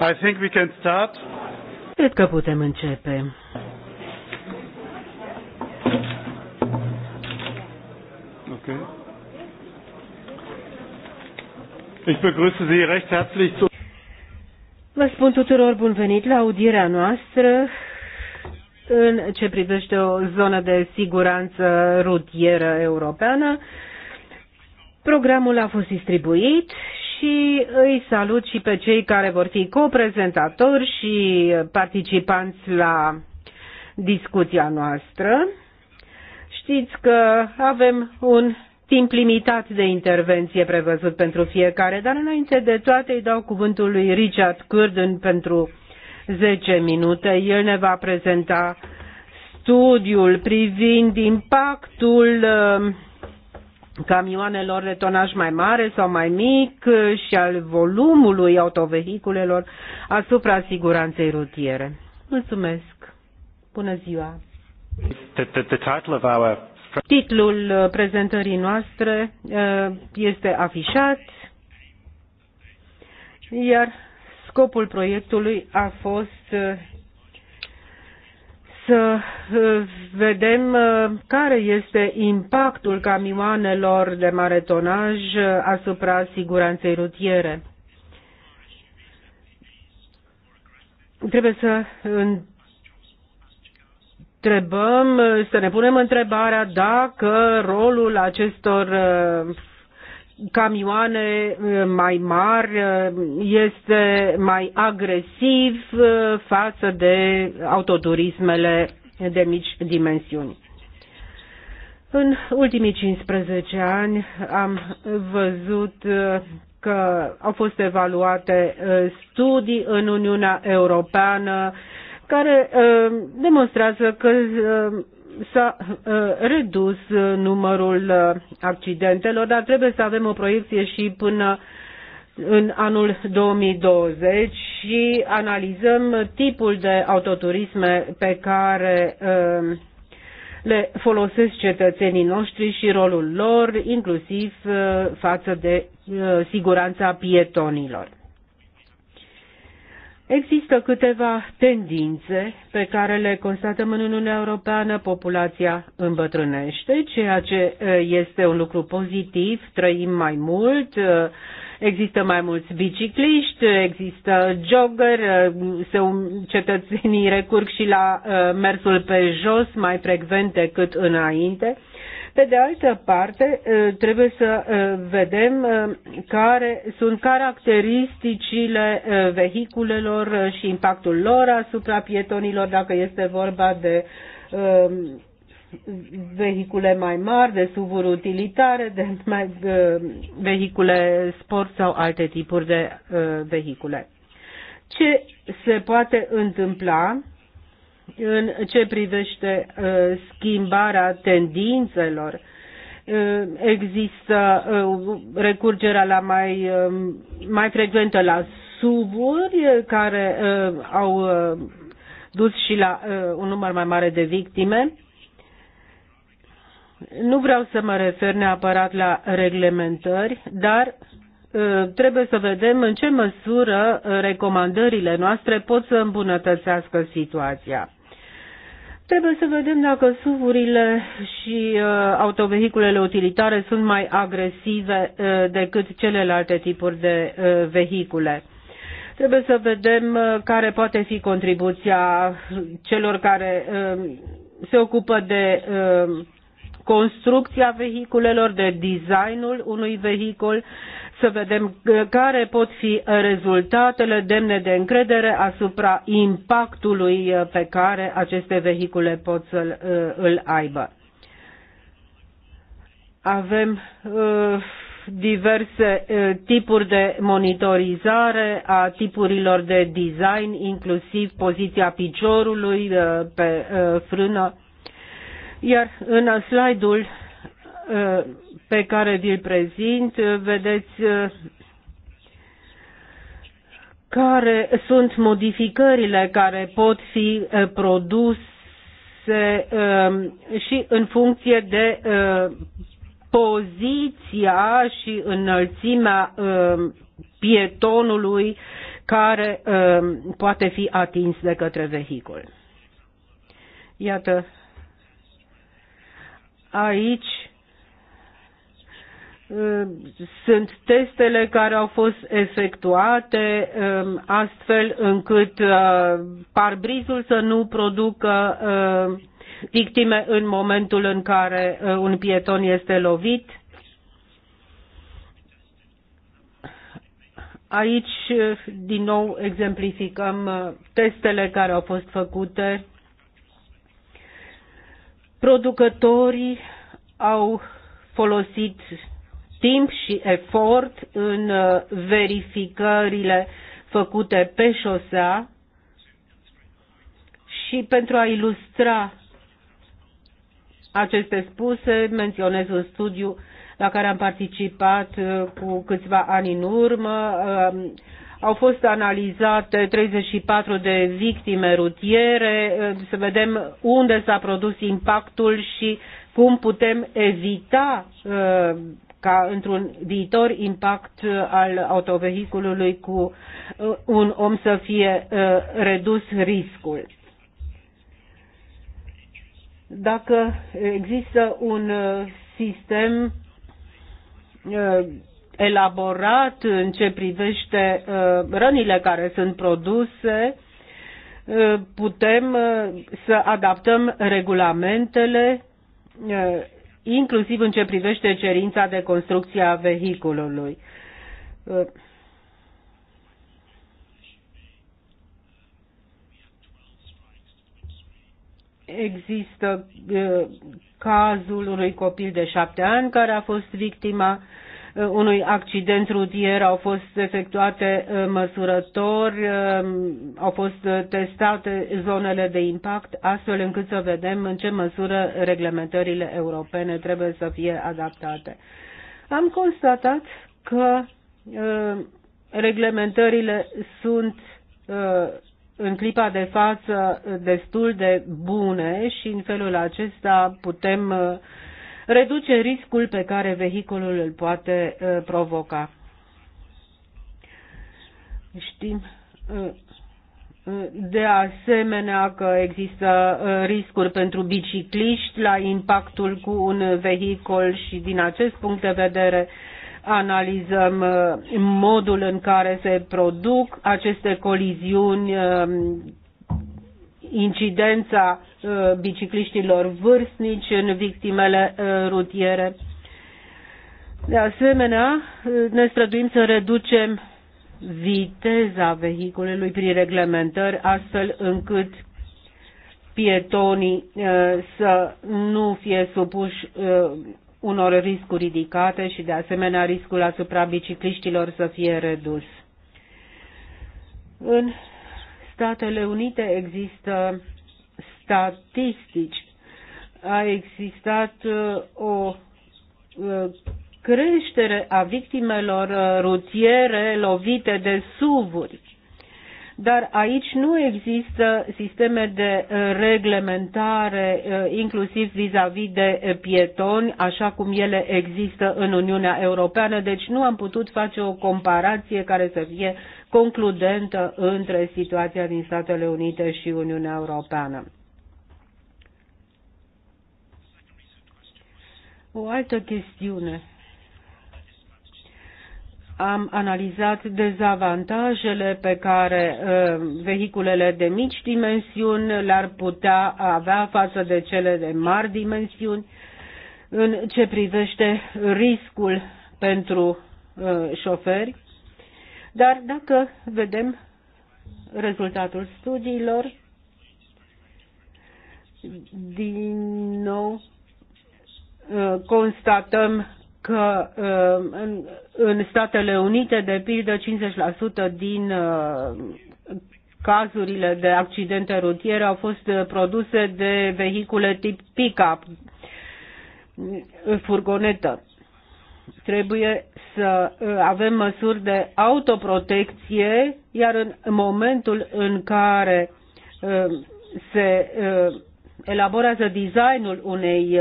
I think we can start. Cred că putem începe. Okay. Ich begrüße Sie recht herzlich zu Vă spun tuturor bun venit la audierea noastră în ce privește o zonă de siguranță rutieră europeană. Programul a fost distribuit și îi salut și pe cei care vor fi coprezentatori și participanți la discuția noastră. Știți că avem un timp limitat de intervenție prevăzut pentru fiecare, dar înainte de toate îi dau cuvântul lui Richard Curden pentru 10 minute. El ne va prezenta studiul privind impactul uh, camioanelor de tonaj mai mare sau mai mic și al volumului autovehiculelor asupra siguranței rutiere. Mulțumesc. Bună ziua. The, the, the title of our... Titlul prezentării noastre uh, este afișat, iar scopul proiectului a fost uh, să uh, vedem uh, care este impactul camioanelor de mare tonaj uh, asupra siguranței rutiere. Trebuie să întrebăm, să ne punem întrebarea dacă rolul acestor camioane uh, mai mari, uh, este mai agresiv uh, față de autoturismele de mici dimensiuni. În ultimii 15 ani am văzut că au fost evaluate studii în Uniunea Europeană care demonstrează că s-a uh, redus uh, numărul uh, accidentelor, dar trebuie să avem o proiecție și până în anul 2020 și analizăm tipul de autoturisme pe care le folosesc cetățenii noștri și rolul lor, inclusiv față de siguranța pietonilor. Există câteva tendințe pe care le constatăm în Uniunea Europeană. Populația îmbătrânește, ceea ce este un lucru pozitiv, trăim mai mult, există mai mulți bicicliști, există jogger, um, cetățenii recurg și la mersul pe jos mai frecvent decât înainte. Pe de altă parte, trebuie să vedem care sunt caracteristicile vehiculelor și impactul lor asupra pietonilor, dacă este vorba de vehicule mai mari, de suburi utilitare, de mai, vehicule sport sau alte tipuri de vehicule. Ce se poate întâmpla în ce privește uh, schimbarea tendințelor. Uh, există uh, recurgerea la mai, mai frecventă la suburi care au dus și la un număr mai mare de victime. Nu vreau să mă refer neapărat la reglementări, dar trebuie să vedem în ce măsură recomandările noastre pot să îmbunătățească situația. Trebuie să vedem dacă suvurile și uh, autovehiculele utilitare sunt mai agresive uh, decât celelalte tipuri de uh, vehicule. Trebuie să vedem uh, care poate fi contribuția celor care uh, se ocupă de uh, construcția vehiculelor, de designul unui vehicul. Uh, să vedem uh, care pot fi rezultatele demne de încredere asupra impactului uh, pe care aceste vehicule pot să uh, îl aibă. Avem diverse tipuri de monitorizare a tipurilor de design, inclusiv poziția piciorului pe frână. Iar în slide-ul pe care vi-l prezint, vedeți uh, care sunt modificările care pot fi uh, produse um, și în funcție de uh, poziția și înălțimea um, pietonului care um, poate fi atins de către vehicul. Iată, aici sunt testele care au fost efectuate um, astfel încât uh, parbrizul să nu producă um, victime în momentul în care uh, un pieton este lovit. Aici, uh, din nou, exemplificăm testele care au fost făcute. Producătorii au folosit timp și efort în uh, verificările făcute pe șosea și pentru a ilustra aceste spuse, menționez un studiu la care am participat uh, cu câțiva ani în urmă. Um, au fost analizate 34 de victime rutiere, uh, să vedem unde s-a produs impactul și cum putem evita ca într-un viitor impact al autovehiculului cu uh, un om să fie uh, redus riscul. Dacă există un uh, sistem elaborat în ce privește rănile care sunt produse, putem să adaptăm regulamentele inclusiv în ce privește cerința de construcție a vehiculului. Există uh, cazul unui copil de șapte ani care a fost victima uh, unui accident rutier au fost efectuate uh, măsurători, uh, au fost uh, testate zonele de impact, astfel încât să vedem în ce măsură reglementările europene trebuie să fie adaptate. Am constatat că reglementările sunt în clipa de față destul de bune și în felul acesta putem uh, reduce riscul pe care vehiculul îl poate uh, provoca. Știm uh, uh, de asemenea că există riscuri pentru bicicliști la impactul cu un vehicul și din acest punct de vedere analizăm modul în care se produc aceste coliziuni incidența uh, bicicliștilor vârstnici în victimele uh, rutiere. De asemenea, uh, ne străduim să reducem viteza vehiculului prin reglementări, astfel încât pietonii să nu fie supuși unor riscuri ridicate și, de asemenea, riscul asupra bicicliștilor să fie redus. În Statele Unite există statistici. A existat uh, o uh, creștere a victimelor uh, rutiere lovite de suvuri. Dar aici nu există sisteme de reglementare, inclusiv vis-a-vis -vis de pietoni, așa cum ele există în Uniunea Europeană, deci nu am putut face o comparație care să fie concludentă între situația din Statele Unite și Uniunea Europeană. O altă chestiune. Am analizat dezavantajele pe care uh, vehiculele de mici dimensiuni le-ar putea avea față de cele de mari dimensiuni în ce privește riscul pentru uh, șoferi dar dacă vedem rezultatul studiilor, din nou uh, constatăm că uh, în Statele Unite, de pildă, 50% din uh, cazurile de accidente rutiere au fost produse de vehicule tip pick-up, furgonetă. Trebuie să uh, avem măsuri de autoprotecție, iar în momentul în care uh, se uh, elaborează designul unei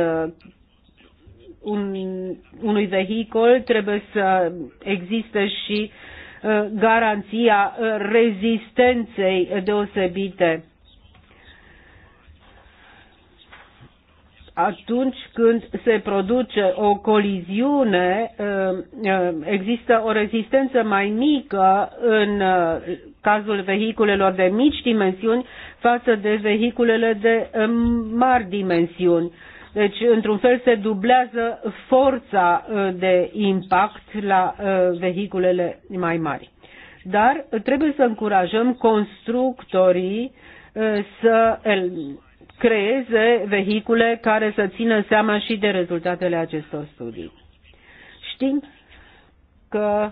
un, unui vehicol trebuie să existe și garanția rezistenței deosebite atunci când se produce o coliziune, ă, ă, există o rezistență mai mică în ă, cazul vehiculelor de mici dimensiuni față de vehiculele de mari dimensiuni. Deci, într-un fel, se dublează forța de impact la vehiculele mai mari. Dar trebuie să încurajăm constructorii să creeze vehicule care să țină seama și de rezultatele acestor studii. Știm că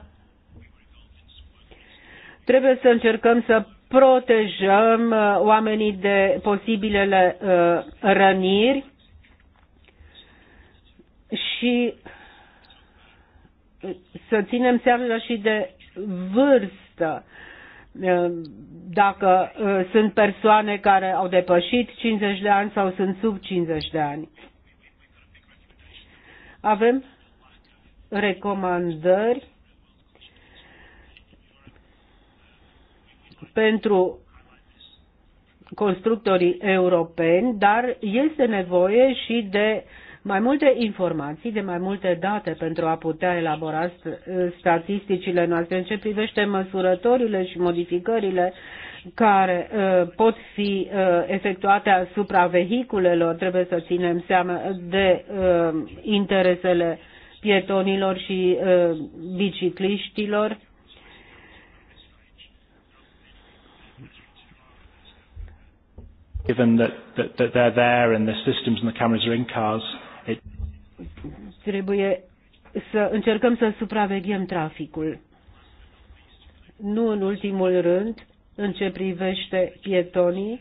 trebuie să încercăm să protejăm uh, oamenii de posibilele uh, răniri și să ținem seama și de vârstă. Eh, dacă eh, sunt persoane care au depășit 50 de ani sau sunt sub 50 de ani. Avem recomandări pentru constructorii europeni, dar este nevoie și de uh, mai multe informații, de mai multe date pentru a putea elabora statisticile noastre în ce privește măsurătorile și modificările care uh, pot fi uh, efectuate asupra vehiculelor. Trebuie să ținem seama de uh, interesele pietonilor și uh, bicicliștilor. given that, that, that they're there and the systems and the cameras are in cars, Trebuie să încercăm să supraveghem traficul. Nu în ultimul rând, în ce privește pietonii,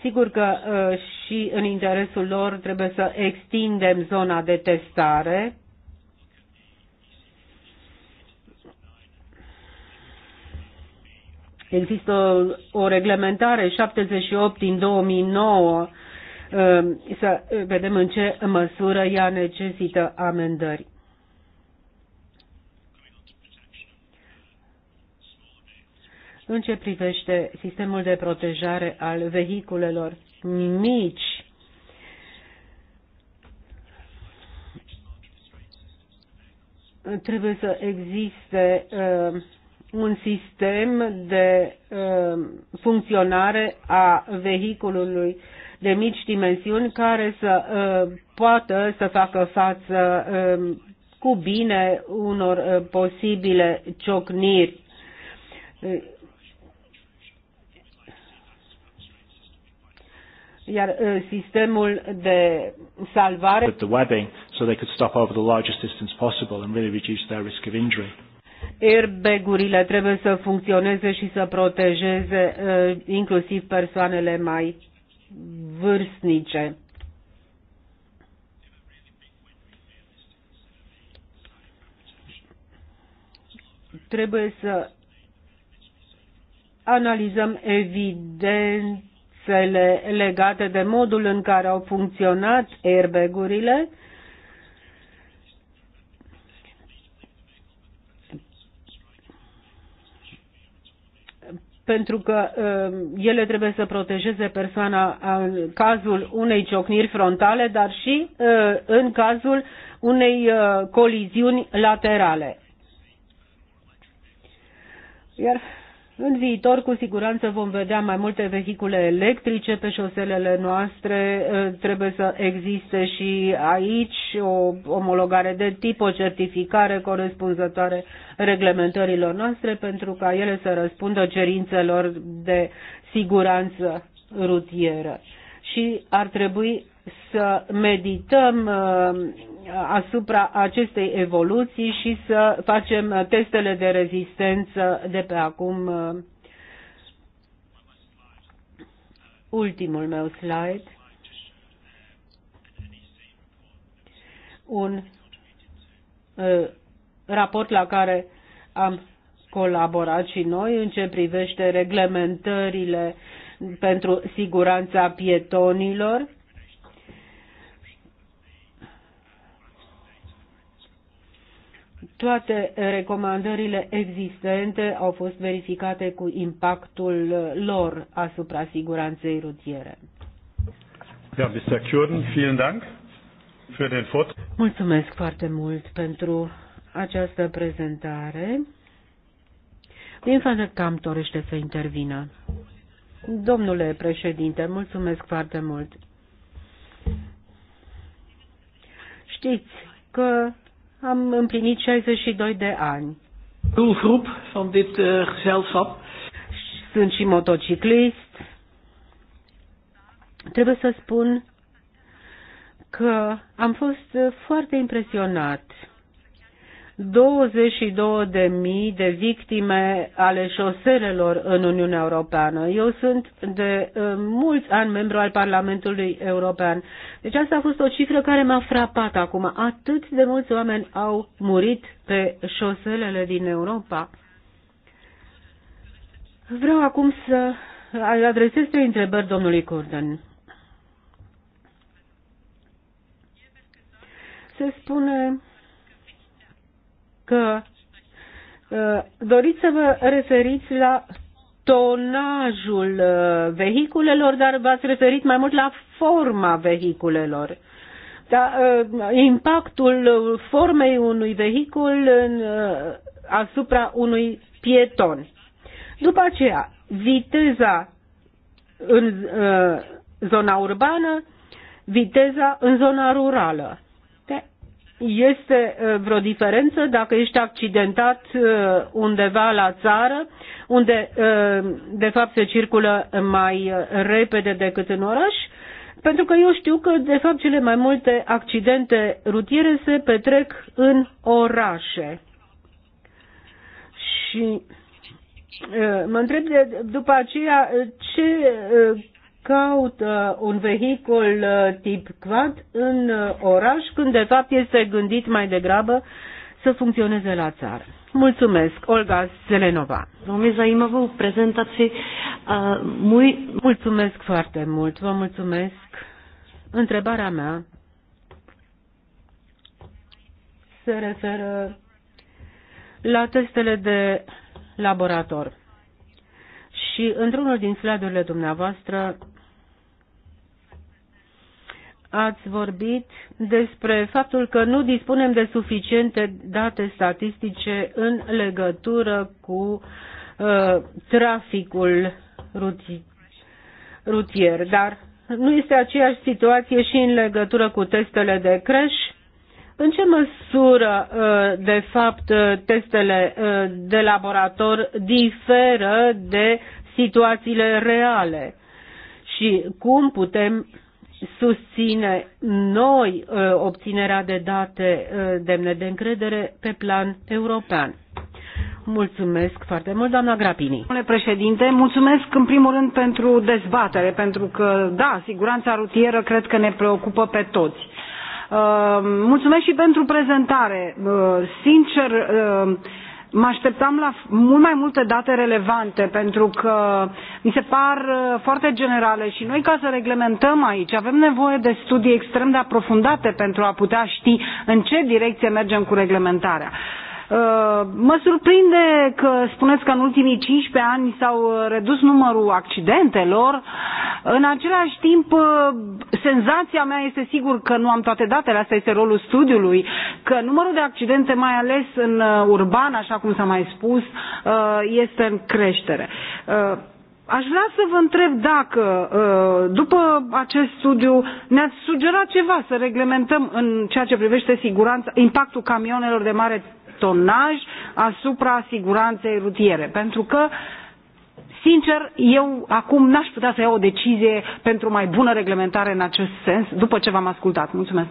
sigur că uh, și în interesul lor trebuie să extindem zona de testare. Există o, o reglementare 78 din 2009 Ehm, să vedem în ce măsură ea necesită amendări. În ce privește sistemul de protejare al vehiculelor mici, trebuie să existe uh, un sistem de uh, funcționare a vehiculului uh, de mici dimensiuni care să uh, poată să facă față um, cu bine unor uh, posibile ciocniri. iar uh, sistemul de salvare the webbing so they could stop over the largest distance possible and really reduce their risk of injury. Airbagurile trebuie să funcționeze și să protejeze uh, inclusiv persoanele mai vârstnice. Trebuie să analizăm evidențele legate de modul în care au funcționat airbag-urile pentru că um, ele trebuie să protejeze persoana în cazul unei ciocniri frontale, dar și uh, în cazul unei uh, coliziuni laterale. Iar în viitor, cu siguranță, vom vedea mai multe vehicule electrice pe șoselele noastre. Uh, trebuie să existe și aici o omologare de tip, o certificare corespunzătoare reglementărilor noastre pentru ca ele să răspundă cerințelor de siguranță rutieră. Și ar trebui să medităm uh, asupra acestei evoluții și să facem testele de rezistență de pe acum. Ultimul meu slide. Un uh, raport la care am colaborat și noi în ce privește reglementările pentru siguranța pietonilor toate recomandările existente au fost verificate cu impactul lor asupra siguranței rutiere. Ja, Mr. Kürden, vielen Dank für den Vortrag. Mulțumesc foarte mult pentru această prezentare. Din față Cam dorește să intervină. Domnule președinte, mulțumesc foarte mult. Știți că am împlinit 62 de ani. Doelgroep van dit uh, gezelschap. Sunt și motociclist. Trebuie să spun că am fost eh, foarte impresionat 22.000 de victime ale șoselelor în Uniunea Europeană. Eu sunt de uh, mulți ani membru al Parlamentului European. Deci asta a fost o cifră care m-a frapat acum. Atât de mulți oameni au murit pe șoselele din Europa. Vreau acum să adresez trei întrebări domnului Curden. Se spune că uh, doriți să vă referiți la tonajul uh, vehiculelor, dar v-ați referit mai mult la forma vehiculelor. Da, uh, impactul formei unui vehicul asupra unui pieton. După aceea, viteza în zona urbană, viteza în zona rurală este uh, vreo diferență dacă ești accidentat uh, undeva la țară, unde uh, de fapt se circulă mai repede decât în oraș? Pentru că eu știu că de fapt cele mai multe accidente rutiere se petrec în orașe. Și mă întreb de, după aceea ce uh, un vehicul uh, tip quad în uh, oraș, când de fapt este gândit mai degrabă să funcționeze la țară. Mulțumesc, Olga Zelenova. Doamne, zaimavă o prezentație. Uh, mulțumesc foarte mult, vă mulțumesc. Întrebarea mea se referă la testele de laborator. Și într-unul din slide-urile dumneavoastră ați vorbit despre faptul că nu dispunem de suficiente date statistice în legătură cu uh, traficul ruti rutier, dar nu este aceeași situație și în legătură cu testele de creș? În ce măsură, uh, de fapt, uh, testele uh, de laborator diferă de situațiile reale? Și cum putem susține noi uh, obținerea de date uh, demne de încredere pe plan european. Mulțumesc foarte mult, doamna Grapini. Domnule președinte, mulțumesc în primul rând pentru dezbatere, pentru că, da, siguranța rutieră cred că ne preocupă pe toți. Uh, mulțumesc și pentru prezentare. Uh, sincer, uh, mă așteptam la mult mai multe date relevante pentru că mi se par uh, foarte generale și noi ca să reglementăm aici avem nevoie de studii extrem de aprofundate pentru a putea ști în ce direcție mergem cu reglementarea. Uh, mă surprinde că spuneți că în ultimii 15 ani s-au uh, redus numărul accidentelor în același timp, uh, senzația mea este sigur că nu am toate datele, asta este rolul studiului, că numărul de accidente, mai ales în uh, urban, așa cum s-a mai spus, uh, este în creștere. Aș vrea să vă întreb dacă, după acest studiu, ne-ați sugerat ceva să reglementăm în ceea ce privește siguranța, impactul camionelor de mare tonaj asupra siguranței rutiere. Pentru că uh, Sincer, eu acum n-aș putea să iau o decizie pentru mai bună reglementare în acest sens, după ce v-am ascultat. Mulțumesc!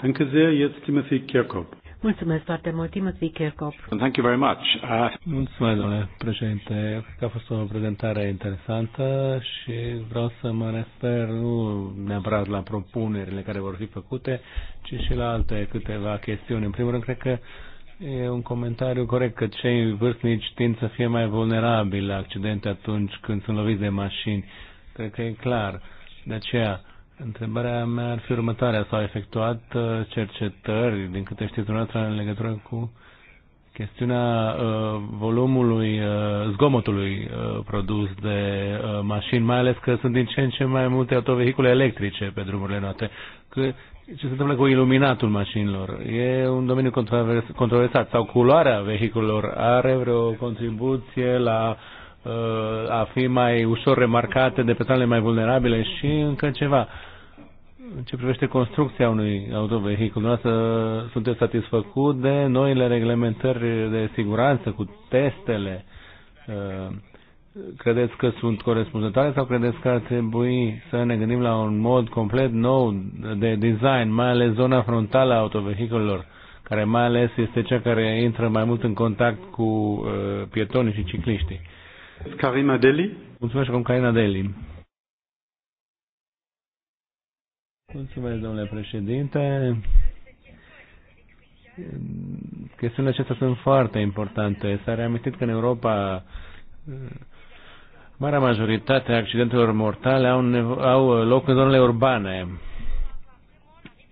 Danke sehr, jetzt Timothy Kirchhoff. Mulțumesc foarte mult, Timothy Kirkhope. Thank you very much. Uh... Mulțumesc, domnule președinte. Cred că a fost o prezentare interesantă și vreau să mă refer nu neapărat la propunerile care vor fi făcute, ci și la alte câteva chestiuni. În primul rând, cred că uh, E un comentariu corect că cei vârstnici tind să fie mai vulnerabili la accidente atunci când sunt loviți de mașini. Cred că e clar. De aceea, întrebarea mea ar fi următoarea. S-au efectuat uh, cercetări, din câte știți dumneavoastră, în legătură cu chestiunea uh, volumului, uh, zgomotului uh, produs de uh, mașini, mai ales că sunt din ce în ce mai multe autovehicule electrice pe drumurile noastre ce se întâmplă cu iluminatul mașinilor? E un domeniu controversat. Sau culoarea vehiculelor are vreo contribuție la uh, a fi mai ușor remarcate de persoanele mai vulnerabile și încă ceva. În ce privește construcția unui autovehicul, dumneavoastră sunteți satisfăcut de noile reglementări de siguranță cu testele? Uh, Credeți că sunt corespunzătoare sau credeți că ar trebui să ne gândim la un mod complet nou de design, mai ales zona frontală a autovehiculelor, care mai ales este cea care intră mai mult în contact cu uh, pietonii și cicliștii? Karina Deli? Mulțumesc cum Karina Deli. Mulțumesc, domnule președinte. Chestiunile acestea sunt foarte importante. S-a reamintit că în Europa uh, Marea majoritate a accidentelor mortale au, au uh, loc în zonele urbane.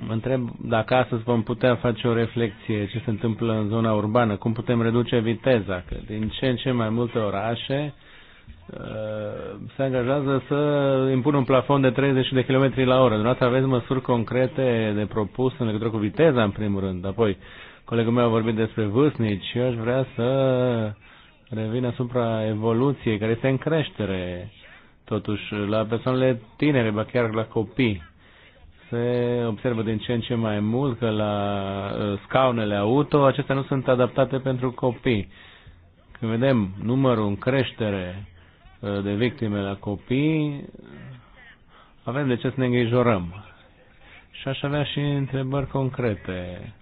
Mă întreb dacă astăzi vom putea face o reflexie ce se întâmplă în zona urbană, cum putem reduce viteza, că din ce în ce mai multe orașe uh, se angajează să impună un plafon de 30 de km la oră. Dumneavoastră aveți măsuri concrete de propus în legătură cu viteza, în primul rând. Apoi, colegul meu a vorbit despre vârstnici. Eu aș vrea să revin asupra evoluției, care este în creștere, totuși, la persoanele tinere, ba chiar la copii. Se observă din ce în ce mai mult că la uh, scaunele auto acestea nu sunt adaptate pentru copii. Când vedem numărul în creștere uh, de victime la copii, avem de ce să ne îngrijorăm. Și aș avea și întrebări concrete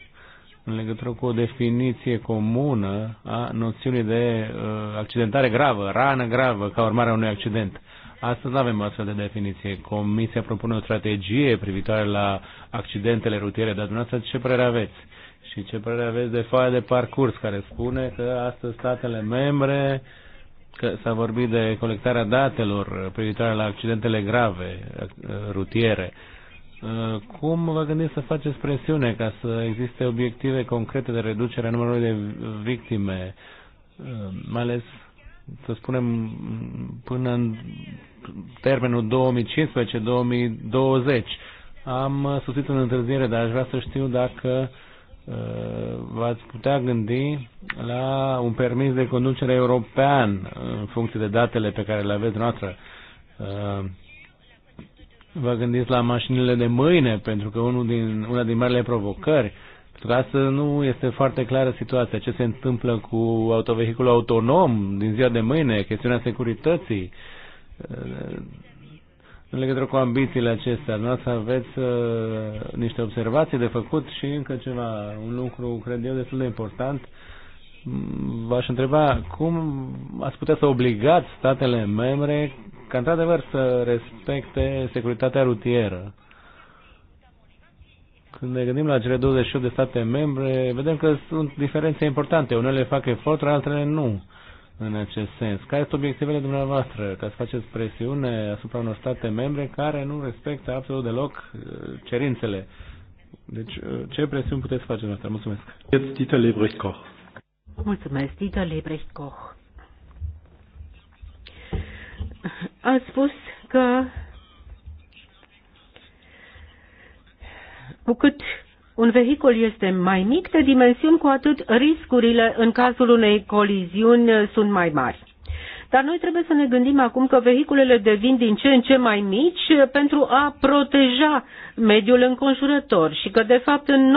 în legătură cu o definiție comună a noțiunii de uh, accidentare gravă, rană gravă, ca urmare a unui accident. Astăzi nu avem o astfel de definiție. Comisia propune o strategie privitoare la accidentele rutiere, dar dumneavoastră ce părere aveți? Și ce părere aveți de foaia de parcurs care spune că astăzi statele membre că s-a vorbit de colectarea datelor privitoare la accidentele grave uh, rutiere. Uh, Uh, cum vă gândiți să faceți presiune ca să existe obiective concrete de reducere a numărului de victime, uh, mai ales, să spunem, până în termenul 2015-2020? Am susținut în întârziere, dar aș vrea să știu dacă uh, v-ați putea gândi la un permis de conducere european în funcție de datele pe care le aveți noastră vă gândiți la mașinile de mâine, pentru că unul din, una din marile provocări, pentru că astăzi nu este foarte clară situația, ce se întâmplă cu autovehiculul autonom din ziua de mâine, chestiunea securității, în legătură cu ambițiile acestea. să aveți uh, niște observații de făcut și încă ceva, un lucru, cred eu, destul de important. V-aș întreba cum ați putea să obligați statele membre ca într-adevăr să respecte securitatea rutieră. Când ne gândim la cele 28 de state membre, vedem că sunt diferențe importante. Unele fac eforturi, altele nu în acest sens. Care sunt obiectivele dumneavoastră ca să faceți presiune asupra unor state membre care nu respectă absolut deloc uh, cerințele? Deci, uh, ce presiuni puteți face dumneavoastră? Mulțumesc. Mulțumesc, Dieter Mulțumesc, Dieter Lebrecht Koch a spus că cu cât un vehicul este mai mic de dimensiuni, cu atât riscurile în cazul unei coliziuni sunt mai mari. Dar noi trebuie să ne gândim acum că vehiculele devin din ce în ce mai mici pentru a proteja mediul înconjurător și că, de fapt, în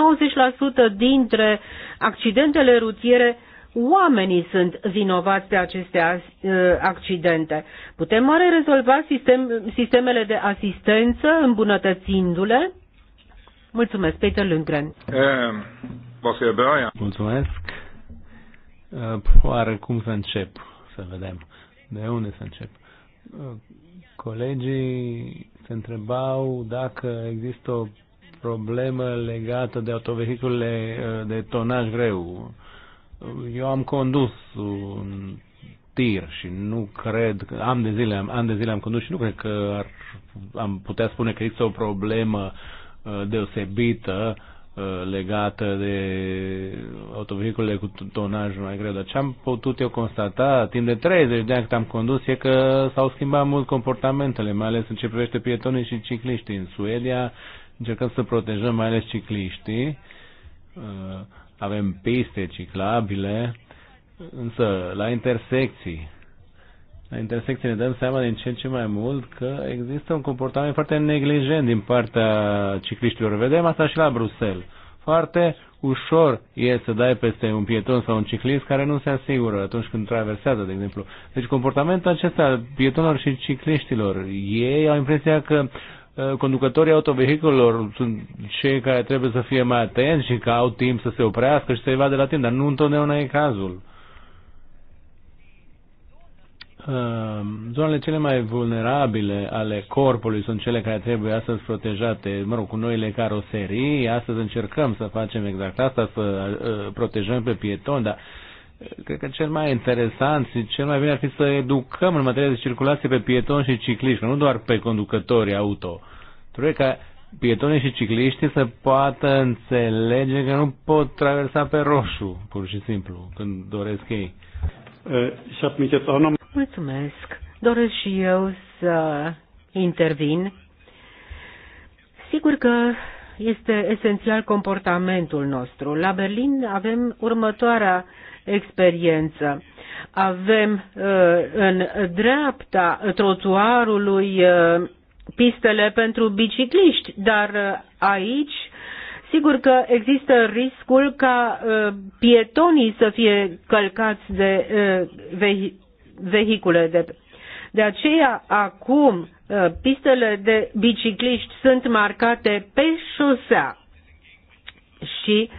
90% dintre accidentele rutiere oamenii sunt vinovați de aceste uh, accidente. Putem oare rezolva sistem, sistemele de asistență îmbunătățindu-le? Mulțumesc, Peter Lundgren. Ehm, Mulțumesc. Ehm, oare cum să încep? Să vedem. De unde să încep? Ehm, colegii se întrebau dacă există o problemă legată de autovehiculele de tonaj greu eu am condus un tir și nu cred că am de zile am, am de zile am condus și nu cred că ar, am putea spune că există o problemă uh, deosebită uh, legată de autovehiculele cu tonaj mai greu. Dar ce am putut eu constata timp de 30 de ani cât am condus e că s-au schimbat mult comportamentele, mai ales în ce privește pietonii și cicliștii. În Suedia încercăm să protejăm mai ales cicliștii uh, avem piste ciclabile, însă la intersecții, la intersecții ne dăm seama din ce în ce mai mult că există un comportament foarte neglijent din partea cicliștilor. Vedem asta și la Bruxelles. Foarte ușor e să dai peste un pieton sau un ciclist care nu se asigură atunci când traversează, de exemplu. Deci comportamentul acesta al pietonilor și cicliștilor, ei au impresia că Eh, conducătorii autovehiculelor sunt cei care trebuie să fie mai atenți și că au timp să se oprească și să vadă la timp, dar nu întotdeauna e cazul. Eh, zonele cele mai vulnerabile ale corpului sunt cele care trebuie astăzi protejate. Mă rog, cu noile caroserii, astăzi încercăm să facem exact asta, să eh, protejăm pe pietoni, dar cred că cel mai interesant și cel mai bine ar fi să educăm în materie de circulație pe pietoni și cicliști, nu doar pe conducători auto. Trebuie ca pietonii și cicliștii să poată înțelege că nu pot traversa pe roșu, pur și simplu, când doresc ei. Mulțumesc. Doresc și eu să intervin. Sigur că este esențial comportamentul nostru. La Berlin avem următoarea uh, experiență. Avem uh, în dreapta trotuarului uh, pistele pentru bicicliști, dar uh, aici sigur că există riscul ca pietonii să fie călcați de vehicule de de aceea, acum, pistele de bicicliști sunt marcate pe șosea și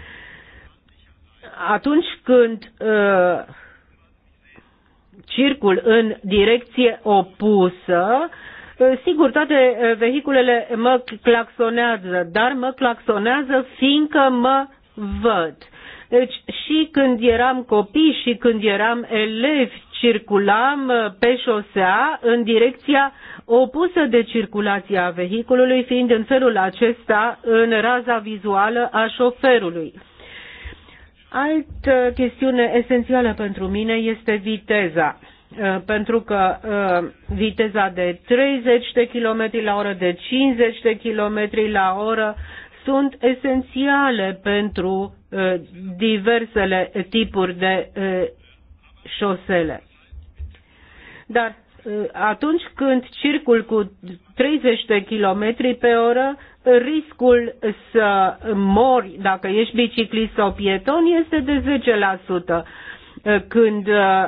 atunci când uh, circul în direcție opusă, uh, sigur, toate uh, vehiculele mă claxonează, dar mă claxonează fiindcă mă văd. Deci și când eram copii și când eram elevi, circulam uh, pe șosea în direcția opusă de circulația vehiculului, fiind în felul acesta în raza vizuală a șoferului. Altă chestiune esențială pentru mine este viteza uh, pentru că uh, viteza de 30 de km la oră, de 50 de km la oră sunt esențiale pentru uh, diversele tipuri de șosele. Dar Eh, atunci când circul cu 30 de km pe oră, riscul să mori dacă ești biciclist sau pieton este de 10% eh, când eh,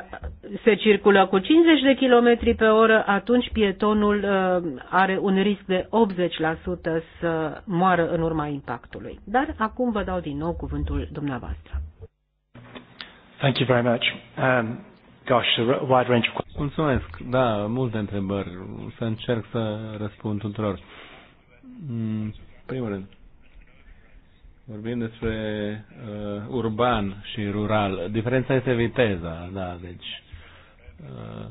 se circulă cu 50 de km pe oră, atunci pietonul are un risc de 80% să moară în urma impactului. Dar acum vă dau din nou cuvântul dumneavoastră. Thank you very much. Um... Gosh, a wide range of questions. Mulțumesc. Da, multe întrebări. Să încerc să răspund tuturor. În mm, primul rând, vorbim despre uh, urban și rural. Diferența este viteza, da, deci uh,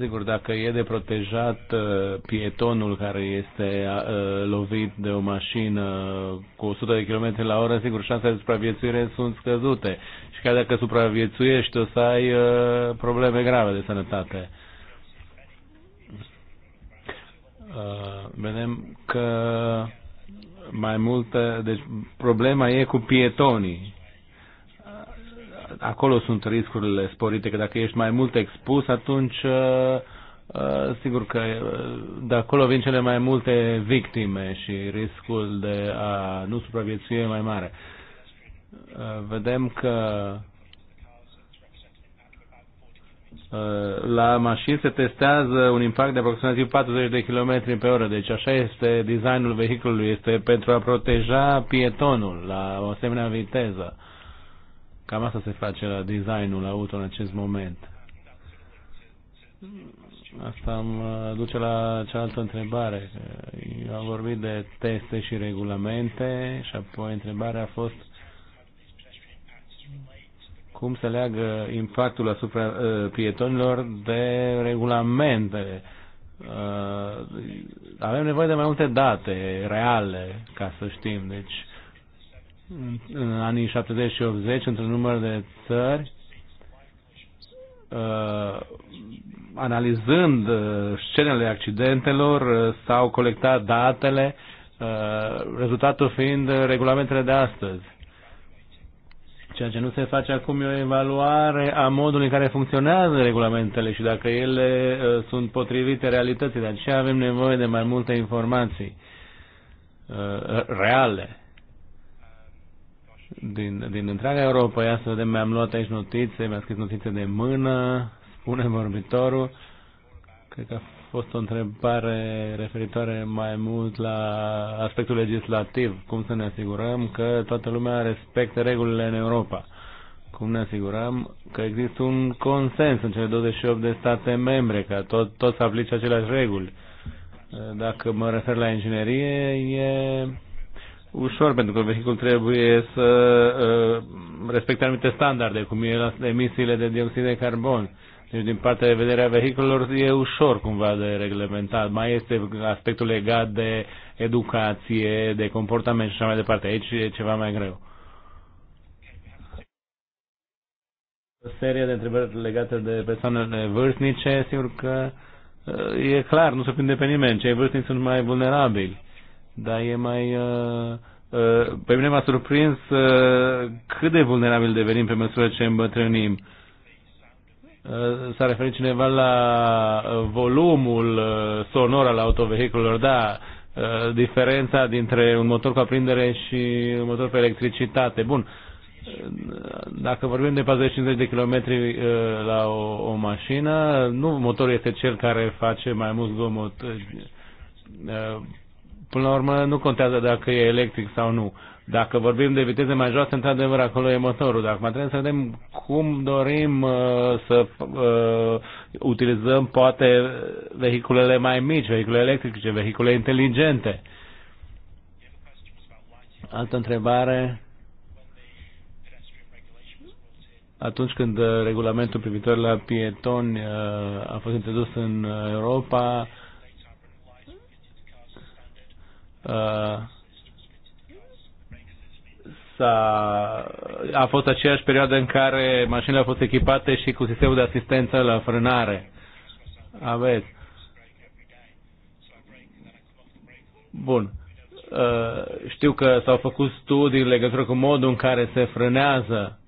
Sigur, dacă e de protejat uh, pietonul care este uh, lovit de o mașină cu 100 de km la oră, sigur, șansele de supraviețuire sunt scăzute. Și chiar dacă supraviețuiești, o să ai uh, probleme grave de sănătate. Vedem că mai multe... deci problema e cu pietonii acolo sunt riscurile sporite, că dacă ești mai mult expus, atunci uh, uh, sigur că uh, de acolo vin cele mai multe victime și riscul de a nu supraviețui e mai mare. Vedem că la mașini se testează un impact de aproximativ 40 de km pe oră, deci așa este designul vehiculului, este pentru a proteja pietonul la o asemenea viteză. Cam asta se face la designul auto în acest moment. Asta mă duce la cealaltă întrebare. Eu am vorbit de teste și regulamente și apoi întrebarea a fost cum se leagă impactul asupra uh, pietonilor de regulamente. Uh, avem nevoie de mai multe date reale ca să știm. Deci în, în anii 70 și 80 într-un număr de țări uh, analizând uh, scenele accidentelor uh, s-au colectat datele uh, rezultatul fiind regulamentele de astăzi Ceea ce nu se face acum e o evaluare a modului în care funcționează regulamentele și dacă ele uh, sunt potrivite realității. De aceea avem nevoie de mai multe informații uh, reale din, din întreaga Europa. Ia să vedem, mi-am luat aici notițe, mi a scris notițe de mână, spune vorbitorul. Cred că a fost o întrebare referitoare mai mult la aspectul legislativ, cum să ne asigurăm că toată lumea respectă regulile în Europa. Cum ne asigurăm că există un consens în cele 28 de state membre, că tot, tot să aplice aceleași reguli. Dacă mă refer la inginerie, e ușor, pentru că vehicul trebuie să uh, respecte anumite standarde, cum e emisiile de dioxid de carbon. Deci, din partea de vedere a vehiculelor, e ușor cumva de reglementat. Mai este aspectul legat de educație, de comportament și așa mai departe. Aici e ceva mai greu. O serie de întrebări legate de persoanele vârstnice, sigur că uh, e clar, nu se prinde pe nimeni. Cei vârstnici sunt mai vulnerabili dar e mai... Uh, uh, pe mine m-a surprins uh, cât de vulnerabil devenim pe măsură ce îmbătrânim. Uh, s-a referit cineva la uh, volumul uh, sonor al autovehiculelor, da, diferența dintre un motor cu aprindere și un motor pe electricitate. Bun, dacă vorbim de 40-50 de km la o, o mașină, nu motorul este cel care face mai mult zgomot Până la urmă, nu contează dacă e electric sau nu. Dacă vorbim de viteze mai joase, într-adevăr, acolo e motorul. Dar acum trebuie să vedem cum dorim uh, să uh, utilizăm, poate, vehiculele mai mici, vehicule electrice, vehicule inteligente. Altă întrebare? Atunci când uh, regulamentul privitor la pietoni uh, a fost introdus în Europa, uh, Uh, s-a, a fost aceeași perioadă în care mașinile au fost echipate și cu sistemul de asistență la frânare. Aveți. Bun. Uh, știu că s-au făcut studii în legătură cu modul în care se frânează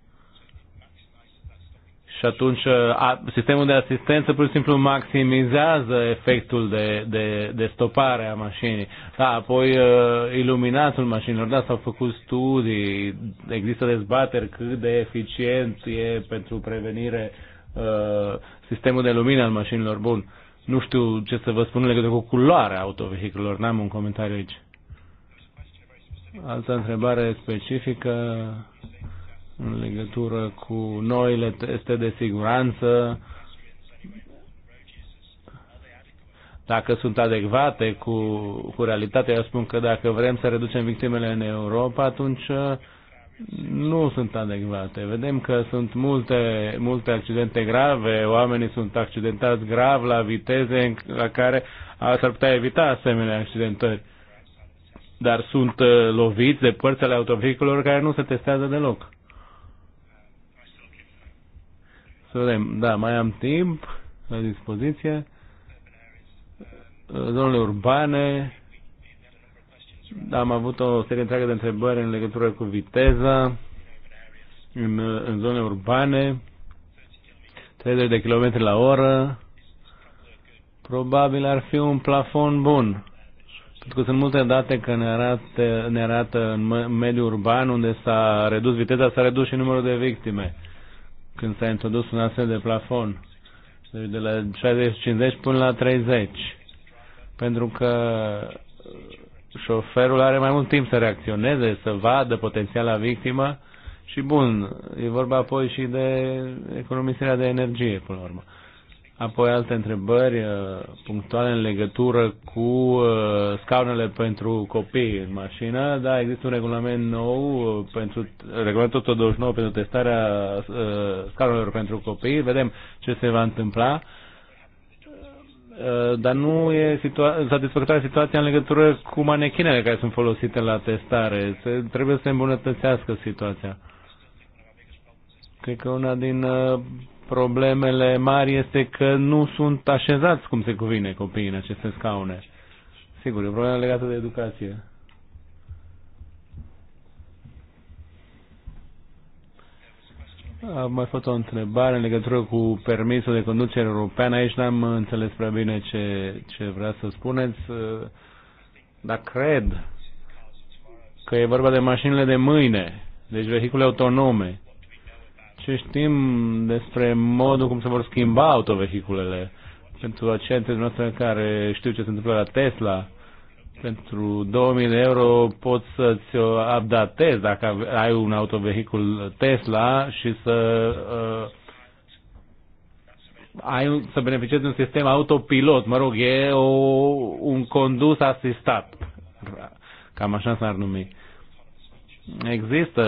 atunci uh, sistemul de asistență pur și simplu maximizează efectul de, de, de stopare a mașinii. Da, apoi uh, iluminatul mașinilor, da, s-au făcut studii, există dezbateri cât de eficient e pentru prevenire uh, sistemul de lumină al mașinilor. Bun, nu știu ce să vă spun în legătură cu culoarea autovehiculelor, n-am un comentariu aici. Altă întrebare specifică în legătură cu noile teste de siguranță, dacă sunt adecvate cu, cu realitatea. Eu spun că dacă vrem să reducem victimele în Europa, atunci uh, nu sunt adecvate. Vedem că sunt multe, multe accidente grave, oamenii sunt accidentați grav la viteze la care s-ar putea evita asemenea accidentări. Dar sunt uh, loviți de părțile autovehiculelor care nu se testează deloc. Să vedem. Da, mai am timp la dispoziție. Zonele urbane. Da, am avut o serie întreagă de întrebări în legătură cu viteza în, în zone urbane. 30 de km la oră. Probabil ar fi un plafon bun. Pentru că sunt multe date că ne arată, ne arată în mediul urban unde s-a redus viteza, s-a redus și numărul de victime când s-a introdus un astfel de plafon, deci de la 60-50 până la 30, pentru că uh, șoferul are mai mult timp să reacționeze, să vadă potențiala victimă și bun, e vorba apoi și de economisirea de energie până la urmă. Apoi alte întrebări uh, punctuale în legătură cu uh, scaunele pentru copii în mașină. Da, există un regulament nou, uh, pentru, regulamentul 129 pentru testarea scaunelor pentru copii. Vedem ce se va întâmpla. Dar nu e situa- satisfăcătoare situația în legătură cu manechinele care sunt folosite la testare. Se, trebuie să îmbunătățească situația. Cred că una din problemele mari este că nu sunt așezați cum se cuvine copiii în aceste scaune. Sigur, e o problemă legată de educație. Am mai fost o întrebare în legătură cu permisul de conducere european. Aici n-am înțeles prea bine ce, ce vrea să spuneți, dar cred că e vorba de mașinile de mâine, deci vehicule autonome ce știm despre modul cum se vor schimba autovehiculele. Pentru aceia dintre noastre care știu ce se întâmplă la Tesla, pentru 2000 de euro poți să-ți updatezi dacă ai un autovehicul Tesla și să uh, ai, să beneficiezi de un sistem autopilot. Mă rog, e o, un condus asistat. Cam așa s-ar numi. Există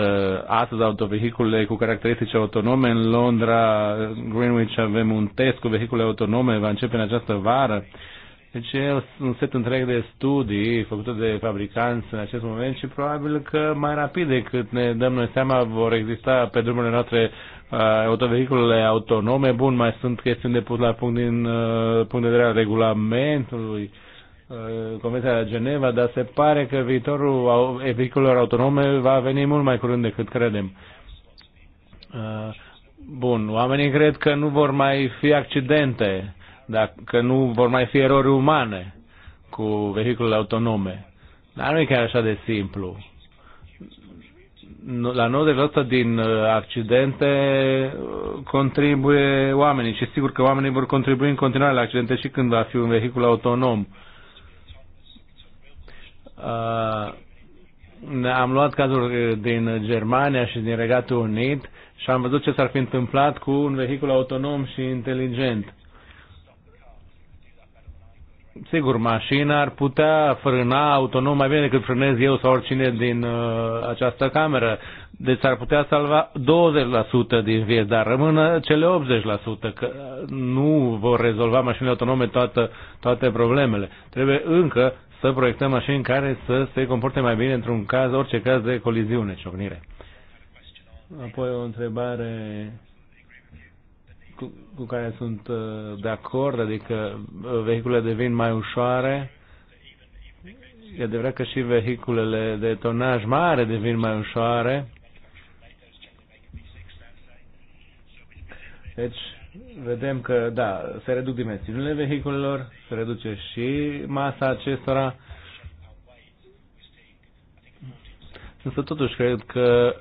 astăzi autovehicule cu caracteristici autonome. În Londra, Greenwich, avem un test cu vehicule autonome, va începe în această vară. Deci e un set întreg de studii făcute de fabricanți în acest moment și probabil că mai rapid decât ne dăm noi seama vor exista pe drumurile noastre uh, autovehiculele autonome. Bun, mai sunt chestiuni de pus la punct din uh, punct de vedere al regulamentului Uh, Convenția la Geneva, dar se pare că viitorul vehiculelor autonome va veni mult mai curând decât credem. Uh, bun, oamenii cred că nu vor mai fi accidente, dacă nu vor mai fi erori umane cu vehiculele autonome. Dar nu e chiar așa de simplu. La 90% din uh, accidente contribuie oamenii și sigur că oamenii vor contribui în continuare la accidente și când va fi un vehicul autonom. Uh, Uh, am luat cazuri uh, din Germania și din Regatul Unit și am văzut ce s-ar fi întâmplat cu un vehicul autonom și inteligent. Sigur, mașina ar putea frâna autonom mai bine decât frânez eu sau oricine din uh, această cameră. Deci ar putea salva 20% din vieți, dar rămână cele 80%, că uh, nu vor rezolva mașinile autonome toată, toate problemele. Trebuie încă să proiectăm mașini care să se comporte mai bine într-un caz, orice caz de coliziune, ciocnire. Apoi o întrebare cu, cu care sunt uh, de acord, adică uh, vehiculele devin mai ușoare. E adevărat că și vehiculele de tonaj mare devin mai ușoare. Deci, vedem că, da, se reduc dimensiunile vehiculelor, se reduce și masa acestora, însă totuși cred că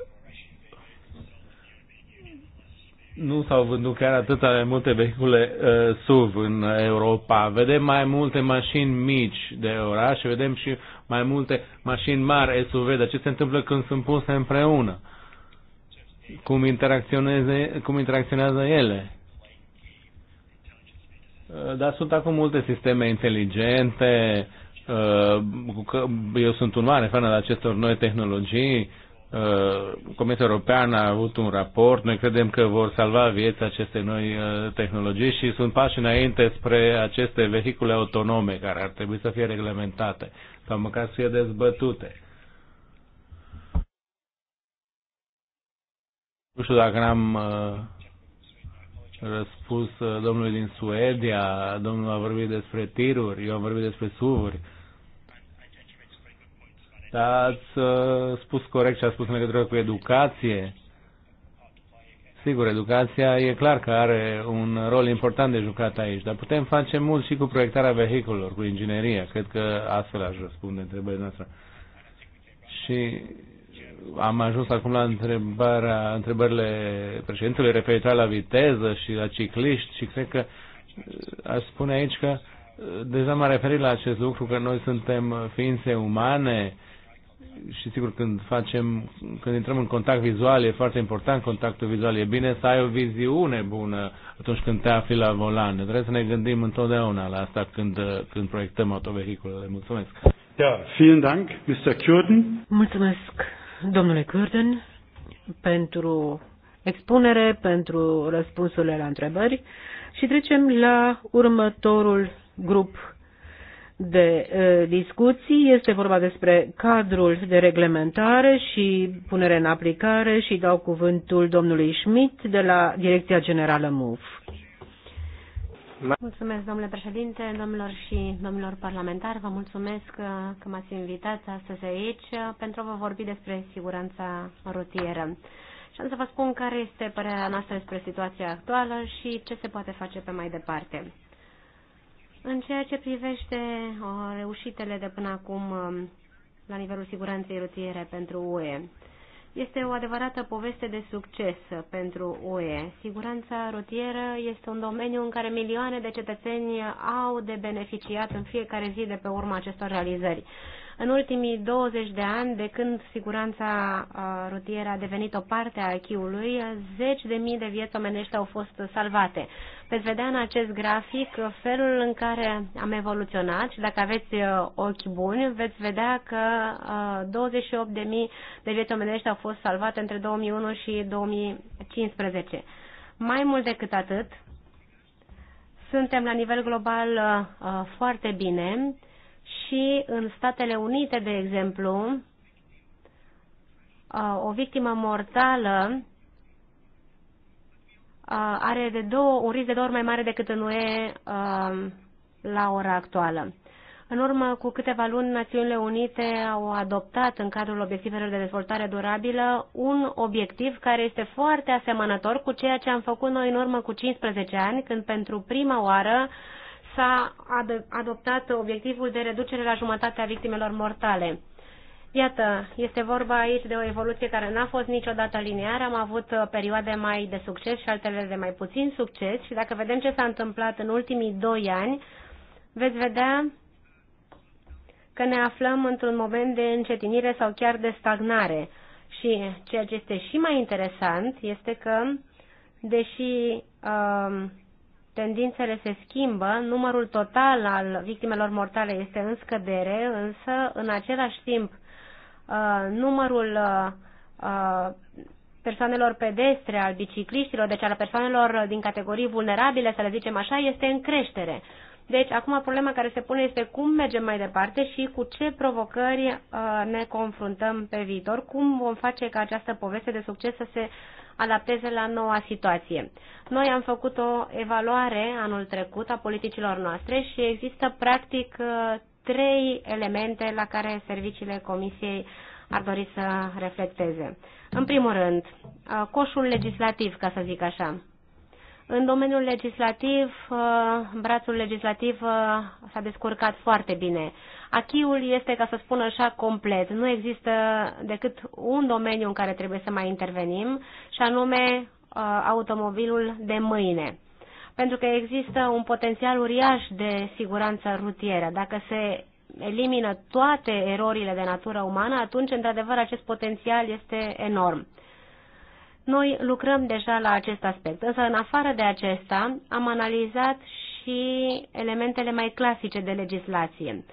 nu s-au vândut chiar atât de multe vehicule uh, SUV în Europa. Vedem mai multe mașini mici de oraș și vedem și mai multe mașini mari SUV, dar ce se întâmplă când sunt puse împreună? Cum, cum interacționează ele? Eh, dar sunt acum multe sisteme inteligente. Eh, eu sunt un mare fan al acestor noi tehnologii. Eh, Comisia Europeană a avut un raport. Noi credem că vor salva vieți aceste noi tehnologii și sunt pași înainte spre aceste vehicule autonome care ar trebui să fie reglementate sau măcar să fie dezbătute. Nu știu dacă n-am răspuns uh, domnului din Suedia, domnul a vorbit despre tiruri, eu am vorbit despre suvuri. Dar ați uh, spus corect ce a spus în legătură cu educație. Sigur, educația e clar că are un rol important de jucat aici, dar putem face mult și cu proiectarea vehiculelor, cu ingineria. Cred că astfel aș răspunde întrebările noastre. Și am ajuns acum la întrebarea, întrebările președintelui referitoare la viteză și la cicliști și cred că uh, aș spune aici că uh, deja m-am referit la acest lucru, că noi suntem ființe umane și sigur când facem, când intrăm în contact vizual, e foarte important contactul vizual, e bine să ai o viziune bună atunci când te afli la volan. Trebuie să ne gândim întotdeauna la asta când, uh, când proiectăm autovehiculele. Mulțumesc! Ja, vielen Dank, Mr. Curtin. Mulțumesc, domnule Curden, pentru expunere, pentru răspunsurile la întrebări și trecem la următorul grup de e, discuții. Este vorba despre cadrul de reglementare și punere în aplicare și dau cuvântul domnului Schmidt de la Direcția Generală MUF. Mulțumesc, domnule președinte, domnilor și domnilor parlamentari. Vă mulțumesc că m-ați invitat astăzi aici pentru a vă vorbi despre siguranța rutieră. Și am să vă spun care este părerea noastră despre situația actuală și ce se poate face pe mai departe. În ceea ce privește uh, reușitele de până acum um, la nivelul siguranței rutiere pentru UE, este o adevărată poveste de succes pentru UE. Siguranța rutieră este un domeniu în care milioane de cetățeni au de beneficiat în fiecare zi de pe urma acestor realizări. În ultimii 20 de ani, de când siguranța uh, rutieră a devenit o parte a achiului, zeci de mii de vieți omenești au fost salvate. Veți vedea în acest grafic felul în care am evoluționat și dacă aveți uh, ochi buni, veți vedea că 28 uh, de mii vieți omenești au fost salvate între 2001 și 2015. Mai mult decât atât, suntem la nivel global foarte bine și în Statele Unite, de exemplu, o victimă mortală are de două, un risc de două ori mai mare decât în UE la ora actuală. În urmă cu câteva luni, Națiunile Unite au adoptat în cadrul obiectivelor de dezvoltare durabilă un obiectiv care este foarte asemănător cu ceea ce am făcut noi în urmă cu 15 ani, când pentru prima oară s-a ad adoptat obiectivul de reducere la jumătate a victimelor mortale. Iată, este vorba aici de o evoluție care n-a fost niciodată lineară. Am avut uh, perioade mai de succes și altele de mai puțin succes și dacă vedem ce s-a întâmplat în ultimii doi ani, veți vedea că ne aflăm într-un moment de încetinire sau chiar de stagnare. Și ceea ce este și mai interesant este că, deși uh, tendințele se schimbă, numărul total al victimelor mortale este în scădere, însă în același timp uh, numărul uh, uh, persoanelor pedestre, al bicicliștilor, deci al persoanelor din categorii vulnerabile, să le zicem așa, este în creștere. Deci, acum problema care se pune este cum mergem mai departe și cu ce provocări uh, ne confruntăm pe viitor, cum vom face ca această poveste de succes să se adapteze la noua situație. Noi am făcut o evaluare anul trecut a politicilor noastre și există practic uh, trei elemente la care serviciile Comisiei ar dori să reflecteze. În primul rând, uh, coșul legislativ, ca să zic așa. În domeniul legislativ, uh, brațul legislativ s-a descurcat foarte bine. Achiul este, ca să spun așa, complet. Nu există decât un domeniu în care trebuie să mai intervenim și anume uh, automobilul de mâine. Pentru că există un potențial uriaș de siguranță rutieră. Dacă se elimină toate erorile de natură umană, atunci, într-adevăr, acest potențial este enorm. Noi lucrăm deja la acest aspect, însă, în afară de acesta, am analizat și elementele mai clasice de legislație.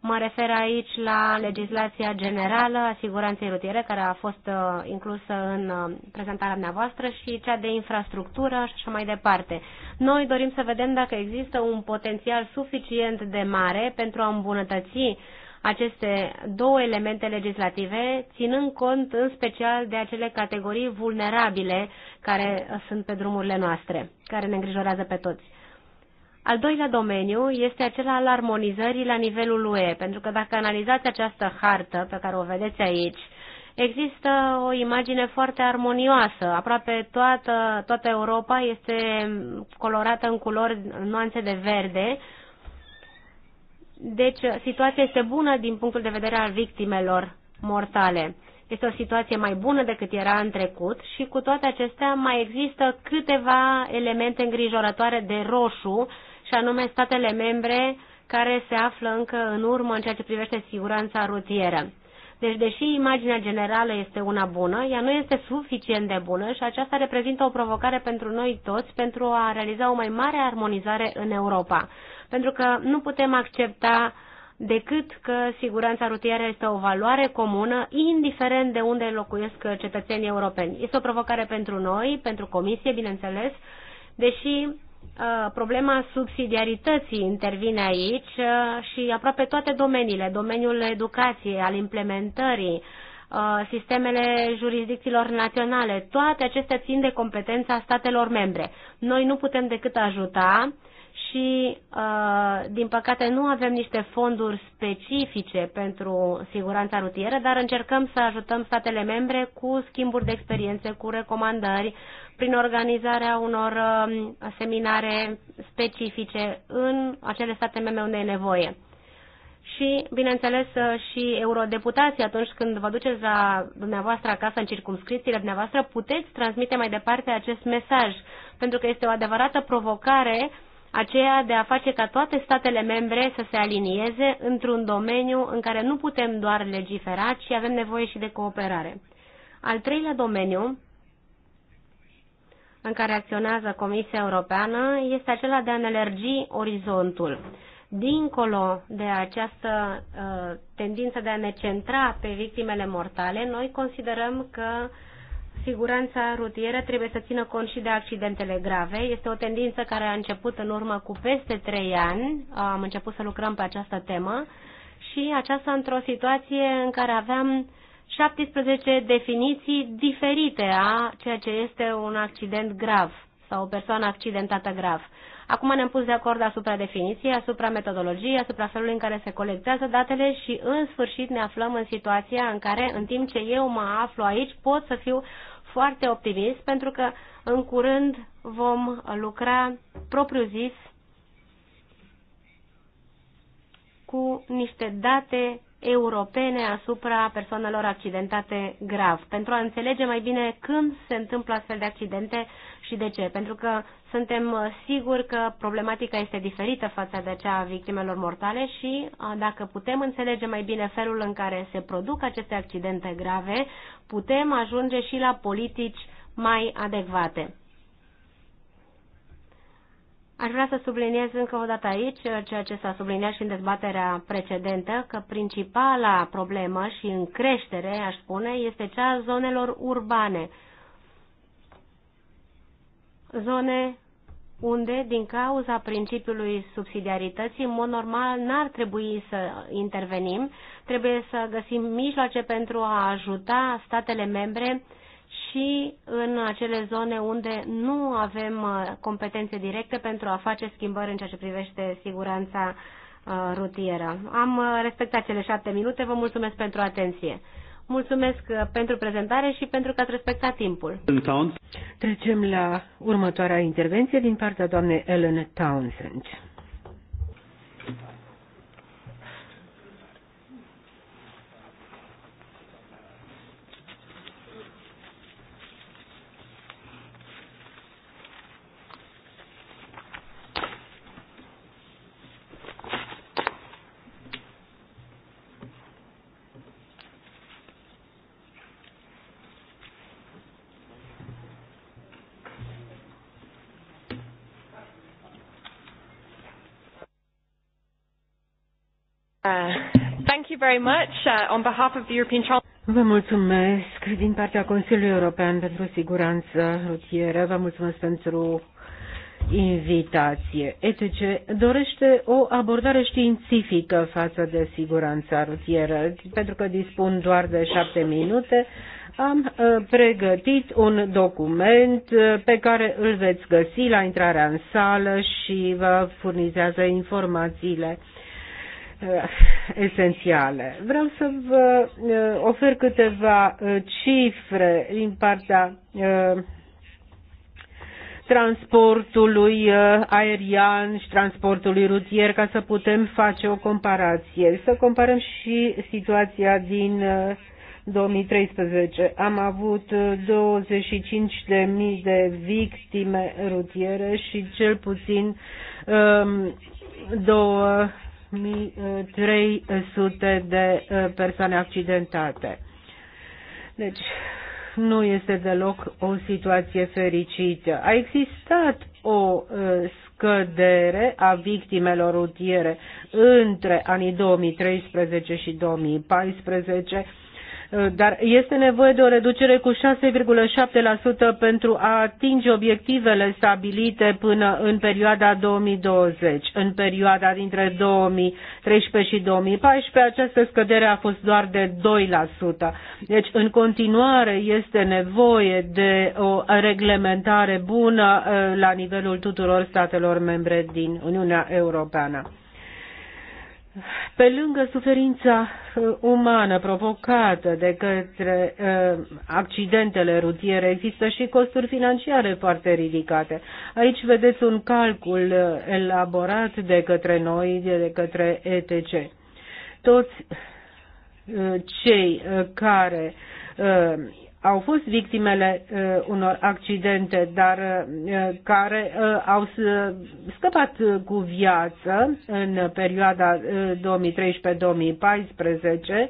Mă refer aici la legislația generală a siguranței rutiere, care a fost uh, inclusă în uh, prezentarea voastră și cea de infrastructură și așa mai departe. Noi dorim să vedem dacă există un potențial suficient de mare pentru a îmbunătăți aceste două elemente legislative, ținând cont în special de acele categorii vulnerabile care sunt pe drumurile noastre, care ne îngrijorează pe toți. Al doilea domeniu este acela al armonizării la nivelul UE, pentru că dacă analizați această hartă pe care o vedeți aici, există o imagine foarte armonioasă. Aproape toată, toată Europa este colorată în culori, în nuanțe de verde. Deci, situația este bună din punctul de vedere al victimelor mortale. Este o situație mai bună decât era în trecut și cu toate acestea mai există câteva elemente îngrijorătoare de roșu și anume statele membre care se află încă în urmă în ceea ce privește siguranța rutieră. Deci, deși imaginea generală este una bună, ea nu este suficient de bună și aceasta reprezintă o provocare pentru noi toți pentru a realiza o mai mare armonizare în Europa. Pentru că nu putem accepta decât că siguranța rutieră este o valoare comună, indiferent de unde locuiesc cetățenii europeni. Este o provocare pentru noi, pentru Comisie, bineînțeles, deși Uh, problema subsidiarității intervine aici uh, și aproape toate domeniile, domeniul educației, al implementării, uh, sistemele jurisdicțiilor naționale, toate acestea țin de competența statelor membre. Noi nu putem decât ajuta și, din păcate, nu avem niște fonduri specifice pentru siguranța rutieră, dar încercăm să ajutăm statele membre cu schimburi de experiențe, cu recomandări, prin organizarea unor um, seminare specifice în acele state membre unde e nevoie. Și, bineînțeles, uh, și eurodeputații, atunci când vă duceți la dumneavoastră acasă, în circumscripțiile dumneavoastră, puteți transmite mai departe acest mesaj, pentru că este o adevărată provocare aceea de a face ca toate statele membre să se alinieze într-un domeniu în care nu putem doar legifera, ci avem nevoie și de cooperare. Al treilea domeniu în care acționează Comisia Europeană este acela de a energi orizontul. Dincolo de această uh, tendință de a ne centra pe victimele mortale, noi considerăm că siguranța rutieră trebuie să țină cont și de accidentele grave. Este o tendință care a început în urmă cu peste trei ani. Am început să lucrăm pe această temă și aceasta într-o situație în care aveam 17 definiții diferite a ceea ce este un accident grav sau o persoană accidentată grav. Acum ne-am pus de acord asupra definiției, asupra metodologiei, asupra felului în care se colectează datele și în sfârșit ne aflăm în situația în care, în timp ce eu mă aflu aici, pot să fiu foarte optimist pentru că în curând vom lucra propriu-zis cu niște date europene asupra persoanelor accidentate grav, pentru a înțelege mai bine când se întâmplă astfel de accidente și de ce. Pentru că suntem siguri că problematica este diferită față de cea a victimelor mortale și dacă putem înțelege mai bine felul în care se produc aceste accidente grave, putem ajunge și la politici mai adecvate. Aș vrea să subliniez încă o dată aici uh, ceea ce s-a subliniat și în dezbaterea precedentă, că principala problemă și în creștere, aș spune, este cea a zonelor urbane. Zone unde, din cauza principiului subsidiarității, în mod normal n-ar trebui să intervenim, trebuie să găsim mijloace pentru a ajuta statele membre uh, și în acele zone unde nu avem uh, competențe directe pentru a face schimbări în ceea ce privește siguranța uh, rutieră. Am uh, respectat cele șapte minute, vă mulțumesc pentru atenție. Mulțumesc pentru prezentare și pentru că ați respectat timpul. Trecem la următoarea intervenție din partea doamnei Ellen Townsend. Uh, vă mulțumesc din partea Consiliului European pentru siguranță rutieră. Vă mulțumesc pentru invitație. ETC dorește o abordare științifică față de siguranța rutieră. Pentru că dispun doar de șapte minute, am uh, pregătit un document uh, pe care îl veți găsi la intrarea în sală și vă furnizează informațiile Uh, esențiale. Vreau să vă uh, ofer câteva uh, cifre din partea transportului aerian și transportului rutier ca să putem face o comparație. Să comparăm și situația din 2013. Am avut 25.000 de victime rutiere și cel puțin um, două 1300 de eh, persoane accidentate. Deci, nu este deloc o situație fericită. A existat o eh, scădere a victimelor rutiere între anii 2013 și 2014 dar este nevoie de o reducere cu 6,7% pentru a atinge obiectivele stabilite până în perioada 2020. În perioada dintre 2013 și 2014 această scădere a fost doar de 2%. Deci în continuare este nevoie de o reglementare bună eh, la nivelul tuturor statelor membre din Uniunea Europeană pe lângă suferința uh, umană provocată de către uh, accidentele rutiere, există și costuri financiare foarte ridicate. Aici vedeți un calcul uh, elaborat de către noi, de către ETC. Toți uh, cei uh, care uh, au fost victimele uh, unor accidente, dar uh, care uh, au scăpat cu viață în perioada uh, 2013-2014,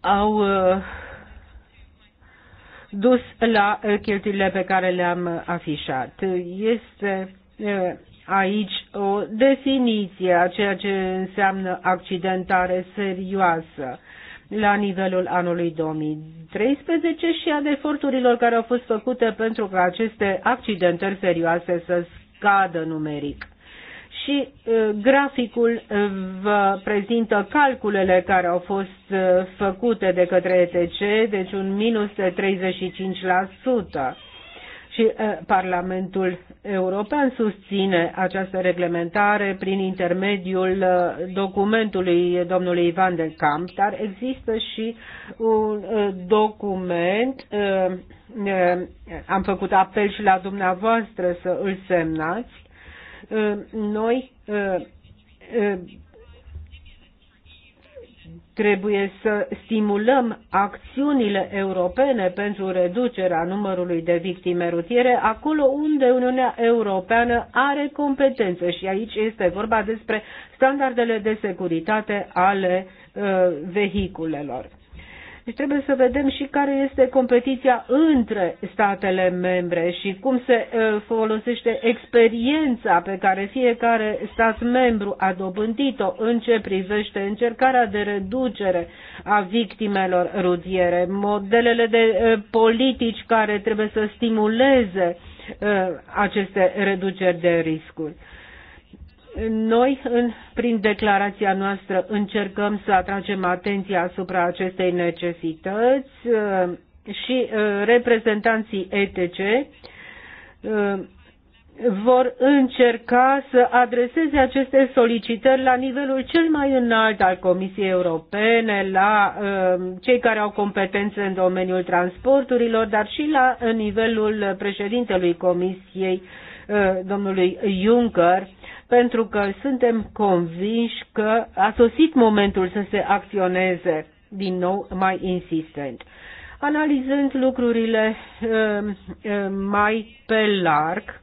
au uh, dus la uh, cheltuielile pe care le-am afișat. Este uh, aici o definiție a ceea ce înseamnă accidentare serioasă. Uh, la nivelul anului 2013 și a eforturilor care au fost făcute pentru ca aceste accidentări serioase să scadă numeric. Și uh, graficul uh, vă prezintă calculele care au fost uh, făcute de către ETC, deci un minus de 35% și eh, Parlamentul European susține această reglementare prin intermediul eh, documentului domnului Ivan de Camp, dar există și un eh, document, am făcut apel și la dumneavoastră să îl semnați, noi Trebuie să stimulăm acțiunile europene pentru reducerea numărului de victime rutiere acolo unde Uniunea Europeană are competențe și aici este vorba despre standardele de securitate ale uh, vehiculelor. Deci trebuie să vedem și care este competiția între statele membre și cum se uh, folosește experiența pe care fiecare stat membru a dobândit-o în ce privește încercarea de reducere a victimelor rudiere, modelele de uh, politici care trebuie să stimuleze uh, aceste reduceri de riscuri. Noi, în, prin declarația noastră, încercăm să atragem atenția asupra acestei necesități uh, și uh, reprezentanții ETC uh, vor încerca să adreseze aceste solicitări la nivelul cel mai înalt al Comisiei Europene, la cei care au competențe în domeniul transporturilor, dar și la nivelul președintelui Comisiei, domnului Juncker, pentru că suntem convinși că a sosit momentul să se acționeze din nou mai insistent. Analizând lucrurile um, um, mai pe larg,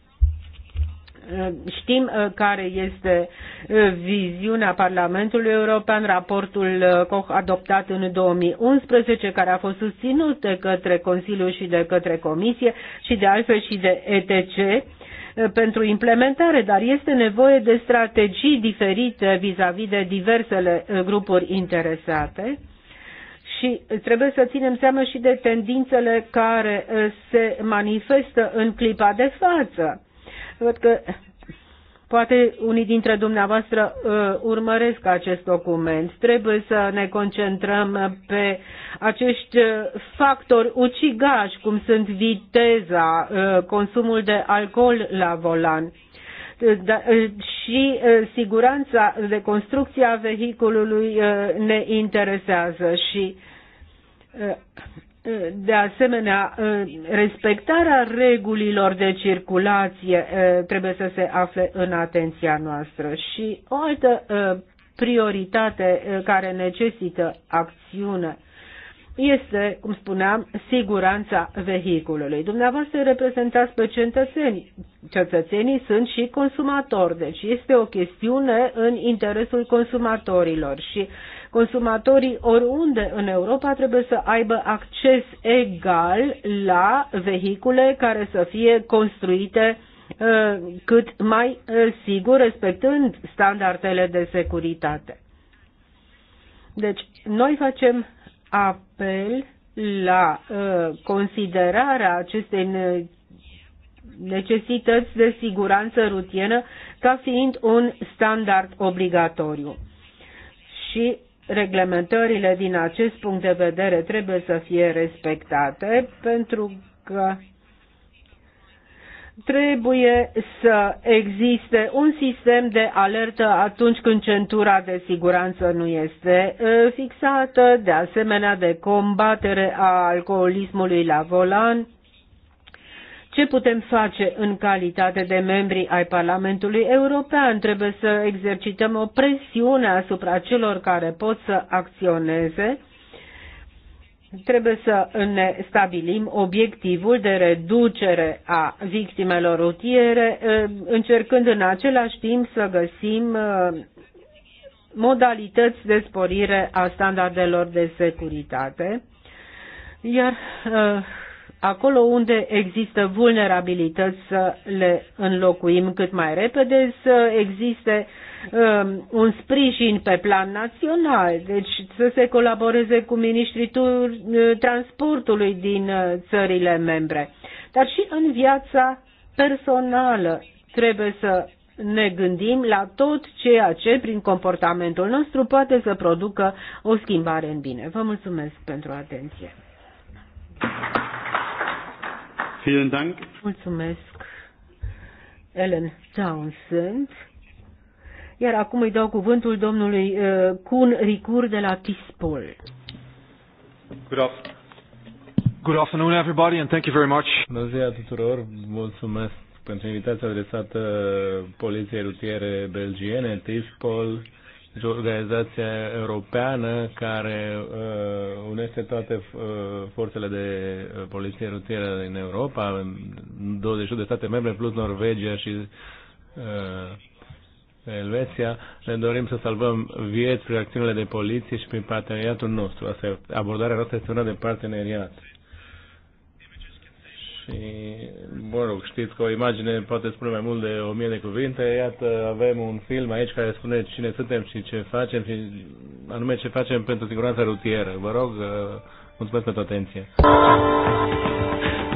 um, Știm uh, care este uh, viziunea Parlamentului European, raportul uh, Koch adoptat în 2011, care a fost susținut de către Consiliu și de către Comisie și de altfel și de ETC Eh, pentru implementare, dar este nevoie de strategii diferite vis-a-vis -vis de diversele eh, grupuri interesate și trebuie să ținem seama și de tendințele care eh, se manifestă în clipa de față. Văd că Poate unii dintre dumneavoastră uh, urmăresc acest document. Trebuie să ne concentrăm pe acești uh, factori ucigași, cum sunt viteza, uh, consumul de alcool la volan uh, da, uh, și siguranța de construcție a vehiculului ne interesează și de asemenea, ă, respectarea regulilor de circulație ă, trebuie să se afle în atenția noastră. Și o altă ă, prioritate care necesită acțiune este, cum spuneam, siguranța vehiculului. Dumneavoastră reprezentați pe cetățeni. Cetățenii sunt și consumatori, deci este o chestiune în interesul consumatorilor și consumatorii oriunde în Europa trebuie să aibă acces egal la vehicule care să fie construite uh, cât mai uh, sigur, respectând standardele de securitate. Deci, noi facem apel la uh, considerarea acestei necesități de siguranță rutienă ca fiind un standard obligatoriu. Și reglementările din acest punct de vedere trebuie să fie respectate pentru că trebuie să existe un sistem de alertă atunci când centura de siguranță nu este fixată, de asemenea de combatere a alcoolismului la volan ce putem face în calitate de membri ai Parlamentului European. Trebuie să exercităm o presiune asupra celor care pot să acționeze. Trebuie să ne stabilim obiectivul de reducere a victimelor rutiere, eh, încercând în același timp să găsim eh, modalități de sporire a standardelor de securitate. Iar eh, acolo unde există vulnerabilități să le înlocuim cât mai repede, să existe um, un sprijin pe plan național, deci să se colaboreze cu ministrii uh, transportului din uh, țările membre. Dar și în viața personală trebuie să ne gândim la tot ceea ce, prin comportamentul nostru, poate să producă o schimbare în bine. Vă mulțumesc pentru atenție. Vielen Dank. Mulțumesc, Ellen Townsend. Iar acum îi dau cuvântul domnului uh, Kun Ricur de la Tispol. Good, Good afternoon, everybody, and thank you very much. Bună ziua tuturor, mulțumesc pentru invitația adresată Poliției Rutiere Belgiene, Tispol deci organizația europeană care uh, unește toate uh, forțele de uh, poliție rutieră din Europa, 28 de state membre plus Norvegia și uh, Elveția, ne dorim să salvăm vieți prin acțiunile de poliție și prin parteneriatul nostru. Asta e, abordarea noastră este una de parteneriat. Și, mă rog, știți că o imagine poate spune mai mult de o mie de cuvinte. Iată, avem un film aici care spune cine suntem și ce facem, și anume ce facem pentru siguranța rutieră. Vă rog, uh, mulțumesc pentru atenție.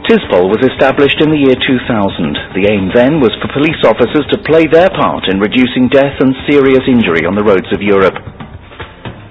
TISPOL was established in the year 2000. The aim then was for police officers to play their part in reducing death and serious injury on the roads of Europe.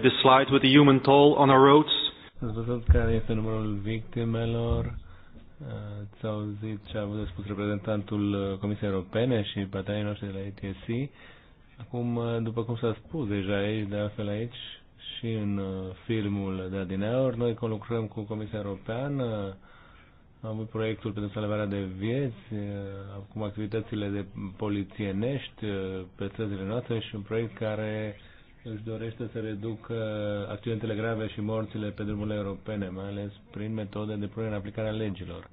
display this slide with the human toll on our roads. Ați văzut care este numărul victimelor. Ați auzit ce a avut de spus reprezentantul Comisiei Europene și bataii noștri de la ETSC. Acum, după cum s-a spus deja aici, de altfel aici, și în uh, filmul de adineauri, noi conlucrăm cu Comisia Europeană, am avut proiectul pentru salvarea de vieți, uh, acum activitățile de polițienești uh, pe străzile noastre și un proiect care își dorește să reducă accidentele grave și morțile pe drumurile europene, mai ales prin metode de punere în aplicare a legilor.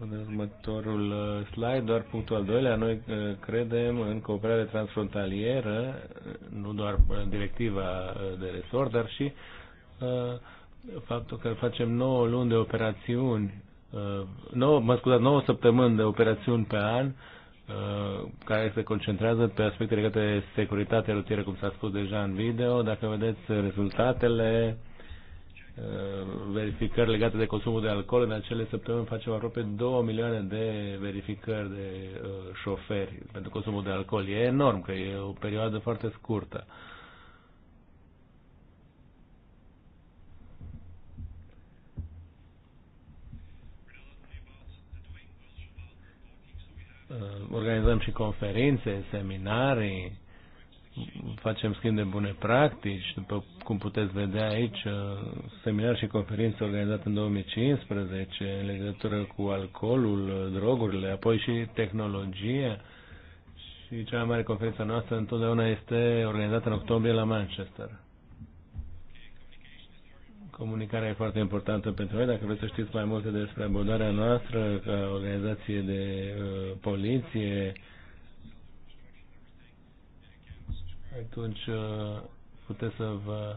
În următorul uh, slide, doar punctul al doilea, noi uh, credem în cooperare transfrontalieră, nu doar uh, directiva de resort, dar și faptul că facem 9 luni de operațiuni, 9, mă scuzați, 9 săptămâni de operațiuni pe an, Uh, care se concentrează pe aspecte legate de securitatea rutieră, cum s-a spus deja în video. Dacă vedeți rezultatele, uh, verificări legate de consumul de alcool, în acele săptămâni facem aproape 2 milioane de verificări de uh, șoferi pentru consumul de alcool. E enorm, că e o perioadă foarte scurtă. Uh, organizăm și conferințe, seminarii, facem schimb de bune practici, după cum puteți vedea aici, uh, seminar și conferințe organizate în 2015 în legătură cu alcoolul, uh, drogurile, apoi și tehnologie. Și cea mai mare conferință noastră întotdeauna este organizată în octombrie la Manchester. Comunicarea e foarte importantă pentru noi. Dacă vreți să știți mai multe despre abordarea noastră ca organizație de uh, poliție, atunci uh, puteți să vă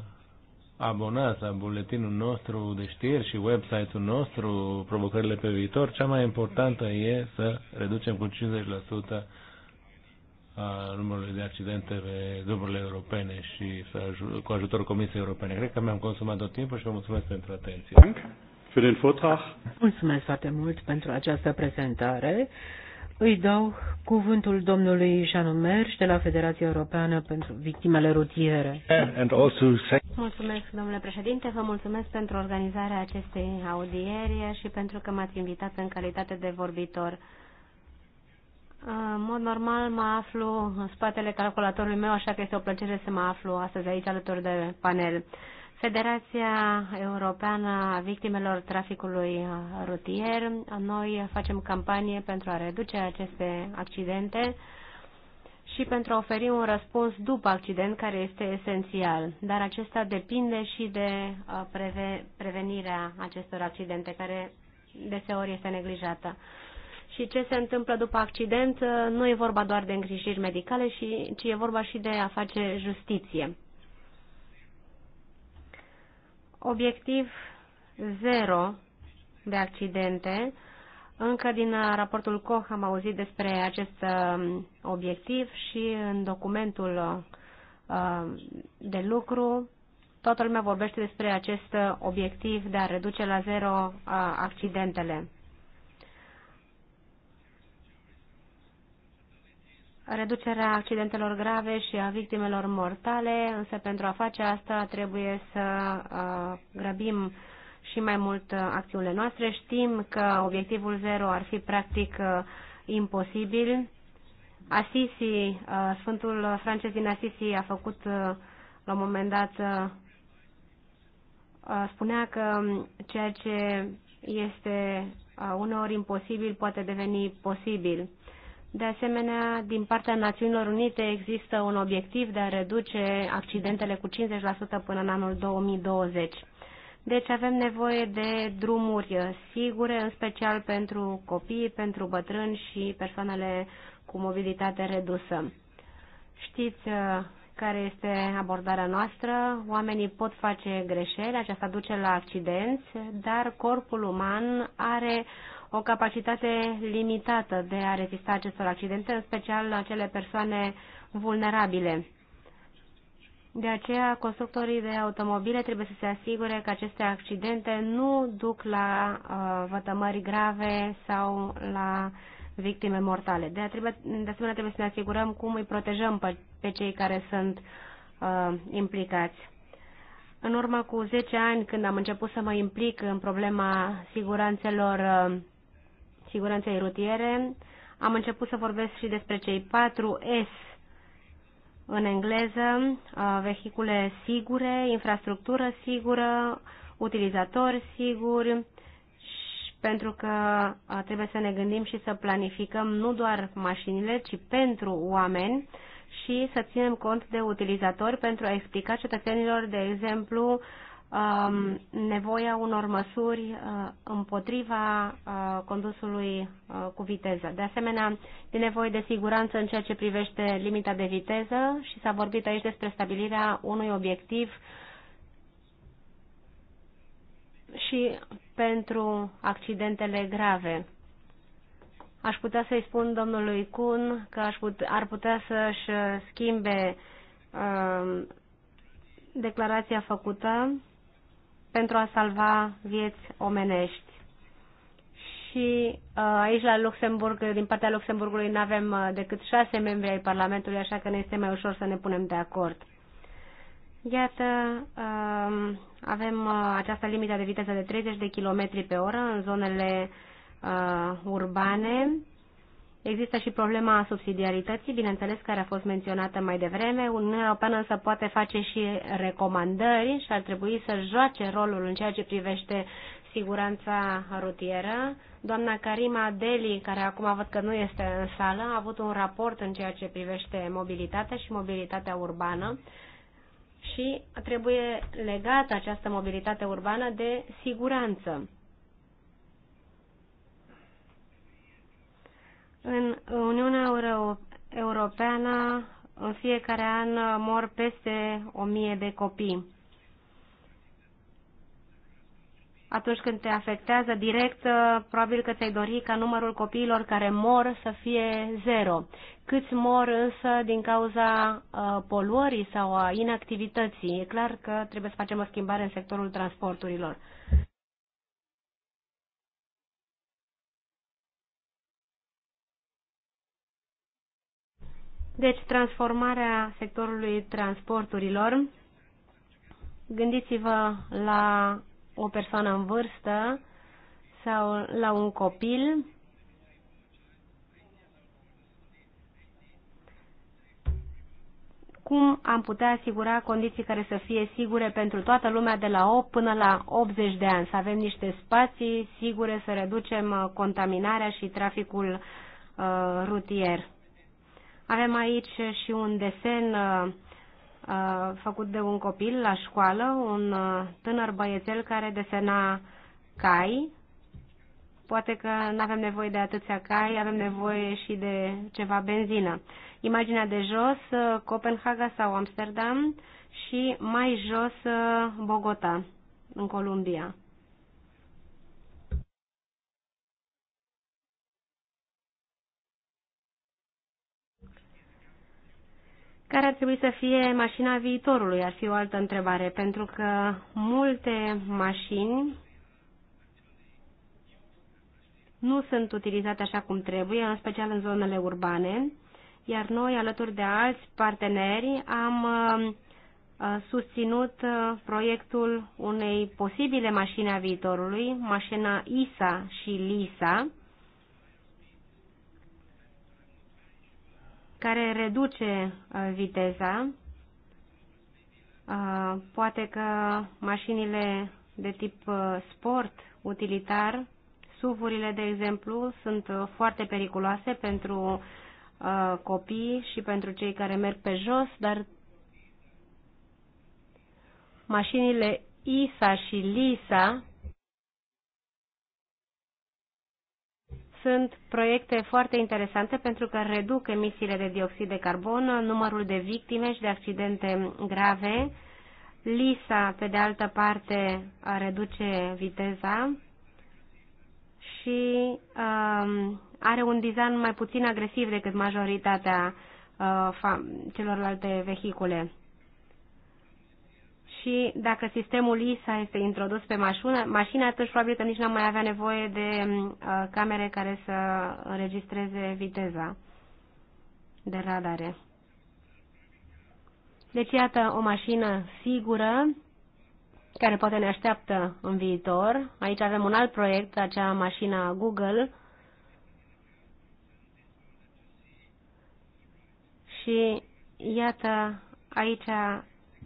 abonați la buletinul nostru de știri și website-ul nostru, provocările pe viitor. Cea mai importantă e să reducem cu 50% a numărului de accidente pe drumurile europene și să aj- cu ajutorul Comisiei Europene. Cred că mi-am consumat tot timpul și vă mulțumesc pentru atenție. Mulțumesc foarte mult pentru această prezentare. Îi dau cuvântul domnului Jean Merș de la Federația Europeană pentru Victimele Rutiere. Mulțumesc, domnule președinte, vă mulțumesc pentru organizarea acestei audieri și pentru că m-ați invitat în calitate de vorbitor. În mod normal mă aflu în spatele calculatorului meu, așa că este o plăcere să mă aflu astăzi aici alături de panel. Federația Europeană a Victimelor Traficului Rutier, noi facem campanie pentru a reduce aceste accidente și pentru a oferi un răspuns după accident care este esențial, dar acesta depinde și de uh, prevenirea acestor accidente care deseori este neglijată și ce se întâmplă după accident, uh, nu e vorba doar de îngrijiri medicale, ci e vorba și de a face justiție. Obiectiv zero de accidente. Încă din uh, raportul Koch am auzit despre acest um, obiectiv și în documentul uh, de lucru toată lumea vorbește despre acest obiectiv de a reduce la zero accidentele. reducerea accidentelor grave și a victimelor mortale, însă pentru a face asta trebuie să uh, grăbim și mai mult uh, acțiunile noastre. Știm că obiectivul zero ar fi practic uh, imposibil. Asisi, Sfântul Frances din Asisi a făcut la un moment dat spunea că um, ceea ce este uneori imposibil poate deveni posibil. De asemenea, din partea Națiunilor Unite există un obiectiv de a reduce accidentele cu 50% până în anul 2020. Deci avem nevoie de drumuri sigure, în special pentru copii, pentru bătrâni și persoanele cu mobilitate redusă. Știți uh, care este abordarea noastră. Oamenii pot face greșeli, aceasta duce la accidenți, dar corpul uman are o capacitate limitată de a rezista acestor accidente, în special acele persoane vulnerabile. De aceea, constructorii de automobile trebuie să se asigure că aceste accidente nu duc la uh, vătămări grave sau la victime mortale. De, trebuie, de asemenea, trebuie să ne asigurăm cum îi protejăm pe, pe cei care sunt uh, implicați. În urmă cu 10 ani, când am început să mă implic în problema siguranțelor uh, siguranței rutiere. Am început să vorbesc și despre cei 4 S în engleză, uh, vehicule sigure, infrastructură sigură, utilizatori siguri, pentru că uh, trebuie să ne gândim și să planificăm nu doar mașinile, ci pentru oameni și să ținem cont de utilizatori pentru a explica cetățenilor, de exemplu, nevoia unor măsuri uh, împotriva uh, condusului uh, cu viteză. De asemenea, e nevoie de siguranță în ceea ce privește limita de viteză și s-a vorbit aici despre stabilirea unui obiectiv și pentru accidentele grave. Aș putea să-i spun domnului Kun că aș put, ar putea să-și schimbe uh, declarația făcută pentru a salva vieți omenești. Și uh, aici la Luxemburg, din partea Luxemburgului, nu avem uh, decât șase membri ai Parlamentului, așa că ne este mai ușor să ne punem de acord. Iată, um, avem uh, această limită de viteză de 30 de km pe oră în zonele urbane Există și problema subsidiarității, bineînțeles, care a fost menționată mai devreme. Uniunea Europeană însă poate face și recomandări și ar trebui să joace rolul în ceea ce privește siguranța rutieră. Doamna Karima Deli, care acum văd că nu este în sală, a avut un raport în ceea ce privește mobilitatea și mobilitatea urbană și trebuie legată această mobilitate urbană de siguranță. În Uniunea Europeană în fiecare an mor peste o mie de copii. Atunci când te afectează direct, probabil că ți-ai dori ca numărul copiilor care mor să fie zero. Câți mor însă din cauza uh, poluării sau a inactivității? E clar că trebuie să facem o schimbare în sectorul transporturilor. Deci, transformarea sectorului transporturilor. Gândiți-vă la o persoană în vârstă sau la un copil cum am putea asigura condiții care să fie sigure pentru toată lumea de la 8 până la 80 de ani, să avem niște spații sigure, să reducem contaminarea și traficul uh, rutier. Avem aici și un desen uh, uh, făcut de un copil la școală, un uh, tânăr băiețel care desena cai. Poate că nu avem nevoie de atâția cai, avem nevoie și de ceva benzină. Imaginea de jos, Copenhaga sau Amsterdam și mai jos Bogota, în Columbia. Care ar trebui să fie mașina viitorului? Ar fi o altă întrebare, pentru că multe mașini nu sunt utilizate așa cum trebuie, în special în zonele urbane, iar noi, alături de alți parteneri, am uh, susținut uh, proiectul unei posibile mașini a viitorului, mașina ISA și LISA, care reduce uh, viteza. Uh, poate că mașinile de tip uh, sport, utilitar, SUV-urile, de exemplu, sunt foarte periculoase pentru copii și pentru cei care merg pe jos, dar mașinile ISA și LISA sunt proiecte foarte interesante pentru că reduc emisiile de dioxid de carbon, numărul de victime și de accidente grave. LISA, pe de altă parte, reduce viteza și um, are un design mai puțin agresiv decât majoritatea uh, celorlalte vehicule și dacă sistemul ISA este introdus pe mașină, mașină atunci probabil că nici nu am mai avea nevoie de uh, camere care să înregistreze viteza de radare. Deci iată o mașină sigură care poate ne așteaptă în viitor. Aici avem un alt proiect, acea mașină Google. Și iată aici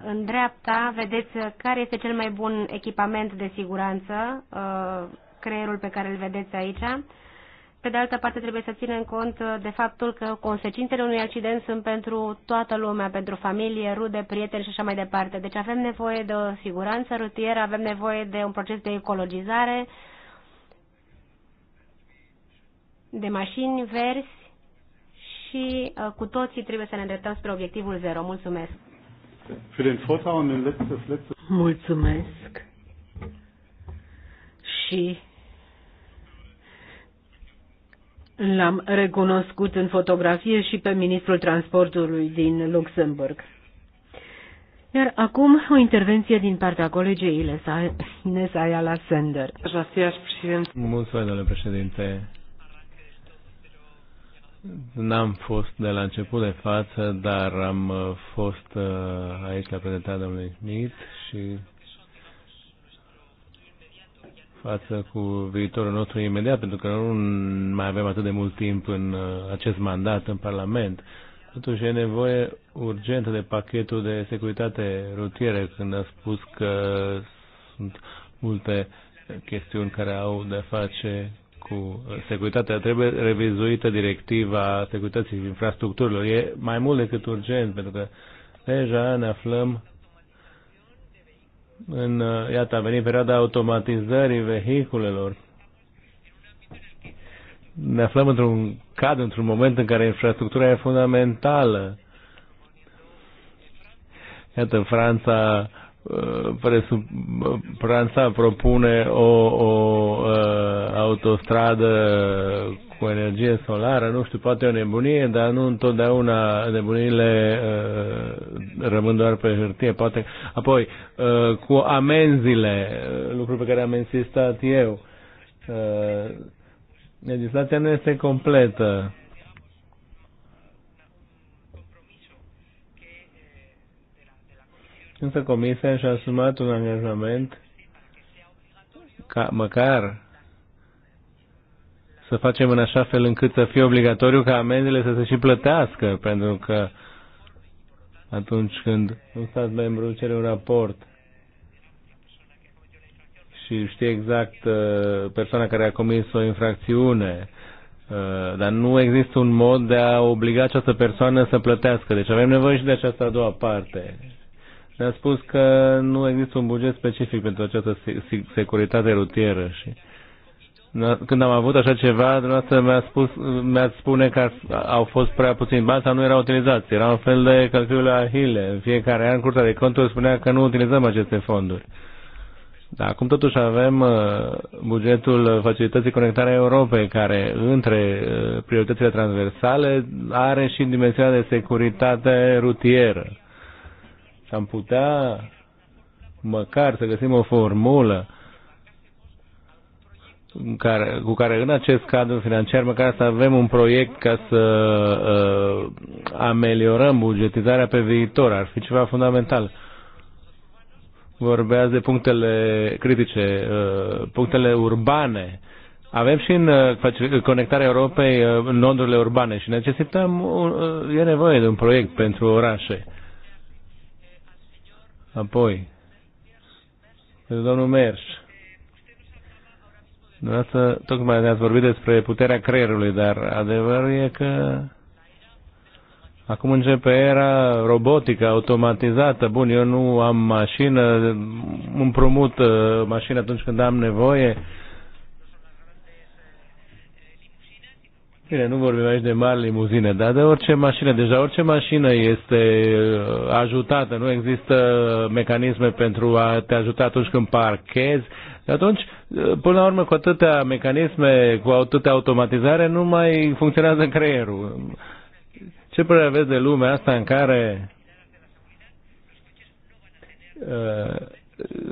în dreapta vedeți uh, care este cel mai bun echipament de siguranță, uh, creierul pe care îl vedeți aici. Pe de altă parte trebuie să ținem cont uh, de faptul că consecințele unui accident sunt pentru toată lumea, pentru familie, rude, prieteni și așa mai departe. Deci avem nevoie de o siguranță rutieră, avem nevoie de un proces de ecologizare, de mașini verzi și cu toții trebuie să ne îndreptăm spre obiectivul zero. Mulțumesc! Für den Vortrag und den letzten, das letzte. Mulțumesc. Și l-am recunoscut în fotografie și pe ministrul transportului din Luxemburg. Iar acum o intervenție din partea colegei Ines Ayala Sender. Mulțumesc, domnule președinte. N-am fost de la început de față, dar am uh, fost uh, aici la prezentarea domnului Smith și față cu viitorul nostru imediat, pentru că nu mai avem atât de mult timp în uh, acest mandat în Parlament. Totuși e nevoie urgentă de pachetul de securitate rutieră, când a spus că sunt multe chestiuni care au de face cu securitatea. Trebuie revizuită directiva securității infrastructurilor. E mai mult decât urgent, pentru că deja ne aflăm în, uh, iată, a venit perioada automatizării vehiculelor. Ne aflăm într-un cadru, într-un moment în care infrastructura e fundamentală. Iată, în Franța Uh, Franța propune o, o uh, autostradă cu energie solară, nu știu, poate o nebunie, dar nu întotdeauna nebunile uh, rămân doar pe hârtie, poate. Apoi, cu amenzile, lucru pe care am insistat eu, legislația nu este completă însă Comisia și-a asumat un angajament ca măcar să facem în așa fel încât să fie obligatoriu ca amendele să se și plătească, pentru că atunci când un stat membru cere un raport și știe exact uh, persoana care a comis o infracțiune, uh, dar nu există un mod de a obliga această persoană să plătească. Deci avem nevoie și de această a doua parte ne-a spus că nu există un buget specific pentru această securitate rutieră și când am avut așa ceva, dumneavoastră mi-a spus, mi spune că au fost prea puțini bani sau nu erau utilizați. Era un fel de calcul la Ahile. În fiecare an, Curtea de Conturi spunea că nu utilizăm aceste fonduri. Dar acum totuși avem uh, bugetul Facilității Conectarea Europei, care între uh, prioritățile transversale are și dimensiunea de securitate rutieră și am putea măcar să găsim o formulă care, cu care în acest cadru financiar măcar să avem un proiect ca să uh, ameliorăm bugetizarea pe viitor. Ar fi ceva fundamental. Vorbeați de punctele critice, uh, punctele urbane. Avem și în uh, conectarea Europei uh, nodurile urbane și necesităm, uh, e nevoie de un proiect pentru orașe. Uh, Apoi, domnul Merș, dumneavoastră tocmai ne-ați vorbit despre puterea creierului, dar adevărul e că Acum începe era robotică, automatizată. Bun, eu nu am mașină, împrumut uh, mașină atunci când am nevoie. Bine, nu vorbim aici de mari limuzine, dar de orice mașină, deja orice mașină este uh, ajutată, nu există mecanisme pentru a te ajuta atunci când parchezi. Atunci, uh, până la urmă, cu atâtea mecanisme, cu atâtea automatizare, nu mai funcționează creierul. Ce părere aveți de lumea asta în care uh,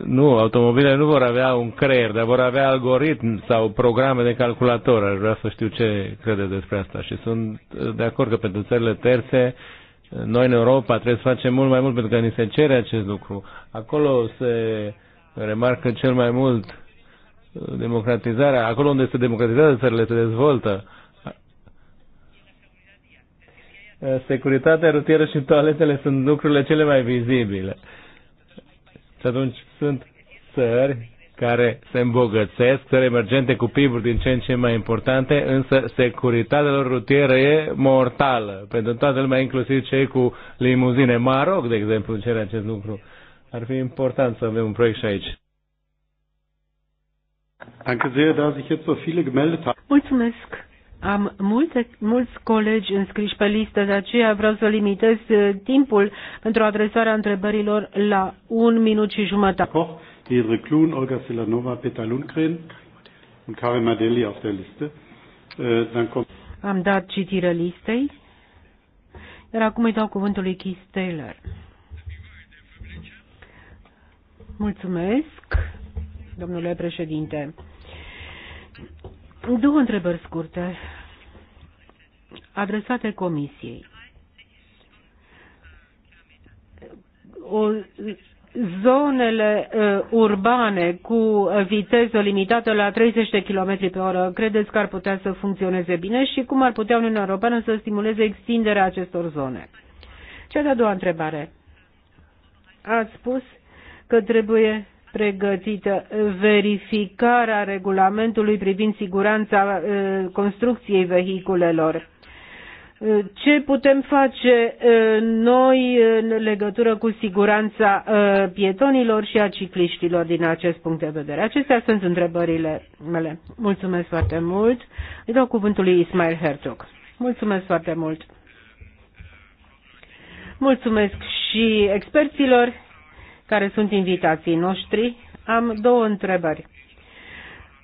nu, automobilele nu vor avea un creier, dar vor avea algoritm sau programe de calculator. Aș vrea să știu ce crede despre asta. Și sunt uh, de acord că pentru țările terse, uh, noi în Europa trebuie să facem mult mai mult pentru că ni se cere acest lucru. Acolo se remarcă cel mai mult uh, democratizarea. Acolo unde se democratizează țările, se dezvoltă. Securitatea rutieră și toaletele sunt lucrurile cele mai vizibile. Uh, și atunci sunt țări care se îmbogățesc, țări emergente cu PIB-uri din ce în ce mai importante, însă securitatea lor rutieră e mortală pentru toată lumea, inclusiv cei cu limuzine. Maroc, de exemplu, cere acest lucru. Ar fi important să avem un proiect și aici. Da Mulțumesc am multe, mulți colegi înscriși pe listă, de aceea vreau să limitez uh, timpul pentru adresarea întrebărilor la un minut și jumătate. Olga Silanova, Lundgren Karim Adeli auf der Liste. Äh, Am dat citire listei, iar acum îi dau cuvântul lui Keith Taylor. Mulțumesc, domnule președinte. Două întrebări scurte adresate Comisiei. O, zonele uh, urbane cu viteză limitată la 30 de km pe oră, credeți că ar putea să funcționeze bine și cum ar putea Uniunea Europeană să stimuleze extinderea acestor zone? Cea de-a doua întrebare. Ați spus că trebuie pregătită verificarea regulamentului privind siguranța uh, construcției vehiculelor. Uh, ce putem face uh, noi în legătură cu siguranța pietonilor și a cicliștilor din acest punct de vedere? Acestea sunt întrebările mele. Mulțumesc foarte mult. Îi dau cuvântul lui Ismail Herzog. Mulțumesc foarte mult. Mulțumesc și experților care sunt invitații noștri, am două întrebări.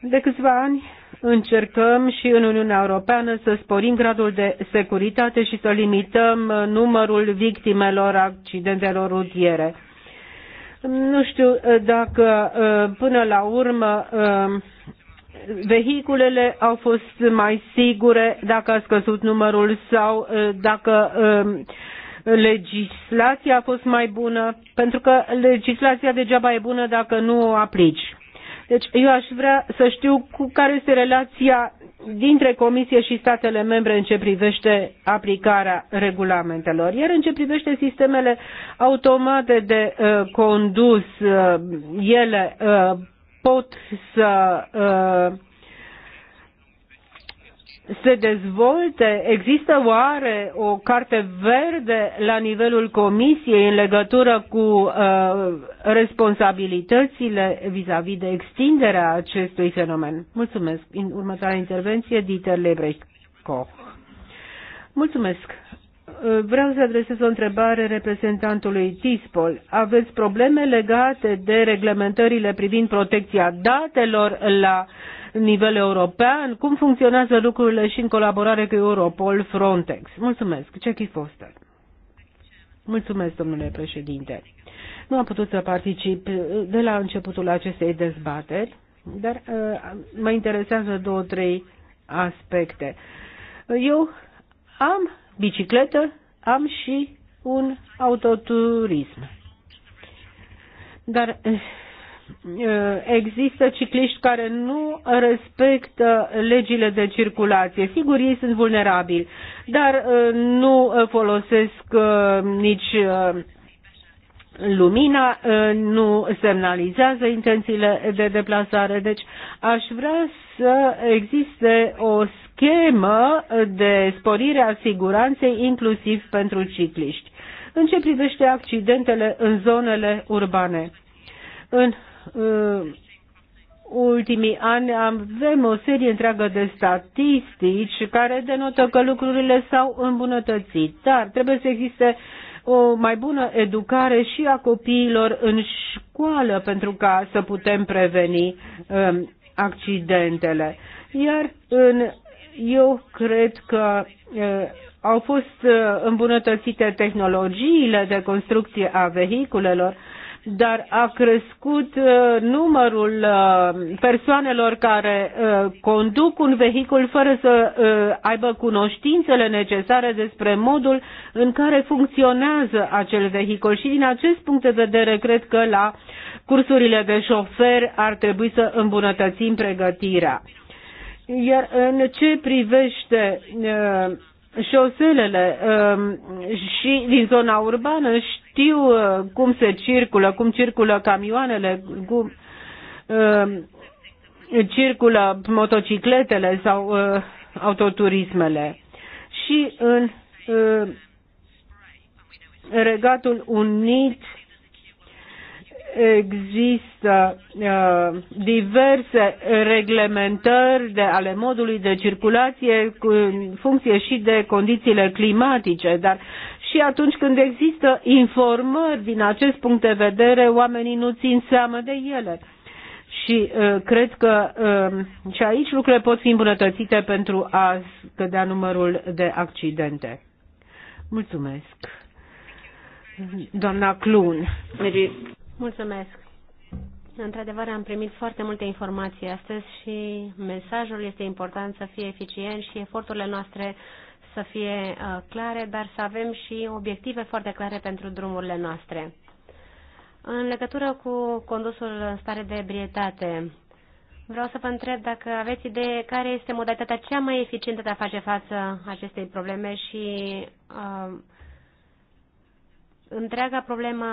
De câțiva ani încercăm și în Uniunea Europeană să sporim gradul de securitate și să limităm numărul victimelor accidentelor rutiere. Nu știu uh, dacă uh, până la urmă uh, vehiculele au fost mai sigure, dacă a scăzut numărul sau dacă legislația a fost mai bună, pentru că legislația degeaba e bună dacă nu o aplici. Deci eu aș vrea să știu cu care este relația dintre Comisie și statele membre în ce privește aplicarea regulamentelor. Iar în ce privește sistemele automate de uh, condus, uh, ele uh, pot să uh, se dezvolte? Există oare o carte verde la nivelul Comisiei în legătură cu uh, responsabilitățile vis-a-vis -vis de extinderea acestui fenomen? Mulțumesc. În următoarea intervenție, Dieter Lebrecht Koch. Mulțumesc. Vreau să adresez o întrebare reprezentantului TISPOL. Aveți probleme legate de reglementările privind protecția datelor la uh, nivel european, cum funcționează lucrurile și în colaborare cu Europol, Frontex. Mulțumesc. Jackie Foster. Mulțumesc, domnule președinte. Nu am putut să particip de la începutul acestei dezbateri, dar uh, mă interesează două, trei aspecte. Eu am bicicletă, am și un autoturism. Dar eh, Eh, există cicliști care nu respectă legile de circulație. Sigur, ei sunt vulnerabili, dar eh, nu eh, folosesc nici lumina, nu semnalizează intențiile de deplasare. Deci aș vrea să existe o schemă de sporire a siguranței inclusiv pentru cicliști. În ce privește accidentele în zonele urbane? În Uh, ultimii ani avem o serie întreagă de statistici care denotă că lucrurile s-au îmbunătățit, dar trebuie să existe o mai bună educare și a copiilor în școală pentru ca să putem preveni um, accidentele. Iar în, eu cred că uh, au fost uh, îmbunătățite tehnologiile de construcție a vehiculelor, dar a crescut uh, numărul uh, persoanelor care uh, conduc un vehicul fără să aibă cunoștințele necesare despre modul în care funcționează acel vehicul și din acest punct de vedere cred că la cursurile de șofer ar trebui să îmbunătățim pregătirea. Iar în ce privește șoselele um, și din zona urbană știu uh, cum se circulă, cum circulă camioanele, cum uh, circulă motocicletele sau uh, autoturismele. Și în Regatul Unit există uh, diverse reglementări de ale modului de circulație în funcție și de condițiile climatice, dar și atunci când există informări din acest punct de vedere, oamenii nu țin seamă de ele. Și uh, cred că uh, și aici lucrurile pot fi îmbunătățite pentru a scădea numărul de accidente. Mulțumesc. Doamna Clun. Mergi. Mulțumesc. Într-adevăr, am primit foarte multe informații astăzi și mesajul este important să fie eficient și eforturile noastre să fie uh, clare, dar să avem și obiective foarte clare pentru drumurile noastre. În legătură cu condusul în stare de ebrietate, vreau să vă întreb dacă aveți idee care este modalitatea cea mai eficientă de a face față acestei probleme și uh, întreaga problemă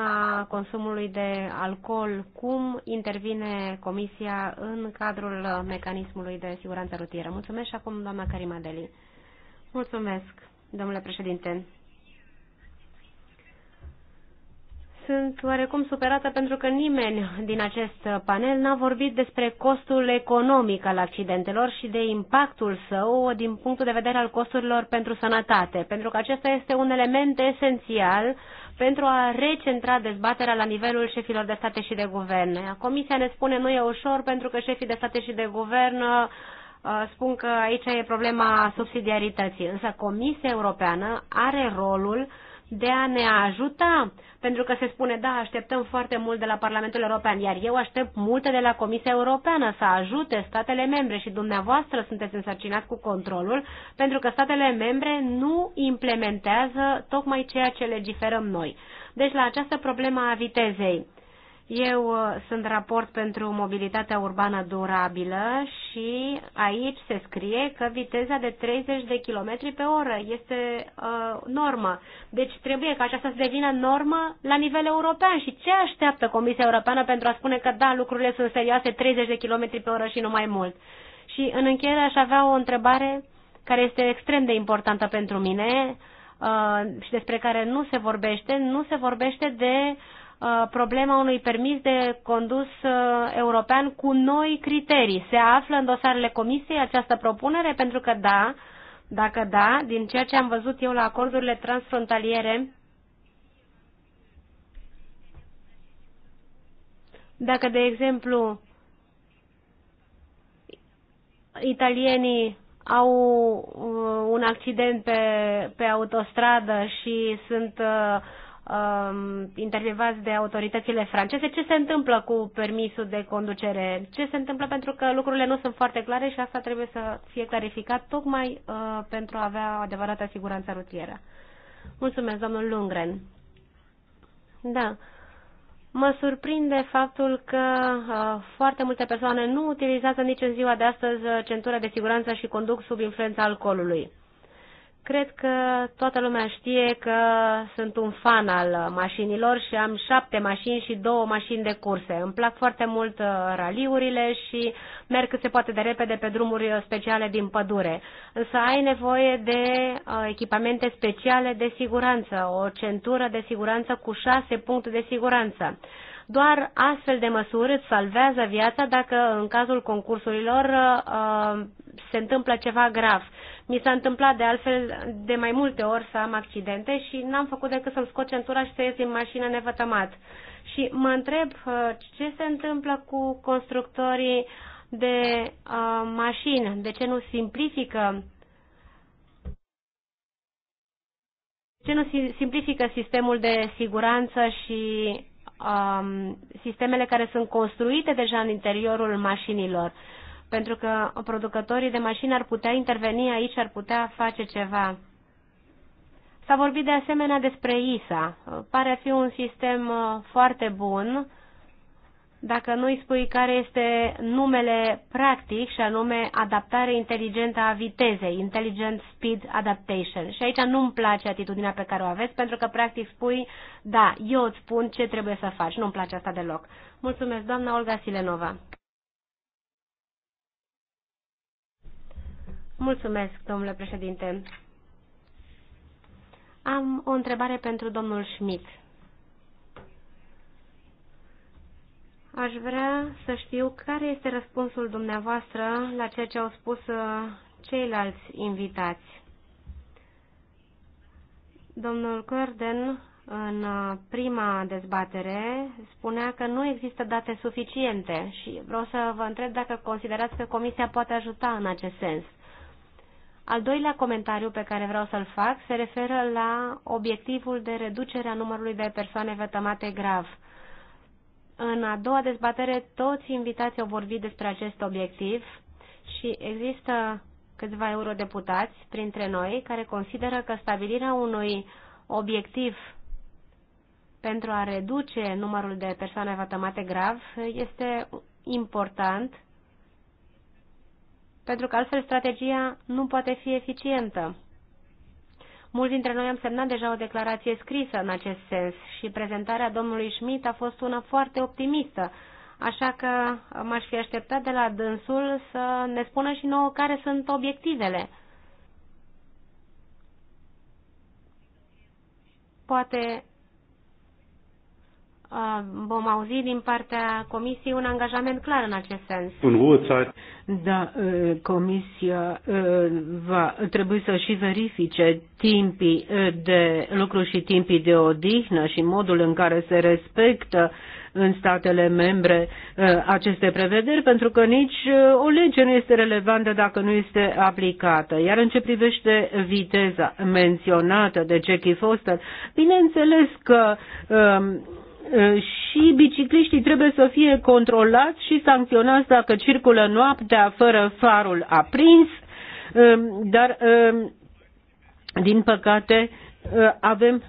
consumului de alcool, cum intervine Comisia în cadrul mecanismului de siguranță rutieră. Mulțumesc și acum doamna Deli. Mulțumesc, domnule președinte. Sunt oarecum superată pentru că nimeni din acest panel n-a vorbit despre costul economic al accidentelor și de impactul său din punctul de vedere al costurilor pentru sănătate, pentru că acesta este un element esențial pentru a recentra dezbaterea la nivelul șefilor de state și de guverne. Comisia ne spune nu e ușor pentru că șefii de state și de guvern uh, spun că aici e problema subsidiarității. Însă Comisia Europeană are rolul uh, de a ne ajuta, pentru că se spune, da, așteptăm foarte mult de la Parlamentul European, iar eu aștept multe de la Comisia Europeană să ajute statele membre și dumneavoastră sunteți însărcinați cu controlul, pentru că statele membre nu implementează tocmai ceea ce legiferăm noi. Deci la această problemă a vitezei, eu uh, sunt raport pentru mobilitatea urbană durabilă și aici se scrie că viteza de 30 de km pe oră este uh, normă. Deci trebuie ca aceasta să devină normă la nivel european. Și ce așteaptă Comisia Europeană pentru a spune că da, lucrurile sunt serioase, 30 de km pe oră și nu mai mult? Și în încheiere aș avea o întrebare care este extrem de importantă pentru mine uh, și despre care nu se vorbește. Nu se vorbește de uh, Uh, problema unui permis de condus uh, european cu noi criterii. Se află în dosarele comisiei această propunere? Pentru că da, dacă da, din ceea ce am văzut eu la acordurile transfrontaliere, dacă, de exemplu, italienii au uh, un accident pe, pe autostradă și sunt uh, Um, intervievați de autoritățile franceze, ce se întâmplă cu permisul de conducere, ce se întâmplă pentru că lucrurile nu sunt foarte clare și asta trebuie să fie clarificat tocmai uh, pentru a avea o adevărată siguranță rutieră. Mulțumesc, domnul Lungren. Da. Mă surprinde faptul că uh, foarte multe persoane nu utilizează nici în ziua de astăzi uh, centura de siguranță și conduc sub influența alcoolului. Cred că toată lumea știe că sunt un fan al mașinilor și am șapte mașini și două mașini de curse. Îmi plac foarte mult uh, raliurile și merg cât se poate de repede pe drumuri uh, speciale din pădure. Însă ai nevoie de uh, echipamente speciale de siguranță, o centură de siguranță cu șase puncte de siguranță. Doar astfel de măsuri îți salvează viața dacă în cazul concursurilor se întâmplă ceva grav mi s-a întâmplat de altfel de mai multe ori să am accidente și n-am făcut decât să-mi scot centura și să ies din mașină nevătămat. Și mă întreb uh, ce se întâmplă cu constructorii de uh, mașini, de ce nu simplifică ce nu simplifică sistemul de siguranță și um, sistemele care sunt construite deja în interiorul mașinilor pentru că producătorii de mașini ar putea interveni aici, ar putea face ceva. S-a vorbit de asemenea despre ISA. Pare a fi un sistem uh, foarte bun dacă nu îi spui care este numele practic și anume adaptare inteligentă a vitezei, Intelligent Speed Adaptation. Și aici nu-mi place atitudinea pe care o aveți pentru că practic spui, da, eu îți spun ce trebuie să faci. Nu-mi place asta deloc. Mulțumesc, doamna Olga Silenova. Mulțumesc, domnule președinte. Am o întrebare pentru domnul Schmidt. Aș vrea să știu care este răspunsul dumneavoastră la ceea ce au spus uh, ceilalți invitați. Domnul Corden, în uh, prima dezbatere, spunea că nu există date suficiente și vreau să vă întreb dacă considerați că Comisia poate ajuta în acest sens. Al doilea comentariu pe care vreau să-l fac se referă la obiectivul de reducere a numărului de persoane vătămate grav. În a doua dezbatere, toți invitații au vorbit despre acest obiectiv și există câțiva eurodeputați printre noi care consideră că stabilirea unui obiectiv pentru a reduce numărul de persoane vătămate grav este important pentru că altfel strategia nu poate fi eficientă. Mulți dintre noi am semnat deja o declarație scrisă în acest sens și prezentarea domnului Schmidt a fost una foarte optimistă, așa că m-aș fi așteptat de la dânsul să ne spună și nouă care sunt obiectivele. Poate vom auzi din partea Comisiei un angajament clar în acest sens. În Ruhezeit. Da, Comisia va trebui să și verifice timpii de lucru și timpii de odihnă și modul în care se respectă în statele membre aceste prevederi, pentru că nici o lege nu este relevantă dacă nu este aplicată. Iar în ce privește viteza menționată de Jackie Foster, bineînțeles că Eh, și bicicliștii trebuie să fie controlați și sancționați dacă circulă noaptea fără farul aprins, eh, dar eh, din păcate avem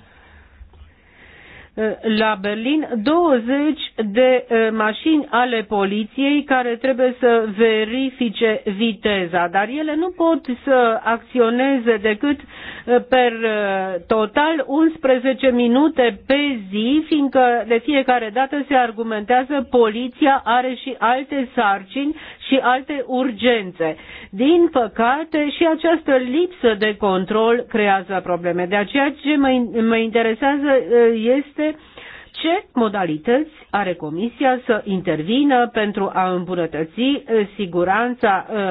Eh, la Berlin 20 de eh, mașini ale poliției care trebuie să verifice viteza, dar ele nu pot să acționeze decât eh, per total 11 minute pe zi, fiindcă de fiecare dată se argumentează poliția are și alte sarcini și alte urgențe. Din păcate, și această lipsă de control creează probleme. De aceea ce mă, mă interesează ă, este ce modalități are Comisia să intervină pentru a îmbunătăți ă, siguranța ă,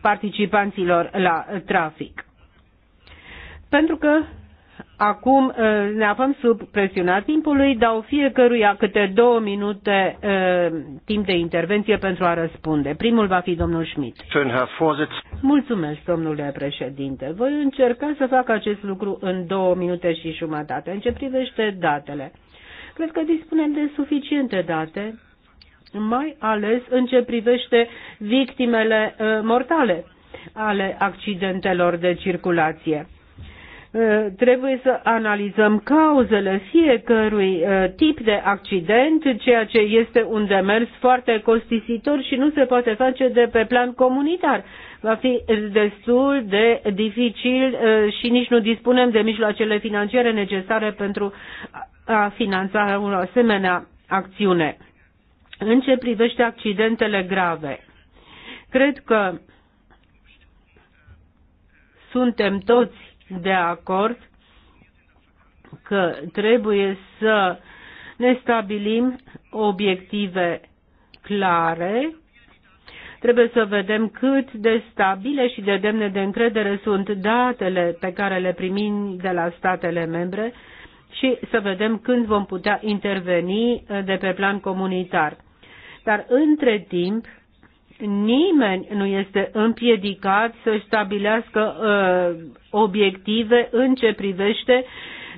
participanților la trafic. Pentru că Acum eh, ne aflăm sub presiunea timpului, dau fiecăruia câte două minute eh, timp de intervenție pentru a răspunde. Primul va fi domnul Schmidt. Mulțumesc, domnule președinte. Voi încerca să fac acest lucru în două minute și jumătate. În ce privește datele, cred că dispunem de suficiente date, mai ales în ce privește victimele eh, mortale ale accidentelor de circulație Eh, trebuie să analizăm cauzele fiecărui eh, tip de accident, ceea ce este un demers foarte costisitor și nu se poate face de pe plan comunitar. Va fi destul de dificil eh, și nici nu dispunem de mijloacele financiare necesare pentru a finanța o asemenea acțiune. În ce privește accidentele grave, cred că suntem toți de acord că trebuie să ne stabilim obiective clare, trebuie să vedem cât de stabile și de demne de încredere sunt datele pe care le primim de la statele membre și să vedem când vom putea interveni de pe plan comunitar. Dar între timp, nimeni nu este împiedicat să stabilească uh, obiective în ce privește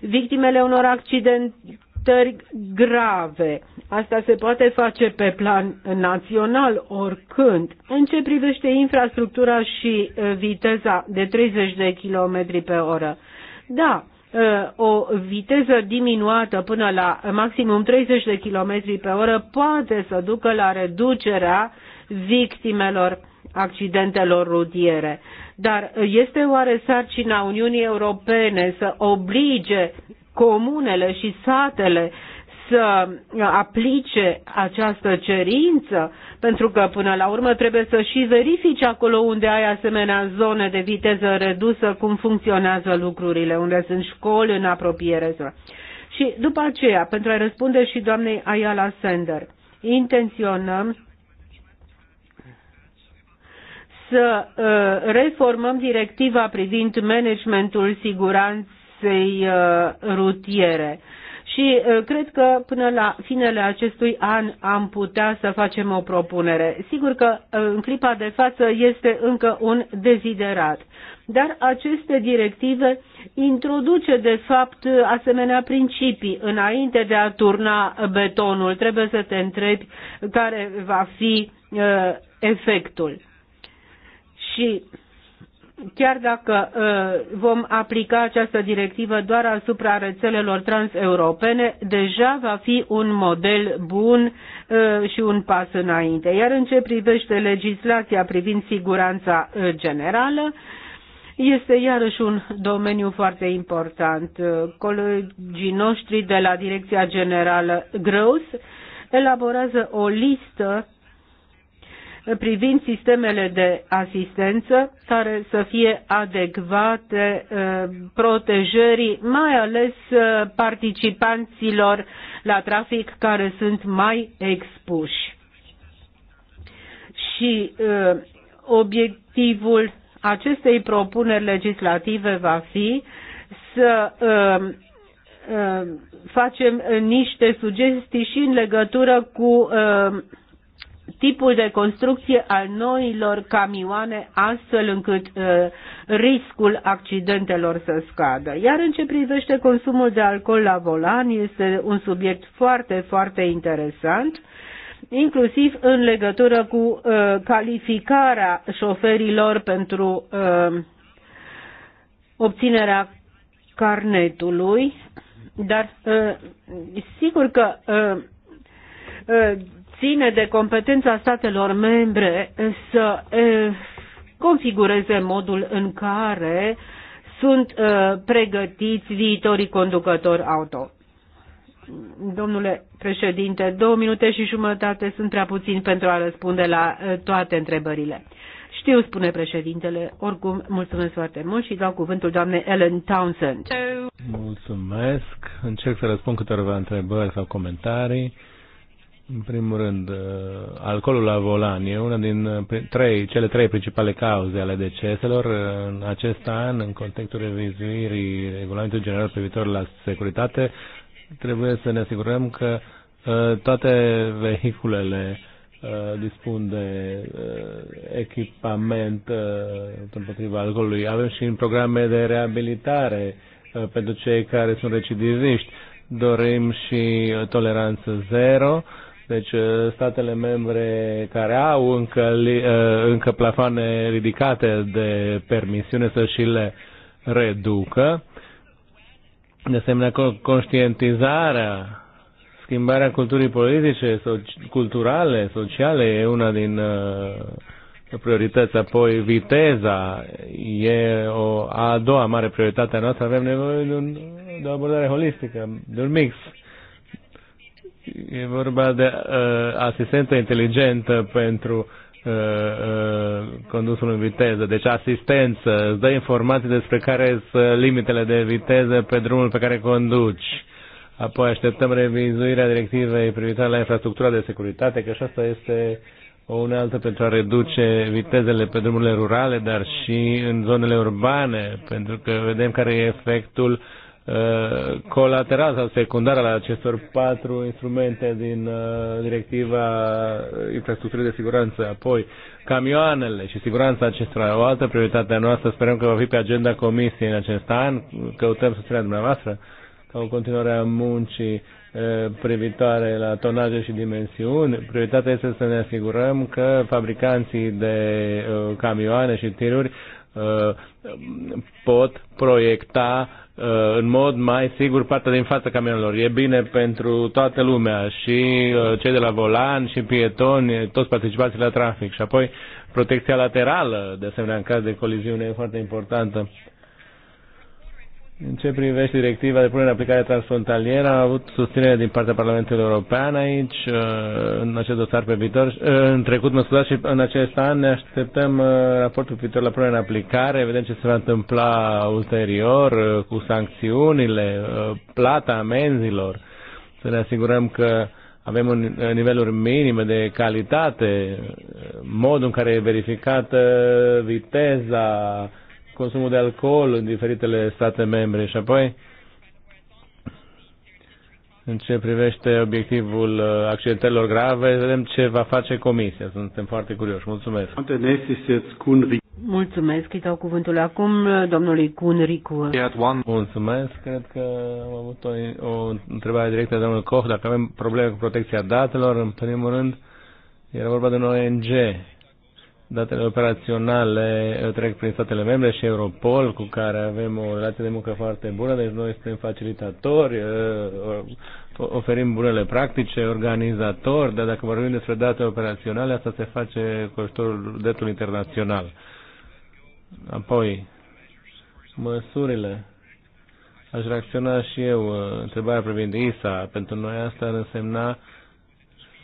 victimele unor accidentări grave. Asta se poate face pe plan național oricând. În ce privește infrastructura și uh, viteza de 30 de km pe oră. Da, uh, o viteză diminuată până la maximum 30 de km pe oră poate să ducă la reducerea uh, victimelor accidentelor rutiere. Dar este oare sarcina Uniunii Europene să oblige comunele și satele să aplice această cerință, pentru că până la urmă trebuie să și verifici acolo unde ai asemenea zone de viteză redusă, cum funcționează lucrurile, unde sunt școli în apropiere. Și după aceea, pentru a răspunde și doamnei Ayala Sender, intenționăm să uh, reformăm directiva privind managementul siguranței uh, rutiere. Și uh, cred că până la finele acestui an am putea să facem o propunere. Sigur că în clipa de față este încă un deziderat. Dar aceste directive introduce de fapt asemenea principii. Înainte de a turna betonul, trebuie să te întrebi care va fi efectul. Și chiar dacă uh, vom aplica această directivă doar asupra rețelelor transeuropene, deja va fi un model bun uh, și un pas înainte. Iar în ce privește legislația privind siguranța uh, generală, este iarăși un domeniu foarte important. Colegii noștri de la Direcția Generală Gross elaborează o listă privind sistemele de asistență care să fie adecvate uh, protejării, mai ales uh, participanților la trafic care sunt mai expuși. Și uh, obiectivul acestei propuneri legislative va fi să facem niște sugestii și în legătură cu uh, tipul de construcție al noilor camioane astfel încât uh, riscul accidentelor să scadă. Iar în ce privește consumul de alcool la volan este un subiect foarte, foarte interesant inclusiv în legătură cu uh, calificarea șoferilor pentru uh, obținerea carnetului, dar uh, sigur că uh, uh ține de competența statelor membre să configureze modul în care sunt pregătiți viitorii conducători auto. Domnule președinte, două minute și jumătate sunt prea puțin pentru a răspunde la toate întrebările. Știu, spune președintele, oricum mulțumesc foarte mult și dau cuvântul doamnei Ellen Townsend. Mulțumesc, încerc să răspund câteva întrebări sau comentarii. În primul rând, uh, alcoolul la volan e una din uh, trei, cele trei principale cauze ale deceselor. Uh, în acest an, în contextul revizuirii regulamentului general privitor la securitate, trebuie să ne asigurăm că toate vehiculele dispun de echipament împotriva alcoolului. Avem și programe de reabilitare pentru cei care sunt recidiviști. Dorim și toleranță zero deci uh, statele membre care au încă, uh, încă plafoane ridicate de permisiune să și le reducă. De asemenea, conștientizarea, schimbarea culturii politice, so- culturale, sociale e una din uh, priorități. Apoi viteza e o, a doua mare prioritate a noastră. Avem nevoie de, un, de o abordare holistică, de un mix. E vorba de uh, asistentă inteligentă pentru uh, uh, condusul în viteză. Deci asistență, îți dă informații despre care sunt limitele de viteză pe drumul pe care conduci. Apoi așteptăm revizuirea directivei privitoare la infrastructura de securitate, că și asta este o unealtă pentru a reduce vitezele pe drumurile rurale, dar și în zonele urbane, pentru că vedem care e efectul uh, Uh, colateral sau secundar al acestor patru instrumente din uh, directiva infrastructurii de siguranță. Apoi, camioanele și siguranța acestora. O altă prioritate a noastră, sperăm că va fi pe agenda comisiei în acest an, căutăm susținerea dumneavoastră ca o continuare a muncii uh, privitoare la tonaje și dimensiuni. Prioritatea este să ne asigurăm că fabricanții de camioane și tiruri pot proiecta uh, Uh, în mod mai sigur partea din fața camionelor. E bine pentru toată lumea și uh, cei de la volan și pietoni, toți participații la trafic. Și apoi protecția laterală, de asemenea, în caz de coliziune, e foarte importantă. În ce privește directiva de punere în aplicare transfrontalieră, am avut susținere din partea Parlamentului European aici, uh, în acest dosar pe viitor, uh, în trecut, mă scuzați, și în acest an ne așteptăm uh, raportul viitor la punere în aplicare, vedem ce se va întâmpla ulterior cu sancțiunile, plata amenzilor, să ne asigurăm că avem un niveluri minime de calitate, modul în care e verificată viteza, consumul de alcool în diferitele state membre și apoi în ce privește obiectivul uh, accidentelor grave, vedem ce va face comisia. Suntem foarte curioși. Mulțumesc. Mulțumesc. Îi dau cuvântul acum uh, domnului Kun Ricu. Mulțumesc. Cred că am avut o, o întrebare directă de domnul Koch. Dacă avem probleme cu protecția datelor, în primul rând, era vorba de un ONG Datele operaționale uh, trec prin statele membre și Europol, cu care avem o relație de muncă foarte bună, deci noi suntem facilitatori, uh, oferim bunele practice, organizatori, dar dacă vorbim despre date operaționale, asta se face cu ajutorul dreptului internațional. Apoi, măsurile. Aș reacționa și eu uh, întrebarea privind ISA. Pentru noi asta ar însemna uh,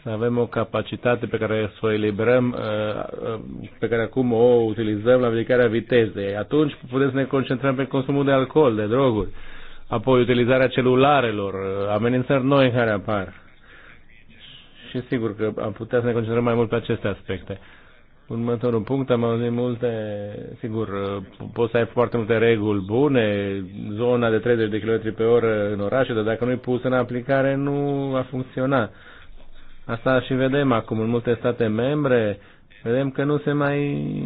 să avem o capacitate pe care să o eliberăm, uh, uh, pe care acum o utilizăm la ridicarea vitezei. Atunci putem să ne concentrăm pe consumul de alcool, de droguri, apoi utilizarea celularelor, uh, amenințări noi care apar. Și sigur că am putea să ne concentrăm mai mult pe aceste aspecte. Următorul punct, am auzit multe, sigur, poți să ai foarte multe reguli bune, zona de 30 de km pe oră în oraș, dar dacă nu e pus în aplicare, nu va funcționa. Asta și vedem acum în multe state membre, vedem că nu se mai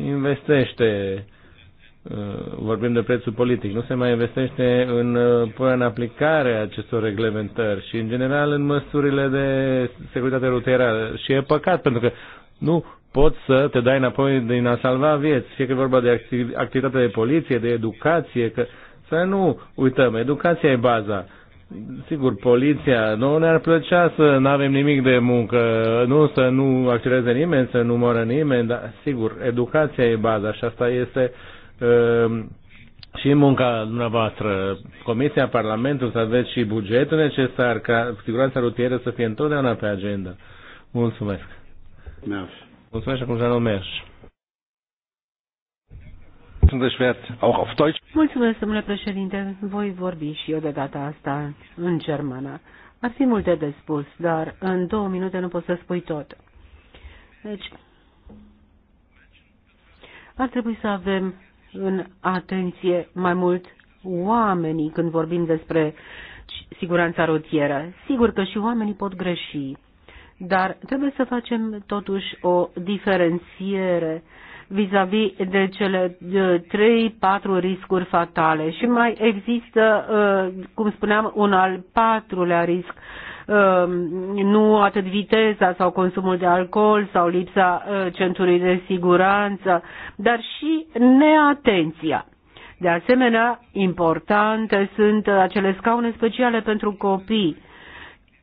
investește, uh, vorbim de prețul politic, nu se mai investește în uh, punerea în aplicare a acestor reglementări și în general în măsurile de securitate rutieră. Și e păcat pentru că nu poți să te dai înapoi din a salva vieți, fie că e vorba de activitate de poliție, de educație, că să nu uităm, educația e baza Sigur, poliția, nu ne-ar plăcea să nu avem nimic de muncă, nu să nu acționeze nimeni, să nu moară nimeni, dar sigur, educația e baza și asta este uh, și munca dumneavoastră. Comisia, Parlamentul, să aveți și bugetul necesar ca siguranța rutieră să fie întotdeauna pe agenda. Mulțumesc. Mulțumesc și acum Mulțumesc, domnule președinte. Voi vorbi și eu de data asta în germană. Ar fi multe de spus, dar în două minute nu pot să spui tot. Deci, ar trebui să avem în atenție mai mult oamenii când vorbim despre siguranța rutieră. Sigur că și oamenii pot greși, dar trebuie să facem totuși o diferențiere vis-a-vis -vis de cele trei patru riscuri fatale. Și mai există, uh, cum spuneam, un al patrulea risc, uh, nu atât viteza sau consumul de alcool sau lipsa uh, centrului de siguranță, dar și neatenția. De asemenea, importante sunt acele scaune speciale pentru copii,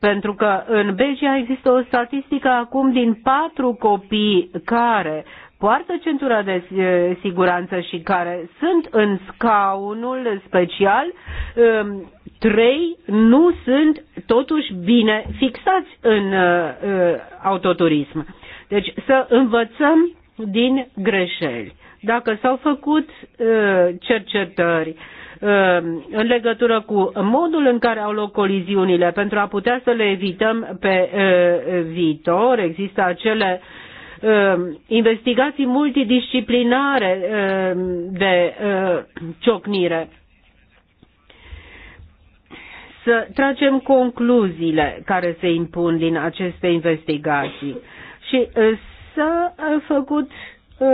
pentru că în Belgia există o statistică acum din patru copii care poartă centura de eh, siguranță și care sunt în scaunul special, ehm, trei nu sunt totuși bine fixați în eh, eh, autoturism. Deci să învățăm din greșeli. Dacă s-au făcut cercetări, ehm, în legătură cu modul în care au loc coliziunile pentru a putea să le evităm pe viitor. Există acele Um, investigații multidisciplinare um, de uh, ciocnire să tragem concluziile care se impun din aceste investigații. Și uh, s-a uh, făcut uh,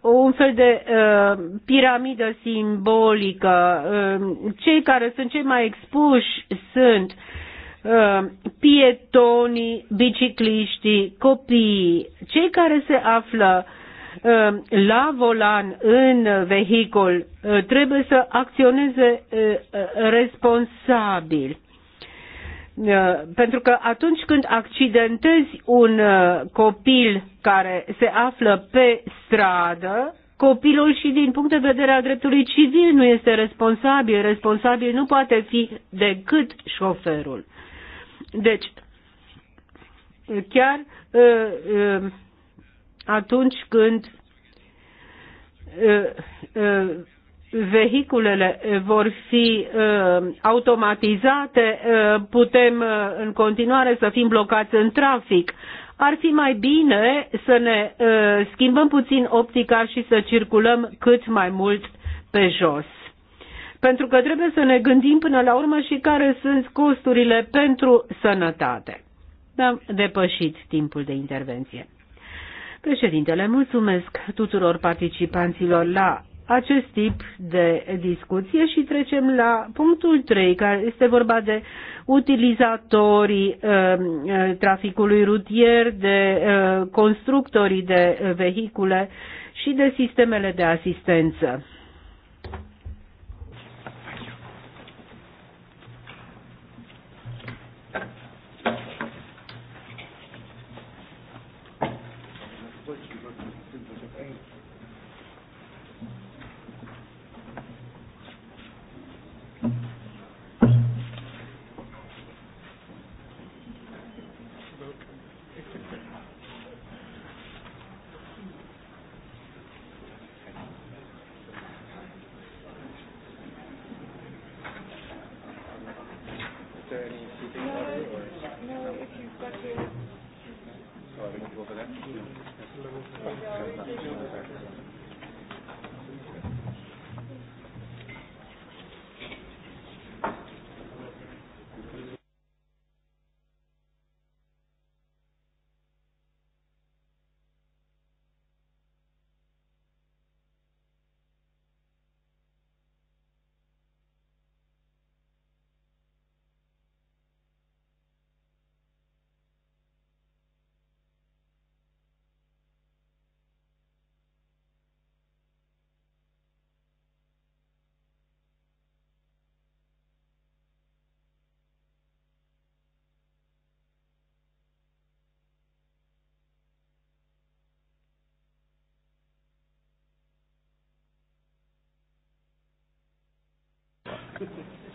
un fel de uh, piramidă simbolică. Uh, cei care sunt cei mai expuși sunt Uh, pietonii, bicicliștii, copiii, cei care se află uh, la volan în vehicul uh, trebuie să acționeze responsabil. Pentru că atunci când accidentezi un copil care se află pe stradă, copilul și din punct de vedere al dreptului civil nu este responsabil. Responsabil nu poate fi decât șoferul. Deci, chiar uh, uh, atunci când uh, vehiculele vor fi automatizate, putem în continuare să fim blocați în trafic. Ar fi mai bine să ne schimbăm puțin optica și să circulăm cât mai mult pe jos. Pentru că trebuie să ne gândim până la urmă și care sunt costurile pentru sănătate. Am depășit timpul de intervenție. Președintele, mulțumesc tuturor participanților la acest tip de discuție și trecem la punctul 3, care este vorba de utilizatorii um, uh, traficului rutier, de uh, constructorii de vehicule și de sistemele de asistență. Thank you.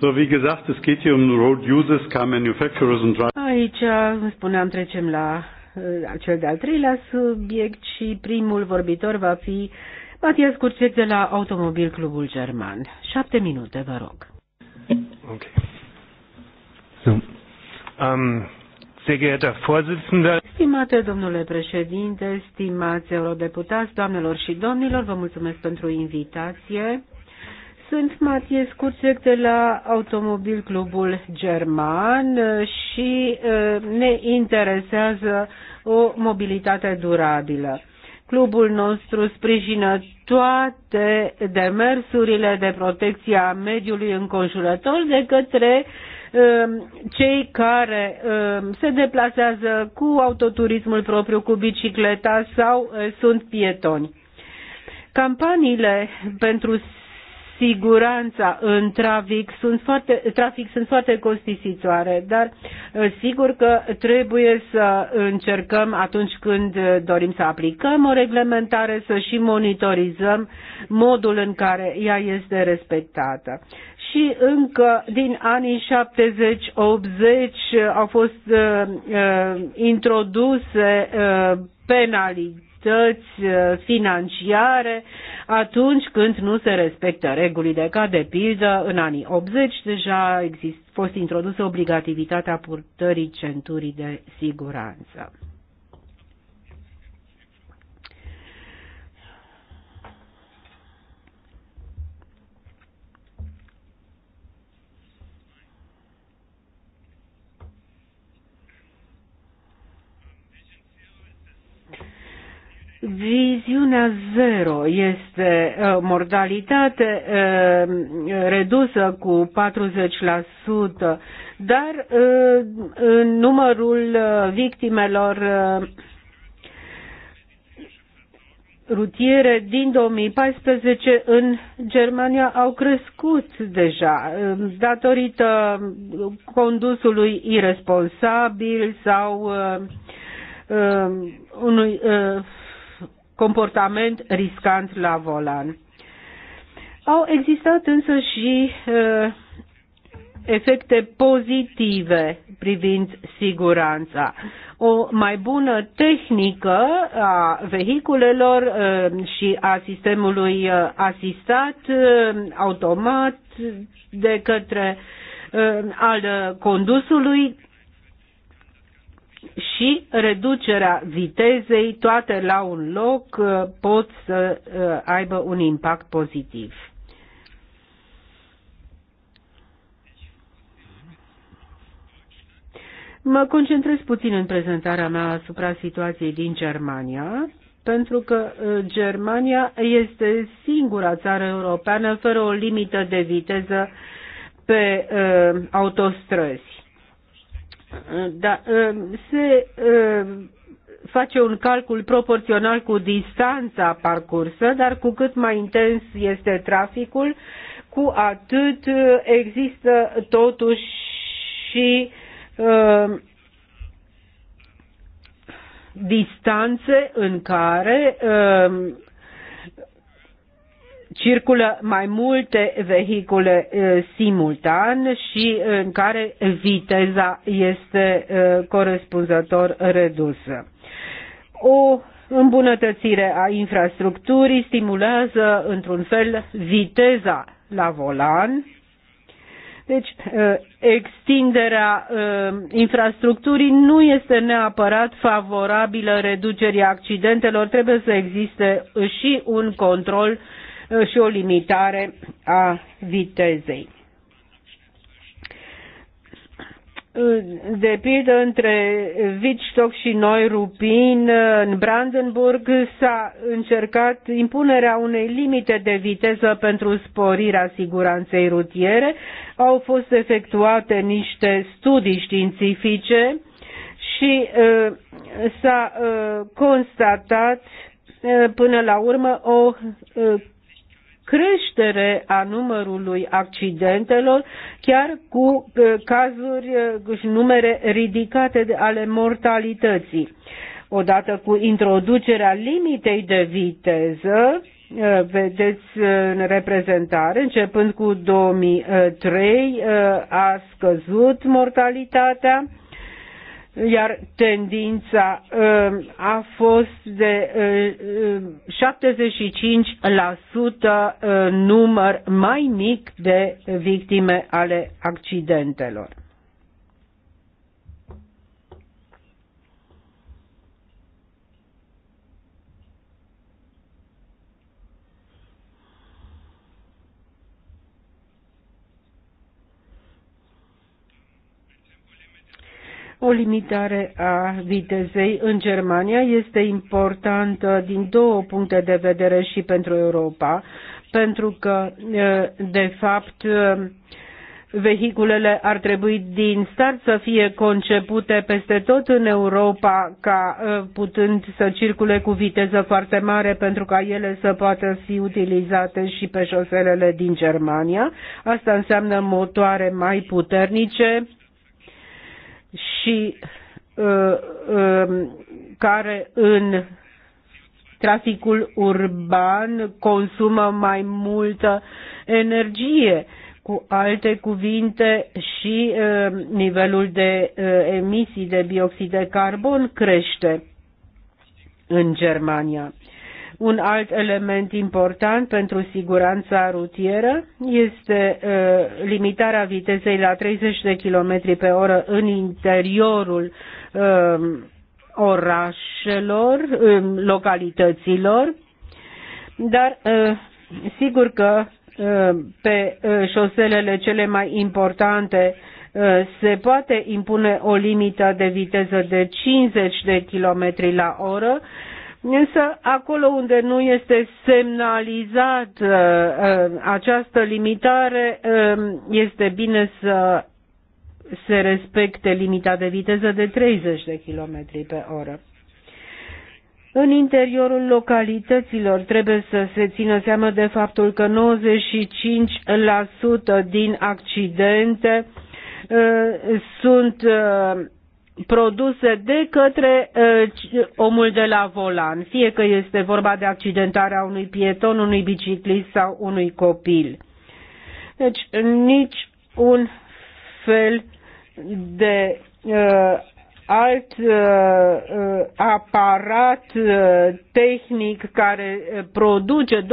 So, wie gesagt, es geht hier um road users, car manufacturers and drivers. Aici, spuneam, trecem la uh, cel de-al treilea subiect și primul vorbitor va fi Matias Curcet de la Automobil Clubul German. Șapte minute, vă rog. Ok. So, um, sehr geehrter Vorsitzender. Stimate domnule președinte, stimați eurodeputați, doamnelor și domnilor, vă mulțumesc pentru invitație. Sunt Matie Scurțec de la Automobil Clubul German și ne interesează o mobilitate durabilă. Clubul nostru sprijină toate demersurile de protecție a mediului înconjurător de către cei care se deplasează cu autoturismul propriu, cu bicicleta sau sunt pietoni. Campaniile pentru siguranța în trafic sunt foarte, trafic sunt foarte costisitoare, dar uh, sigur că trebuie să încercăm atunci când uh, dorim să aplicăm o reglementare să și monitorizăm modul în care ea este respectată. Și încă din anii 70-80 uh, au fost uh, introduse uh, penalități penalități uh, financiare atunci când nu se respectă regulile, ca de pildă în anii 80 deja a fost introdusă obligativitatea purtării centurii de siguranță. Viziunea zero este uh, mortalitate uh, redusă cu 40%, dar uh, în numărul victimelor rutiere din 2014 în Germania au crescut deja datorită condusului irresponsabil sau unui comportament riscant la volan. Au existat însă și uh, efecte pozitive privind siguranța. O mai bună tehnică a vehiculelor eh, și a sistemului eh, asistat automat de către al condusului și reducerea vitezei, toate la un loc, uh, pot să uh, aibă un impact pozitiv. Mă concentrez puțin în prezentarea mea asupra situației din Germania, pentru că uh, Germania este singura țară europeană fără o limită de viteză pe uh, autostrăzi da, uh, se uh, face un calcul proporțional cu distanța parcursă, dar cu cât mai intens este traficul, cu atât uh, există totuși și uh, distanțe în care uh, circulă mai multe vehicule simultan și în care viteza este corespunzător redusă. O îmbunătățire a infrastructurii stimulează într-un fel viteza la volan, deci, extinderea infrastructurii nu este neapărat favorabilă reducerii accidentelor, trebuie să existe și un control Uh, și o limitare a vitezei. de pildă între Wittstock și noi Rupin, în Brandenburg s-a încercat impunerea unei limite de viteză pentru sporirea siguranței rutiere. Au fost efectuate niște studii științifice și uh, s-a uh, constatat până la urmă o creștere a numărului accidentelor, chiar cu eh, cazuri eh, și numere ridicate de ale mortalității. Odată cu introducerea limitei de viteză, eh, vedeți în reprezentare, începând cu 2003, a scăzut mortalitatea iar tendința um, a fost de 75% uh, um, uh, număr mai mic de victime ale accidentelor. O limitare a vitezei în Germania este importantă din două puncte de vedere și pentru Europa, pentru că, de fapt, vehiculele ar trebui din start să fie concepute peste tot în Europa ca putând să circule cu viteză foarte mare pentru ca ele să poată fi utilizate și pe șoselele din Germania. Asta înseamnă motoare mai puternice, și uh, um, care în traficul urban consumă mai multă energie. Cu alte cuvinte, și uh, nivelul de uh, emisii de bioxid de carbon crește în Germania. Un alt element important pentru siguranța rutieră este uh, limitarea vitezei la 30 de km pe oră în interiorul uh, orașelor, în um, localităților, dar uh, sigur că uh, pe uh, șoselele cele mai importante uh, se poate impune o limită de viteză de 50 de km la oră, Însă acolo unde nu este semnalizat uh, uh, această limitare, um, este bine să se respecte limita de viteză de 30 de km pe oră. În interiorul localităților trebuie să se țină seama de faptul că 95% din accidente uh, sunt uh, produse de către uh, omul de la volan, fie că este vorba de accidentarea unui pieton, unui biciclist sau unui copil. Deci nici un fel de uh, alt uh, uh aparat uh, tehnic care uh, produce 22.000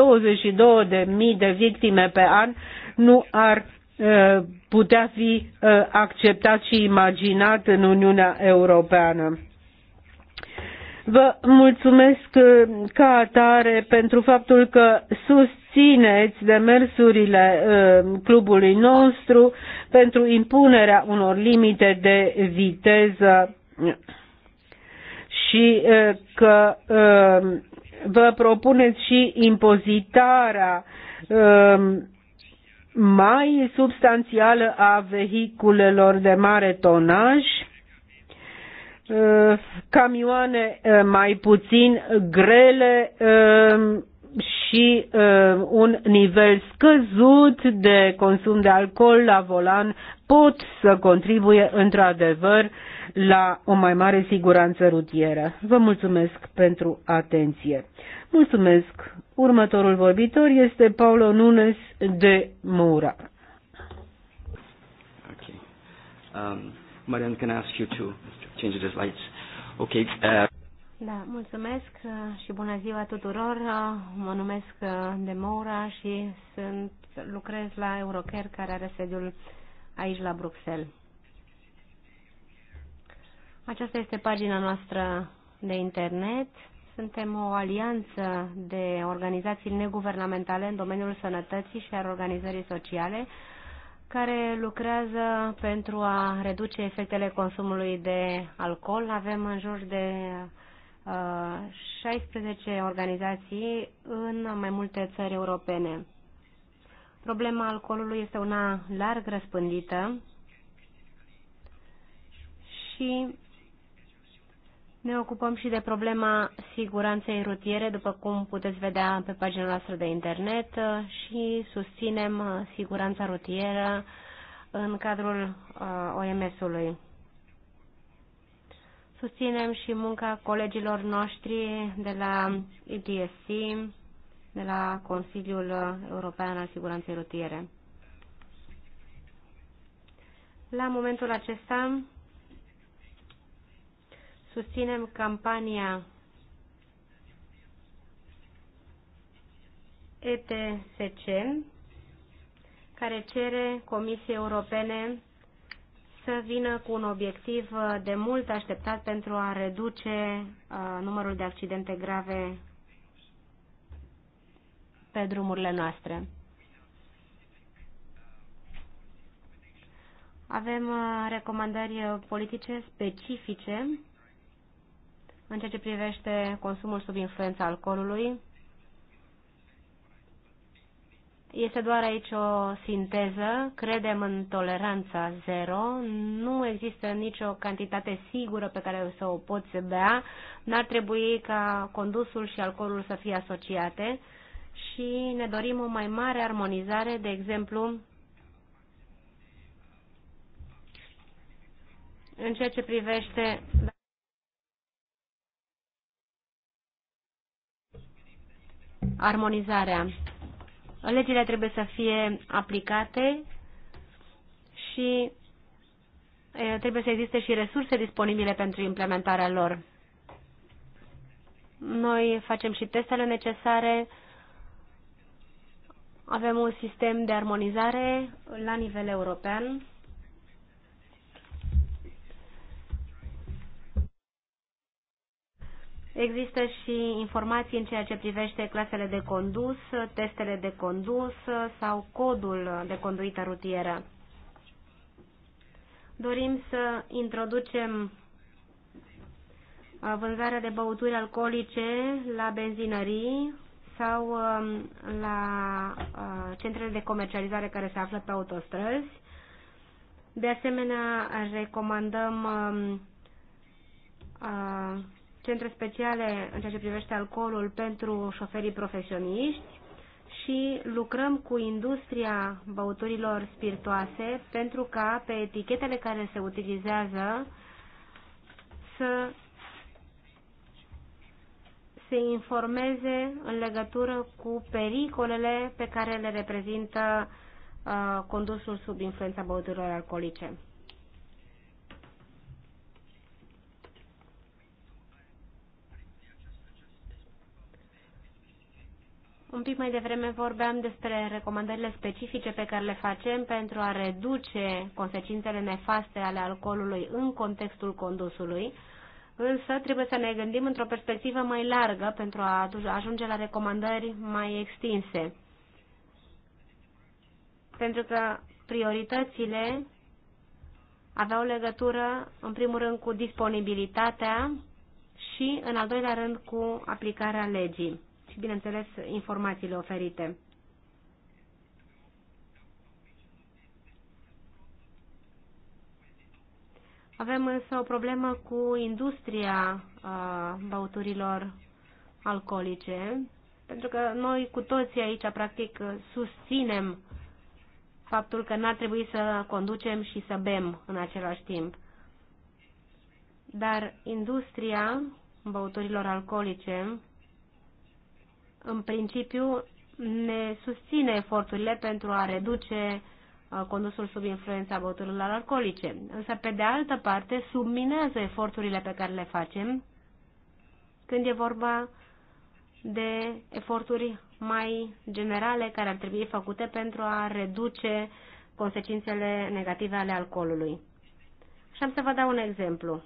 de victime pe an nu ar putea fi uh, acceptat și imaginat în Uniunea Europeană. Vă mulțumesc uh, ca atare pentru faptul că susțineți demersurile uh, clubului nostru pentru impunerea unor limite de viteză și că vă propuneți și impozitarea mai substanțială a vehiculelor de mare tonaj, uh, camioane uh, mai puțin grele uh, și un nivel scăzut de consum de alcool la volan pot să contribuie într-adevăr la o mai mare siguranță rutieră. Vă mulțumesc pentru atenție. Mulțumesc, Următorul vorbitor este Paulo Nunes de Moura. Okay. Um, Marian, can I ask you to change the slides? Okay. Uh... Da, mulțumesc uh, și bună ziua tuturor. Uh, mă numesc uh, de Moura și sunt, lucrez la Eurocare, care are sediul aici la Bruxelles. Aceasta este pagina noastră de internet suntem o alianță de organizații neguvernamentale în domeniul sănătății și al organizării sociale, care lucrează pentru a reduce efectele consumului de alcool. Avem în jur de uh, 16 organizații în mai multe țări europene. Problema alcoolului este una larg răspândită și ne ocupăm și de problema siguranței rutiere, după cum puteți vedea pe pagina noastră de internet și susținem siguranța rutieră în cadrul uh, OMS-ului. Susținem și munca colegilor noștri de la IDSC, de la Consiliul European al Siguranței Rutiere. La momentul acesta, Susținem campania ETSC, care cere Comisiei Europene să vină cu un obiectiv uh, de mult așteptat pentru a reduce uh, numărul de accidente grave pe drumurile noastre. Avem uh, recomandări politice specifice în ceea ce privește consumul sub influența alcoolului, este doar aici o sinteză, credem în toleranța zero, nu există nicio cantitate sigură pe care să o poți bea, n-ar trebui ca condusul și alcoolul să fie asociate și ne dorim o mai mare armonizare, de exemplu, în ceea ce privește armonizarea. Legile trebuie să fie aplicate și trebuie să existe și resurse disponibile pentru implementarea lor. Noi facem și testele necesare, avem un sistem de armonizare la nivel european Există și informații în ceea ce privește clasele de condus, testele de condus sau codul de conduită rutieră. Dorim să introducem uh, vânzarea de băuturi alcoolice la benzinării sau um, la uh, centrele de comercializare care se află pe autostrăzi. De asemenea, recomandăm um, uh, centre speciale în ceea ce privește alcoolul pentru șoferii profesioniști și lucrăm cu industria băuturilor spiritoase pentru ca pe etichetele care se utilizează să se informeze în legătură cu pericolele pe care le reprezintă uh, condusul sub influența băuturilor alcoolice. Un pic mai devreme vorbeam despre recomandările specifice pe care le facem pentru a reduce consecințele nefaste ale alcoolului în contextul condusului, însă trebuie să ne gândim într-o perspectivă mai largă pentru a ajunge la recomandări mai extinse. Pentru că prioritățile aveau legătură, în primul rând, cu disponibilitatea și, în al doilea rând, cu aplicarea legii și, bineînțeles, informațiile oferite. Avem însă o problemă cu industria a, uh, băuturilor alcoolice, pentru că noi cu toții aici, practic, susținem faptul că n-ar trebui să conducem și să bem în același timp. Dar industria băuturilor alcoolice în principiu, ne susține eforturile pentru a reduce uh, condusul sub influența băuturilor alcoolice. Însă, pe de altă parte, subminează eforturile pe care le facem când e vorba de eforturi mai generale care ar trebui făcute pentru a reduce consecințele negative ale alcoolului. Și am să vă dau un exemplu.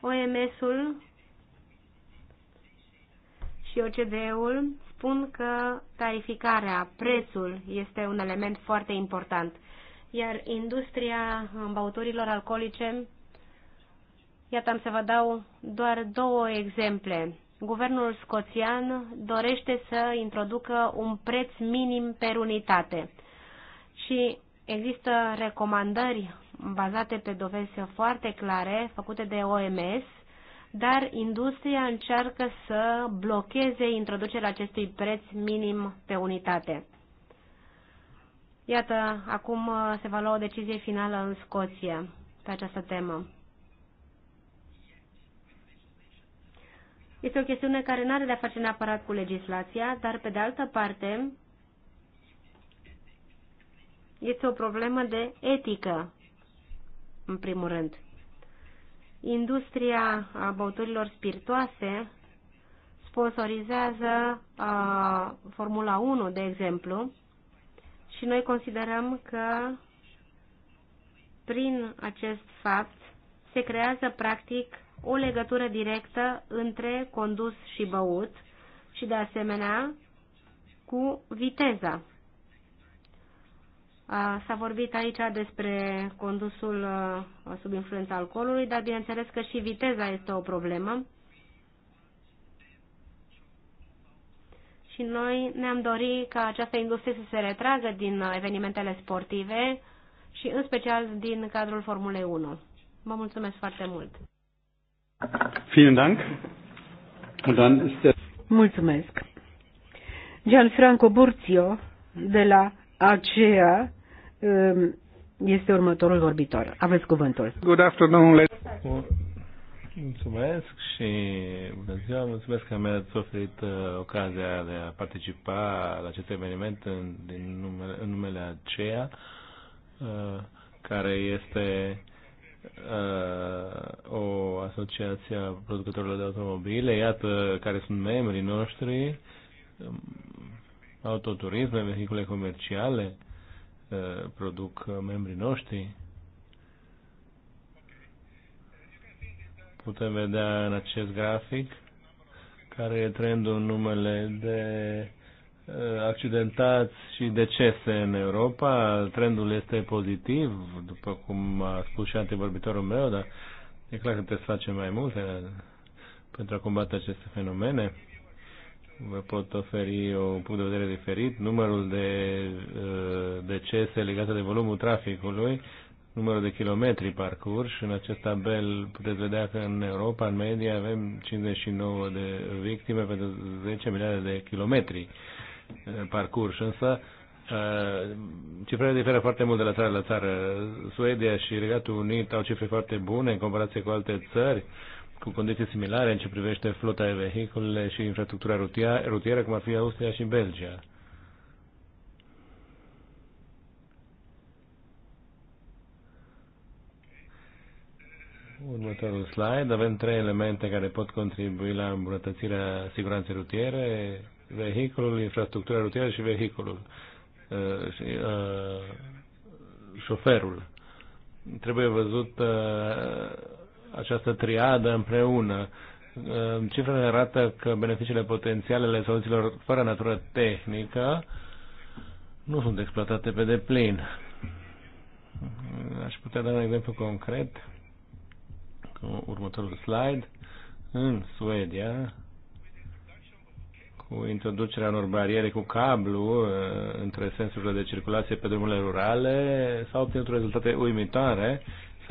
OMS-ul și OCDE-ul spun că tarificarea, prețul, este un element foarte important. Iar industria băuturilor alcoolice, iată am să vă dau doar două exemple. Guvernul scoțian dorește să introducă un preț minim per unitate și există recomandări bazate pe dovezi foarte clare făcute de OMS dar industria încearcă să blocheze introducerea acestui preț minim pe unitate. Iată, acum uh, se va lua o decizie finală în Scoția pe această temă. Este o chestiune care nu are de-a face neapărat cu legislația, dar pe de altă parte este o problemă de etică, în primul rând. Industria băuturilor spiritoase sponsorizează uh, Formula 1, de exemplu, și noi considerăm că prin acest fapt se creează practic o legătură directă între condus și băut și de asemenea cu viteza. S-a vorbit aici despre condusul uh, sub influența alcoolului, dar bineînțeles că și viteza este o problemă. Și noi ne-am dorit ca această industrie să se retragă din evenimentele sportive și în special din cadrul Formulei 1. Vă mulțumesc foarte mult! Mulțumesc! Gianfranco Burzio de la ACEA Ehm, este următorul vorbitor. Aveți cuvântul. Good afternoon, Mulțumesc și bună ziua, mulțumesc că mi-ați oferit uh, ocazia de a participa la acest eveniment în, din numele, în numele aceea, uh, care este uh, o asociație a producătorilor de automobile, iată care sunt membrii noștri, um, autoturisme, vehicule comerciale, uh, Uh, produc uh, membrii noștri. Putem vedea în acest grafic care e trendul numele de uh, accidentați și decese în Europa. Trendul este pozitiv, după cum a spus și antevorbitorul meu, dar e clar că trebuie să facem mai multe pentru a combate aceste fenomene vă pot oferi un punct de vedere diferit. Numărul de uh, decese legate de volumul traficului, numărul de kilometri parcurs În acest tabel puteți vedea că în Europa, în medie, avem 59 de victime pentru 10 miliarde de kilometri uh, parcurs. Însă, uh, cifrele diferă foarte mult de la țară la țară. Suedia și Regatul Unit au cifre foarte bune în comparație cu alte țări cu condiții similare în ce privește flota de vehicule și infrastructura rutieră, cum ar fi Austria și Belgia. Următorul slide. Avem trei elemente care pot contribui la îmbunătățirea siguranței rutiere, vehiculul, infrastructura rutieră și vehiculul, uh, și, uh, șoferul. Trebuie văzut uh, această triadă împreună. Ehm, Cifrele arată că beneficiile potențiale ale soluțiilor fără natură tehnică nu sunt exploatate pe deplin. Aș putea da un exemplu concret cu următorul slide. În Suedia, cu introducerea unor bariere cu cablu ehm, între sensurile de circulație pe drumurile rurale, s-au obținut rezultate uimitoare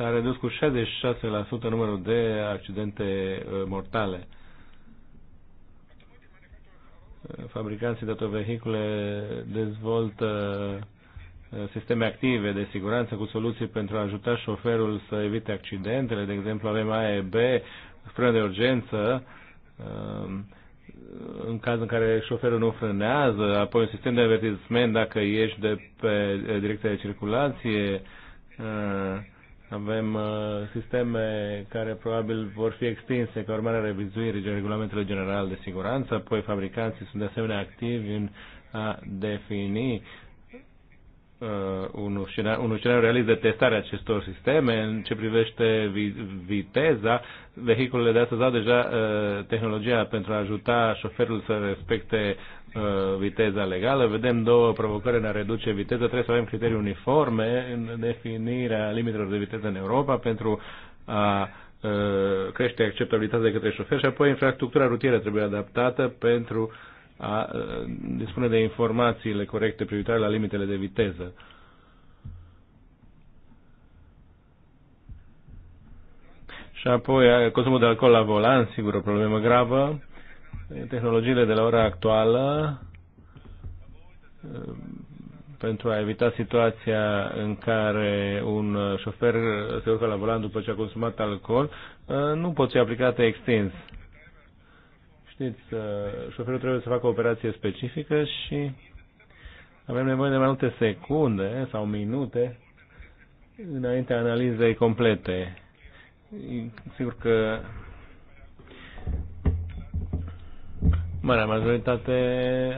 s-a redus cu 66% numărul de accidente uh, mortale. Fabricanții de autovehicule dezvoltă uh, sisteme active de siguranță cu soluții pentru a ajuta șoferul să evite accidentele. De exemplu, avem AEB, frână de urgență, um, în caz în care șoferul nu frânează, apoi un sistem de avertisment dacă ieși de pe direcția de circulație, uh, avem uh, sisteme care probabil vor fi extinse ca urmare a revizuirii regulamentelor generale de siguranță, apoi fabricanții sunt de asemenea activi în a defini uh, un, scenariu, un realist de testare a acestor sisteme. În ce privește vi, viteza, vehiculele de astăzi au deja uh, tehnologia pentru a ajuta șoferul să respecte Uh, viteza legală. Vedem două provocări în a reduce viteza. Trebuie să avem criterii uniforme în definirea limitelor de viteză în Europa pentru a uh, crește acceptabilitatea de către șofer și apoi infrastructura rutieră trebuie adaptată pentru a uh, dispune de informațiile corecte privitoare la limitele de viteză. Și apoi consumul de alcool la volan, sigur, o problemă gravă tehnologiile de la ora actuală eh, pentru a evita situația în care un șofer se urcă la volan după ce a consumat alcool, eh, nu pot fi aplicate extins. Știți, eh, șoferul trebuie să facă o operație specifică și avem nevoie de mai multe secunde sau minute înaintea analizei complete. Sigur că Marea majoritate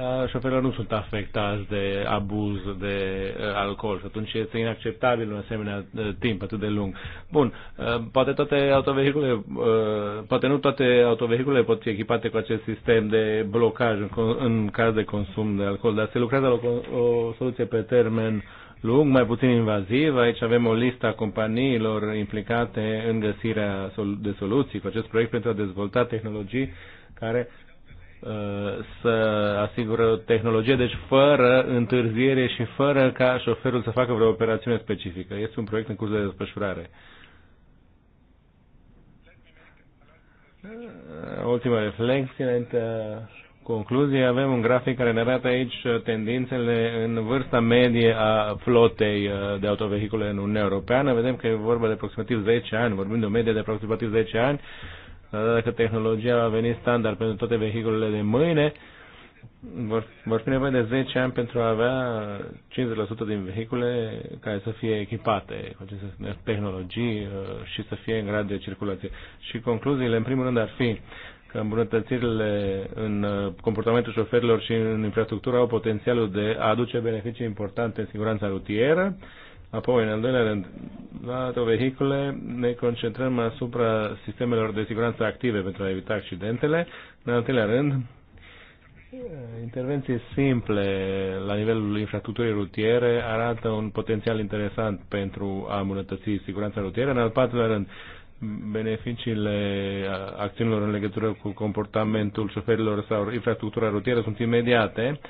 a șoferilor nu sunt afectați de abuz de uh, alcool și atunci este inacceptabil un asemenea uh, timp atât de lung. Bun, uh, poate toate autovehicule, poate nu toate autovehicule pot fi echipate cu acest sistem de blocaj în, caz de consum de alcool, dar se lucrează la o, o soluție pe termen lung, mai puțin invaziv. Aici avem o listă a companiilor implicate în găsirea de soluții cu acest proiect pentru a dezvolta tehnologii care să asigură tehnologie, deci fără întârziere și fără ca șoferul să facă vreo operațiune specifică. Este un proiect în curs de desfășurare. Uh, ultima reflexie înainte concluzie, avem un grafic care ne arată aici tendințele în vârsta medie a flotei uh, de autovehicule în Uniunea Europeană. Vedem că e vorba de aproximativ 10 ani, vorbim de o medie de aproximativ 10 ani dacă tehnologia va veni standard pentru toate vehiculele de mâine, vor, vor fi nevoie de 10 ani pentru a avea 50% din vehicule care să fie echipate cu aceste tehnologii uh, și să fie în grad de circulație. Și concluziile, în primul rând, ar fi că îmbunătățirile în uh, comportamentul șoferilor și în infrastructură au potențialul de a aduce beneficii importante în siguranța rutieră, Apoi, în al doilea rând, la autovehicule ne concentrăm asupra sistemelor de siguranță active pentru a evita accidentele. În al treilea rând, intervenții simple la nivelul infrastructurii rutiere arată un potențial interesant pentru a îmbunătăți siguranța rutieră. În al patrulea rând, beneficiile acțiunilor în legătură cu comportamentul șoferilor sau infrastructura rutieră sunt imediate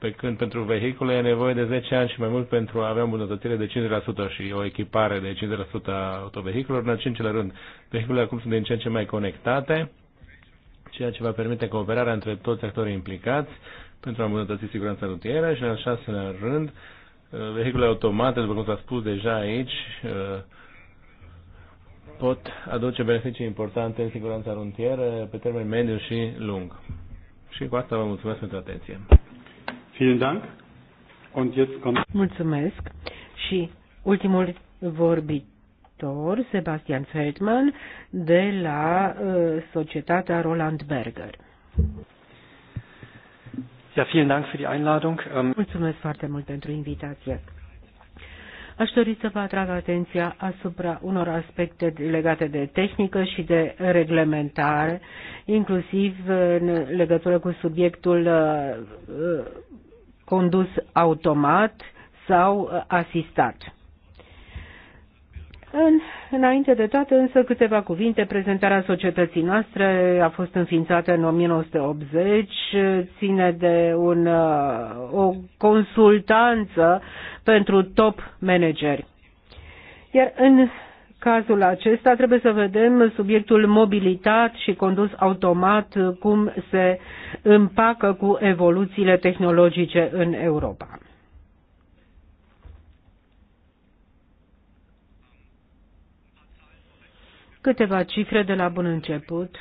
pe când pentru vehicule e nevoie de 10 ani și mai mult pentru a avea îmbunătățire de 50% și o echipare de 50% a autovehiculelor. În al cincilea rând, vehiculele acum sunt din ce în ce mai conectate, ceea ce va permite cooperarea între toți actorii implicați pentru a îmbunătăți siguranța rutieră și în al șaselea rând, uh, vehiculele automate, după cum s-a spus deja aici, uh, pot aduce beneficii importante în siguranța rutieră pe termen mediu și lung. Și cu asta vă mulțumesc pentru atenție. Vielen Dank. Und jetzt kommt Mulțumesc. Și ultimul vorbitor, Sebastian Feldman, de la uh, Societatea Roland Berger. Ja, vielen Dank für die Einladung. Ähm, Mulțumesc foarte mult pentru invitație. Aș dori să vă atrag atenția asupra unor aspecte legate de tehnică și de reglementare, inclusiv în legătură cu subiectul uh, uh, condus automat sau uh, asistat. În, înainte de toate, însă, câteva cuvinte. Prezentarea societății noastre a fost înființată în 1980, ține de un, uh, o consultanță pentru top manageri. Iar în cazul acesta trebuie să vedem subiectul mobilitat și condus automat cum se împacă cu evoluțiile tehnologice în Europa. Câteva cifre de la bun început.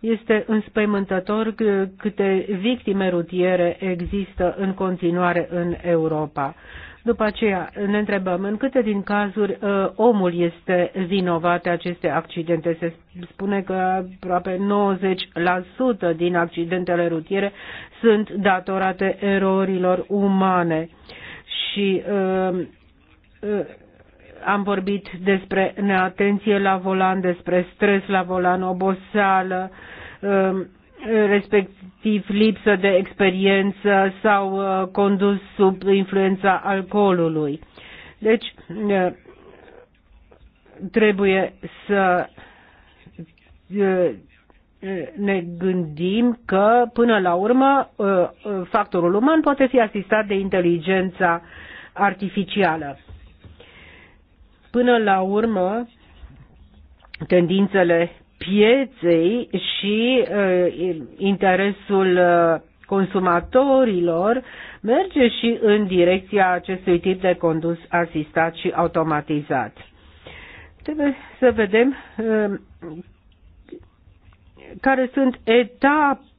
Este înspăimântător câte victime rutiere există în continuare în Europa. După aceea ne întrebăm în câte din cazuri uh, omul este vinovat de aceste accidente. Se spune că aproape 90% din accidentele rutiere sunt datorate erorilor umane. Și uh, uh, am vorbit despre neatenție la volan, despre stres la volan, oboseală, respectiv lipsă de experiență sau uh, condus sub influența alcoolului. Deci uh, trebuie să uh, ne gândim că până la urmă factorul uman poate fi asistat de inteligența artificială. Până la urmă, tendințele pieței și uh, interesul uh, consumatorilor merge și în direcția acestui tip de condus asistat și automatizat. Trebuie să vedem uh, care sunt etapele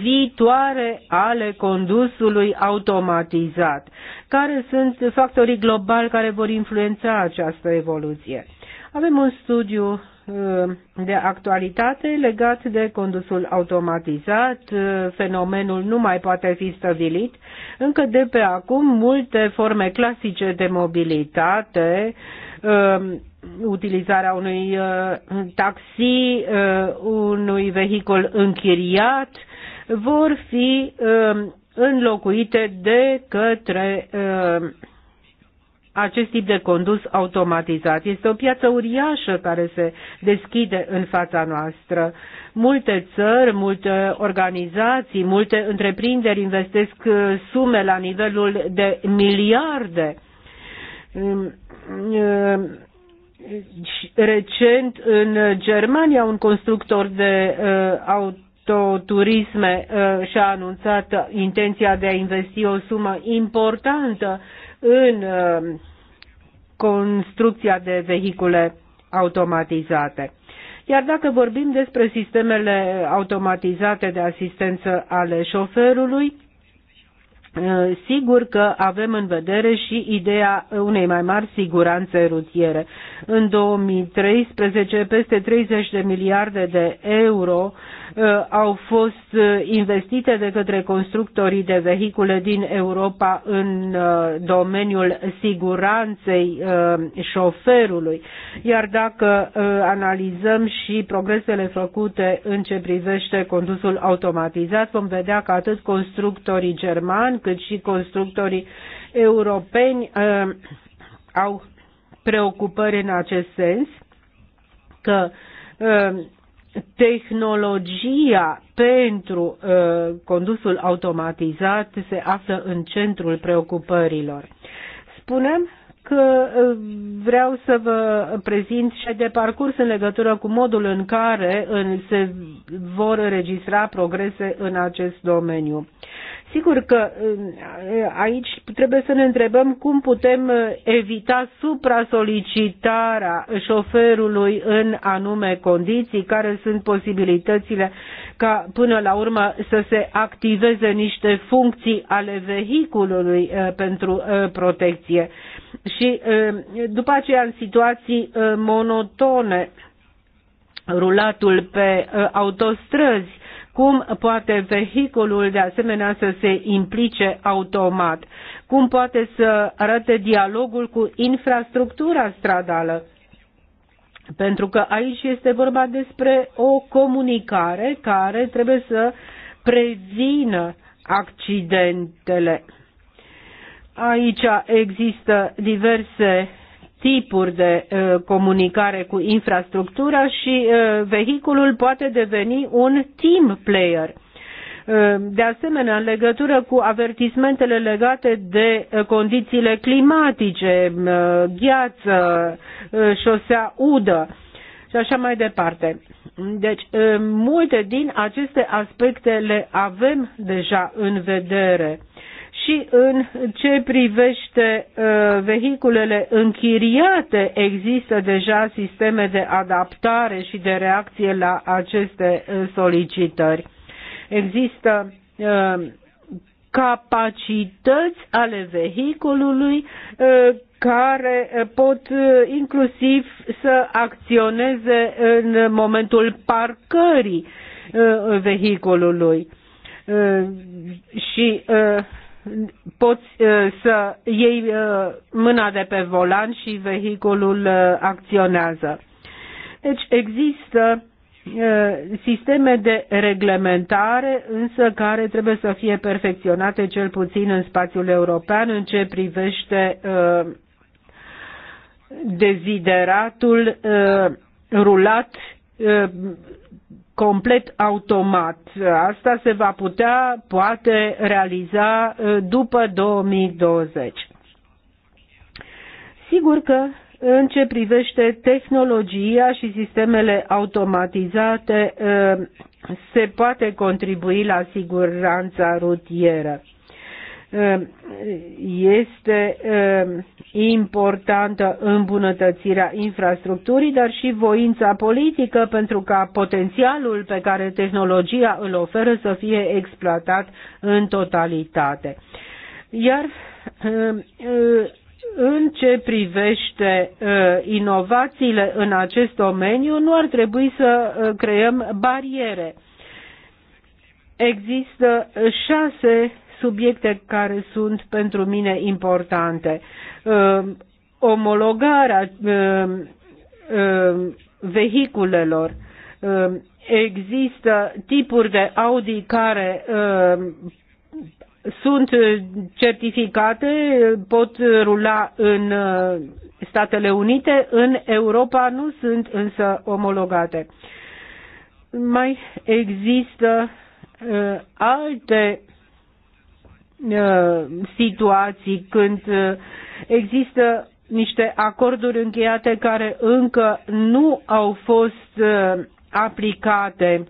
viitoare ale condusului automatizat, care sunt factorii globali care vor influența această evoluție. Avem un studiu uh, de actualitate legat de condusul automatizat. Uh, fenomenul nu mai poate fi stăvilit. Încă de pe acum, multe forme clasice de mobilitate, uh, utilizarea unui taxi, unui vehicul închiriat, vor fi înlocuite de către uh, acest tip de condus automatizat. Este o piață uriașă care se deschide în fața noastră. Multe țări, multe organizații, multe întreprinderi investesc uh, sume la nivelul de miliarde. Mm, mm, uh, recent în Germania un constructor de auto uh, Autoturisme și-a anunțat intenția de a investi o sumă importantă în um, construcția de vehicule automatizate. Iar dacă vorbim despre sistemele automatizate de asistență ale șoferului, uh, Sigur că avem în vedere și ideea unei mai mari siguranțe rutiere. În 2013, peste 30 de miliarde de euro Uh, au fost uh, investite de către constructorii de vehicule din Europa în uh, domeniul siguranței șoferului. Iar dacă analizăm și progresele făcute în ce privește condusul automatizat, vom vedea că atât constructorii germani cât și constructorii europeni au preocupări în acest sens că tehnologia pentru uh, condusul automatizat se află în centrul preocupărilor. Spunem că uh, vreau să vă prezint și de parcurs în legătură cu modul în care se vor înregistra progrese în acest domeniu. Sigur că um, aici trebuie să ne întrebăm cum putem uh, evita supra solicitarea șoferului în anume condiții, care sunt posibilitățile ca până la urmă să se activeze niște funcții ale vehiculului uh, pentru uh, protecție. Și um, după aceea în situații monotone, rulatul pe autostrăzi, cum poate vehiculul de asemenea să se implice automat? Cum poate să arate dialogul cu infrastructura stradală? Pentru că aici este vorba despre o comunicare care trebuie să prevină accidentele. Aici există diverse tipuri de comunicare cu infrastructura și vehiculul poate deveni un team player. De asemenea, în legătură cu avertismentele legate de condițiile climatice, gheață, șosea udă și așa mai departe. Deci, multe din aceste aspecte le avem deja în vedere și în ce privește uh, vehiculele închiriate, există deja sisteme de adaptare și de reacție la aceste uh, solicitări. Există uh, capacități ale vehiculului uh, care uh, pot uh, inclusiv să acționeze în momentul parcării vehiculului. Și poți uh, să iei uh, mâna de pe volan și vehiculul uh, acționează. Deci există sisteme de reglementare, însă care trebuie să fie perfecționate cel puțin în spațiul european în ce privește dezideratul rulat complet automat. Asta se va putea, poate, realiza după 2020. Sigur că în ce privește tehnologia și sistemele automatizate, se poate contribui la siguranța rutieră. Ehm, este ehm, importantă îmbunătățirea infrastructurii, dar și voința politică pentru ca potențialul pe care tehnologia îl oferă să fie exploatat în totalitate. Iar ehm, în ce privește inovațiile în acest domeniu, nu ar trebui să creăm bariere. Există șase subiecte care sunt pentru mine importante. Ehm, omologarea ehm, ehm, vehiculelor. Există tipuri de Audi care sunt certificate, pot rula în Statele Unite, în Europa nu sunt însă omologate. Mai există alte Uh, situații când uh, există niște acorduri încheiate care încă nu au fost uh, aplicate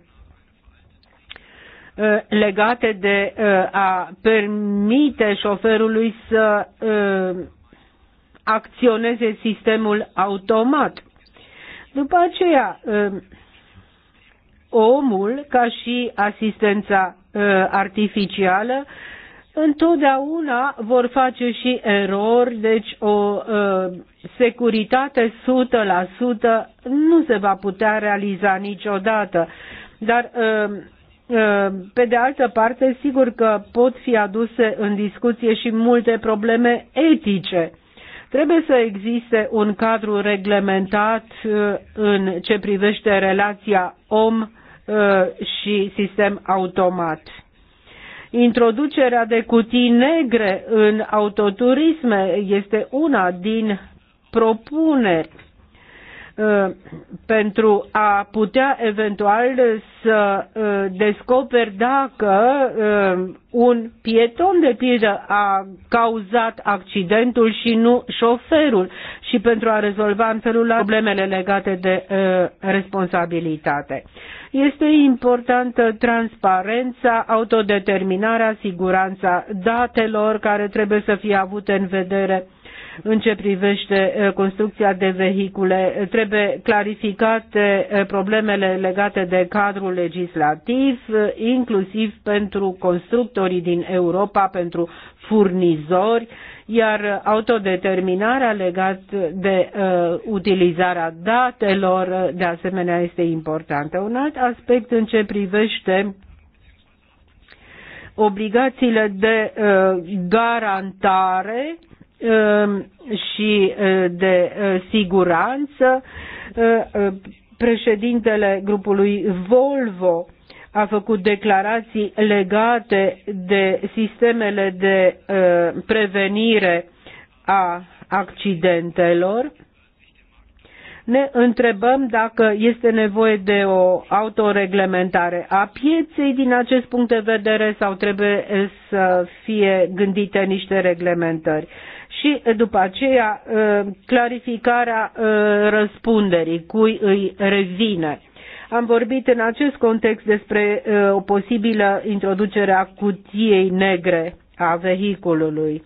legate de a permite șoferului să acționeze sistemul automat. După aceea, omul, ca și asistența artificială, întotdeauna vor face și erori, deci o uh, securitate 100% nu se va putea realiza niciodată. Dar uh, pe de altă parte, sigur că pot fi aduse în discuție și multe probleme etice. Trebuie să existe un cadru reglementat în ce privește relația om și sistem automat. Introducerea de cutii negre în autoturisme este una din propuneri uh, pentru a putea eventual să uh, descoperi dacă uh, un pieton de pildă a cauzat accidentul și nu șoferul și pentru a rezolva în felul problemele legate de responsabilitate. Este importantă transparența, autodeterminarea, siguranța datelor care trebuie să fie avute în vedere în ce privește construcția de vehicule, trebuie clarificate problemele legate de cadrul legislativ, inclusiv pentru constructorii din Europa, pentru furnizori, iar autodeterminarea legată de uh, utilizarea datelor, de asemenea, este importantă. Un alt aspect în ce privește obligațiile de uh, garantare Ehm, și de siguranță. Președintele grupului Volvo a făcut declarații legate de sistemele de prevenire a accidentelor. Ne întrebăm dacă este nevoie de o autoreglementare a pieței din acest punct de vedere sau trebuie să fie gândite niște reglementări și după aceea clarificarea răspunderii, cui îi revine. Am vorbit în acest context despre o posibilă introducere a cutiei negre a vehiculului.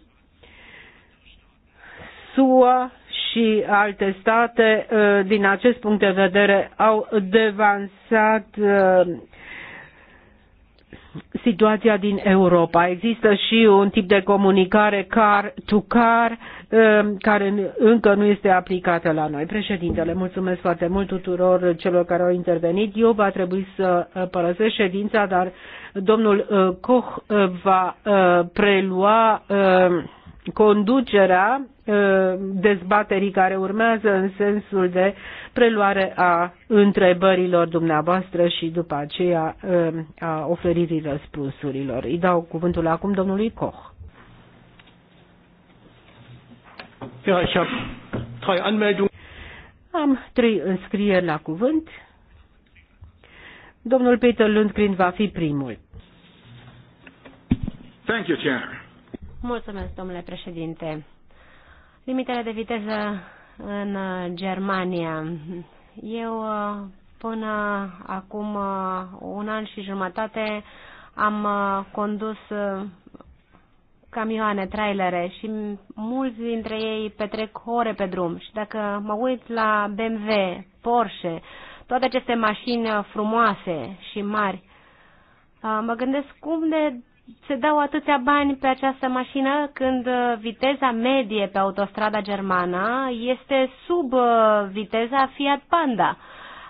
SUA și alte state, din acest punct de vedere, au devansat situația din Europa. Există și un tip de comunicare car to car eh, care încă nu este aplicată la noi. Președintele, mulțumesc foarte mult tuturor celor care au intervenit. Eu va trebui să eh, părăsesc ședința, dar domnul eh, Koch va prelua conducerea dezbaterii care urmează în sensul de preluare a întrebărilor dumneavoastră și după aceea um, a oferirii răspunsurilor. Îi dau cuvântul acum domnului Koch. Am trei înscrieri la cuvânt. Domnul Peter Lundgren va fi primul. Thank you, Chair. Mulțumesc, domnule președinte. Limitele de viteză în uh, Germania. Eu uh, până acum uh, un an și jumătate am condus camioane, trailere și mulți dintre ei petrec ore pe drum. Și dacă mă uit la BMW, Porsche, toate aceste mașini frumoase și mari, mă gândesc cum de se dau atâția bani pe această mașină când uh, viteza medie pe autostrada germană este sub uh, viteza Fiat Panda.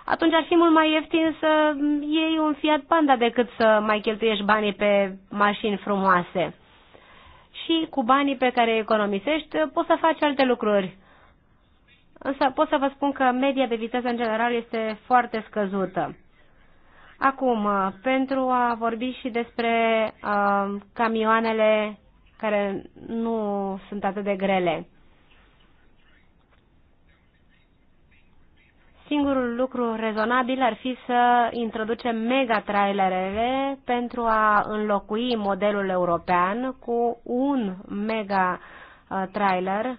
Atunci ar fi mult mai ieftin să iei un Fiat Panda decât să mai cheltuiești banii pe mașini frumoase. Și cu banii pe care îi economisești uh, poți să faci alte lucruri. Însă pot să vă spun că media de viteză în general este foarte scăzută. Acum, uh, pentru a vorbi și despre uh, camioanele care nu sunt atât de grele. Singurul lucru rezonabil ar fi să introducem mega-trailerele pentru a înlocui modelul european cu un mega-trailer uh,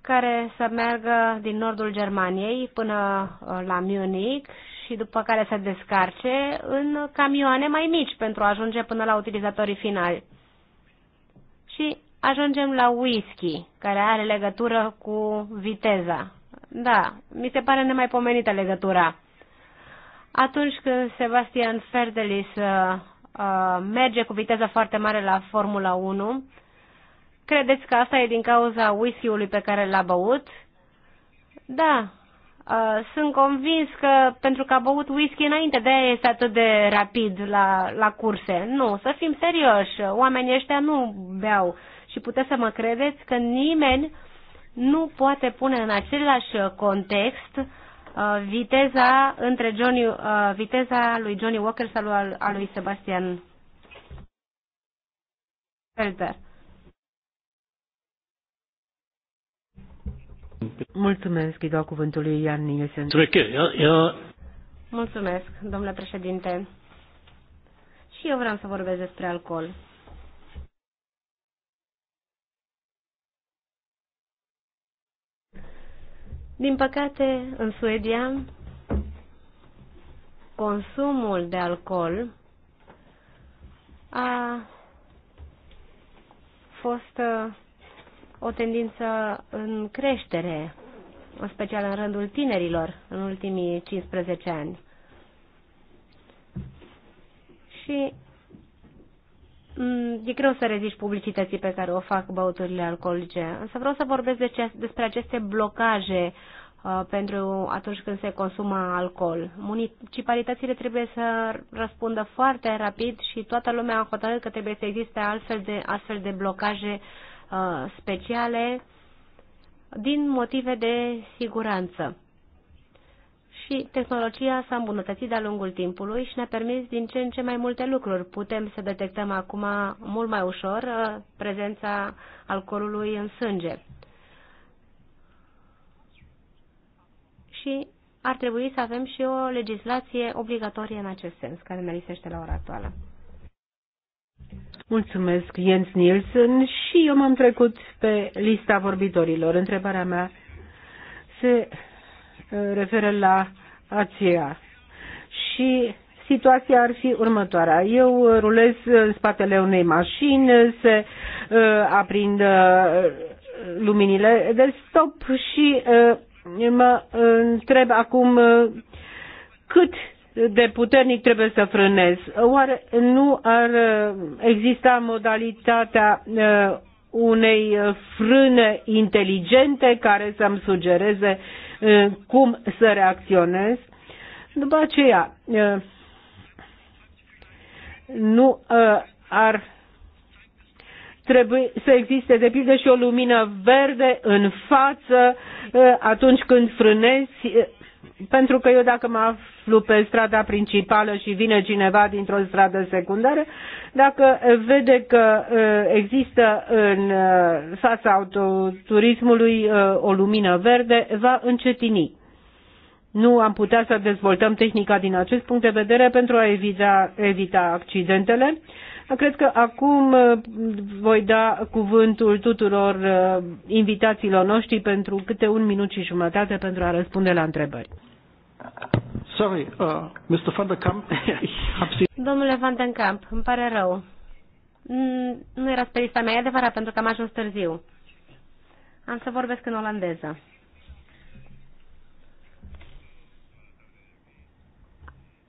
care să meargă din nordul Germaniei până uh, la Munich și după care se descarce în camioane mai mici pentru a ajunge până la utilizatorii finali. Și ajungem la whisky, care are legătură cu viteza. Da, mi se pare nemaipomenită legătura. Atunci când Sebastian Ferdelis uh, uh merge cu viteză foarte mare la Formula 1, credeți că asta e din cauza whisky-ului pe care l-a băut? Da, Uh, sunt convins că pentru că a băut whisky înainte de aia este atât de rapid la, la curse. Nu, să fim serioși, oamenii ăștia nu beau și puteți să mă credeți că nimeni nu poate pune în același context uh, viteza între Johnny, uh, viteza lui Johnny Walker sau a lui Sebastian Felder. Mulțumesc, îi dau cuvântul lui Ian Nielsen. Mulțumesc, domnule președinte. Și eu vreau să vorbesc despre alcool. Din păcate, în Suedia, consumul de alcool a fost o tendință în creștere, în special în rândul tinerilor în ultimii 15 ani. Și mm, e greu să reziști publicității pe care o fac băuturile alcoolice, însă vreau să vorbesc de ce, despre aceste blocaje uh, pentru atunci când se consumă alcool. Municipalitățile trebuie să răspundă foarte rapid și toată lumea a hotărât că trebuie să existe altfel de, astfel de blocaje Uh, speciale din motive de siguranță. Și tehnologia s-a îmbunătățit de-a lungul timpului și ne-a permis din ce în ce mai multe lucruri. Putem să detectăm acum mult mai ușor uh, prezența alcoolului în sânge. Și ar trebui să avem și o legislație obligatorie în acest sens, care ne lisește la ora actuală. Mulțumesc, Jens Nielsen. Și eu m-am trecut pe lista vorbitorilor. Întrebarea mea se uh, referă la aceea. Și situația ar fi următoarea. Eu rulez în spatele unei mașini, se uh, aprind uh, luminile de stop și mă întreb acum cât de puternic trebuie să frânez. Oare nu ar uh, exista modalitatea uh, unei uh, frâne inteligente care să-mi sugereze cum să reacționez? După aceea, nu ar trebuie să existe, de pildă, și o lumină verde în față atunci când frânezi, pentru că eu dacă mă aflu pe strada principală și vine cineva dintr-o stradă secundară, dacă vede că uh, există în uh, fața autoturismului uh, o lumină verde, va încetini. Nu am putea să dezvoltăm tehnica din acest punct de vedere pentru a evita, evita accidentele. Cred că acum voi da cuvântul tuturor invitațiilor noștri pentru câte un minut și jumătate pentru a răspunde la întrebări. Sorry, uh, Mr. Van der Kamp, Domnule Van den Kamp, îmi pare rău. Mm, nu era pe lista mea, e adevărat, pentru că am ajuns târziu. Am să vorbesc în olandeză.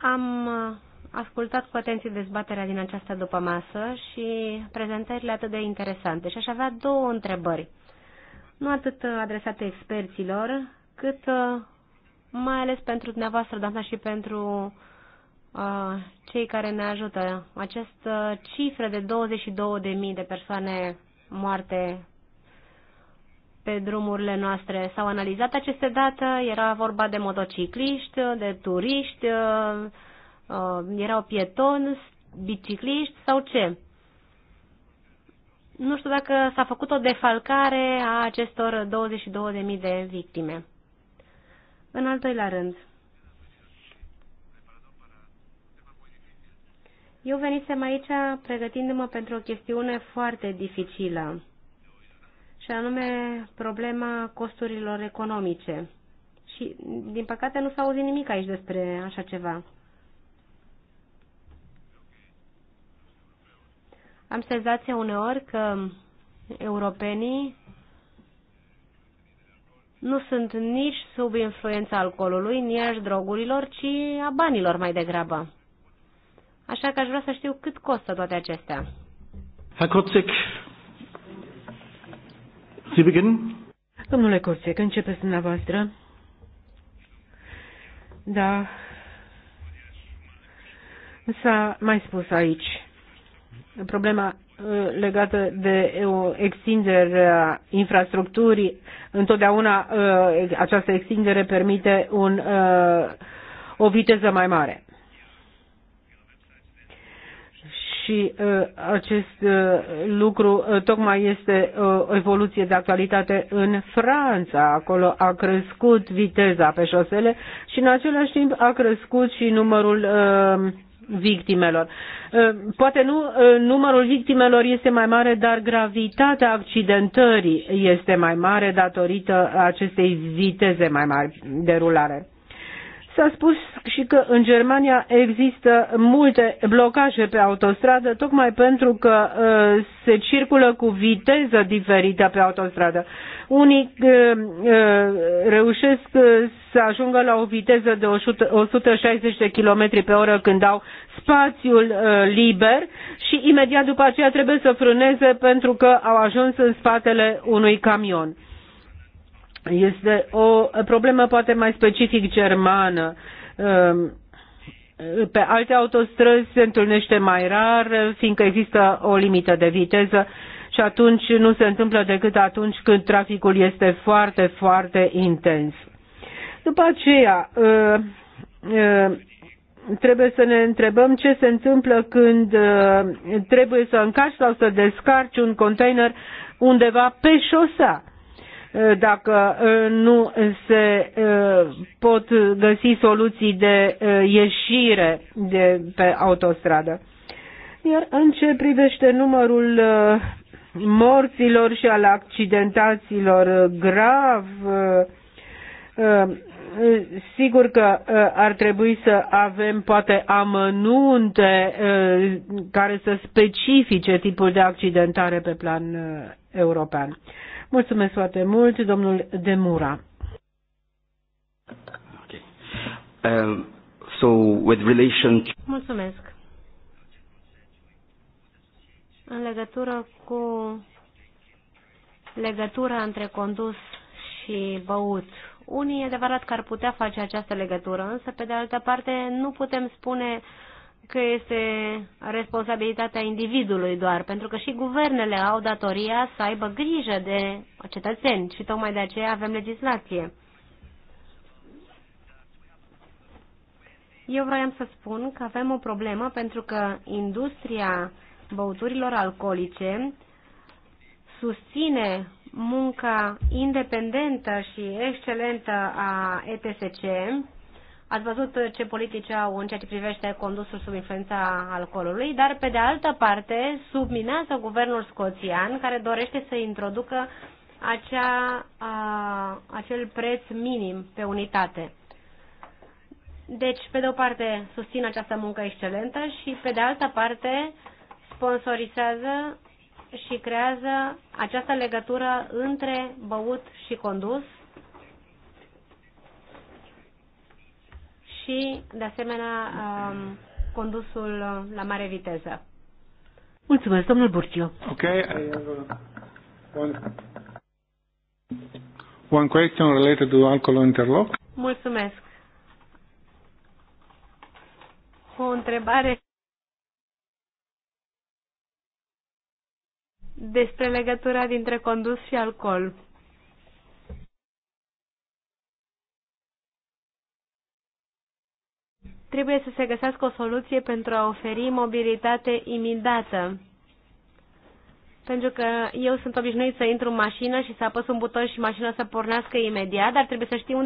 Am uh, ascultat cu atenție dezbaterea din această masă și prezentările atât de interesante și aș avea două întrebări, nu atât uh, adresate experților, cât uh, mai ales pentru dumneavoastră, doamna, și pentru uh, cei care ne ajută. Această uh, cifră de 22.000 de persoane moarte pe drumurile noastre. S-au analizat aceste date, era vorba de motocicliști, de turiști, uh, uh, erau pietoni, bicicliști sau ce? Nu știu dacă s-a făcut o defalcare a acestor 22.000 de victime. În al doilea rând, eu venisem aici pregătindu-mă pentru o chestiune foarte dificilă, și anume problema costurilor economice. Și, din păcate, nu s-a auzit nimic aici despre așa ceva. Am senzația uneori că europenii nu sunt nici sub influența alcoolului, nici drogurilor, ci a banilor mai degrabă. Așa că aș vrea să știu cât costă toate acestea. Herr Kurzik, Sie beginnen? Domnule Kurzik, începeți dumneavoastră. Da, s-a mai spus aici problema Uh, legată de o uh, extindere a infrastructurii. Întotdeauna uh, această extindere permite un, o viteză mai mare. Și acest lucru tocmai este o evoluție de actualitate în Franța. Acolo a crescut viteza pe șosele și în același timp a crescut și numărul victimelor. Ă, poate nu ă, numărul victimelor este mai mare, dar gravitatea accidentării este mai mare datorită acestei viteze mai mari de rulare. S-a spus și că în Germania există multe blocaje pe autostradă, tocmai pentru că uh, se circulă cu viteză diferită pe autostradă. Unii uh, uh, reușesc uh, să ajungă la o viteză de 160 de km pe oră când au spațiul uh, liber și imediat după aceea trebuie să frâneze pentru că au ajuns în spatele unui camion. Este o problemă poate mai specific germană. Ehm, pe alte autostrăzi se întâlnește mai rar, fiindcă există o limită de viteză și atunci nu se întâmplă decât atunci când traficul este foarte, foarte intens. După aceea, ehm, ehm, trebuie să ne întrebăm ce se întâmplă când trebuie să încarci sau să descarci un container undeva pe șosea dacă uh, nu se uh, pot găsi soluții de uh, ieșire de pe autostradă. Iar în ce privește numărul morților și al accidentaților grav, sigur că ar trebui să avem poate amănunte care să specifice tipul de accidentare pe plan european. Mulțumesc foarte mult, domnul Demura. Okay. Um, so with relation to... Mulțumesc. În legătură cu legătura între condus și băut, unii e adevărat că ar putea face această legătură, însă pe de altă parte nu putem spune uh, că este responsabilitatea individului doar, pentru că și guvernele au datoria să aibă grijă de cetățeni și tocmai de aceea avem legislație. Eu vroiam să spun că avem o problemă pentru că industria băuturilor alcoolice susține munca independentă și excelentă a ETSC Ați văzut ce politici au în ceea ce privește condusul sub influența alcoolului, dar pe de altă parte subminează guvernul scoțian care dorește să introducă acea, a, acel preț minim pe unitate. Deci, pe de o parte, susțin această muncă excelentă și, pe de altă parte, sponsorizează și creează această legătură între băut și condus și, de asemenea, um, condusul uh, la mare viteză. Mulțumesc, domnul Burciu. Ok. One, one question related to alcohol interlock. Mulțumesc. O întrebare despre legătura dintre condus și alcool. Trebuie să se găsească o soluție pentru a oferi mobilitate imediată. Pentru că eu sunt obișnuit să intru în mașină și să apăs un buton și mașina să pornească imediat, dar trebuie să știu unde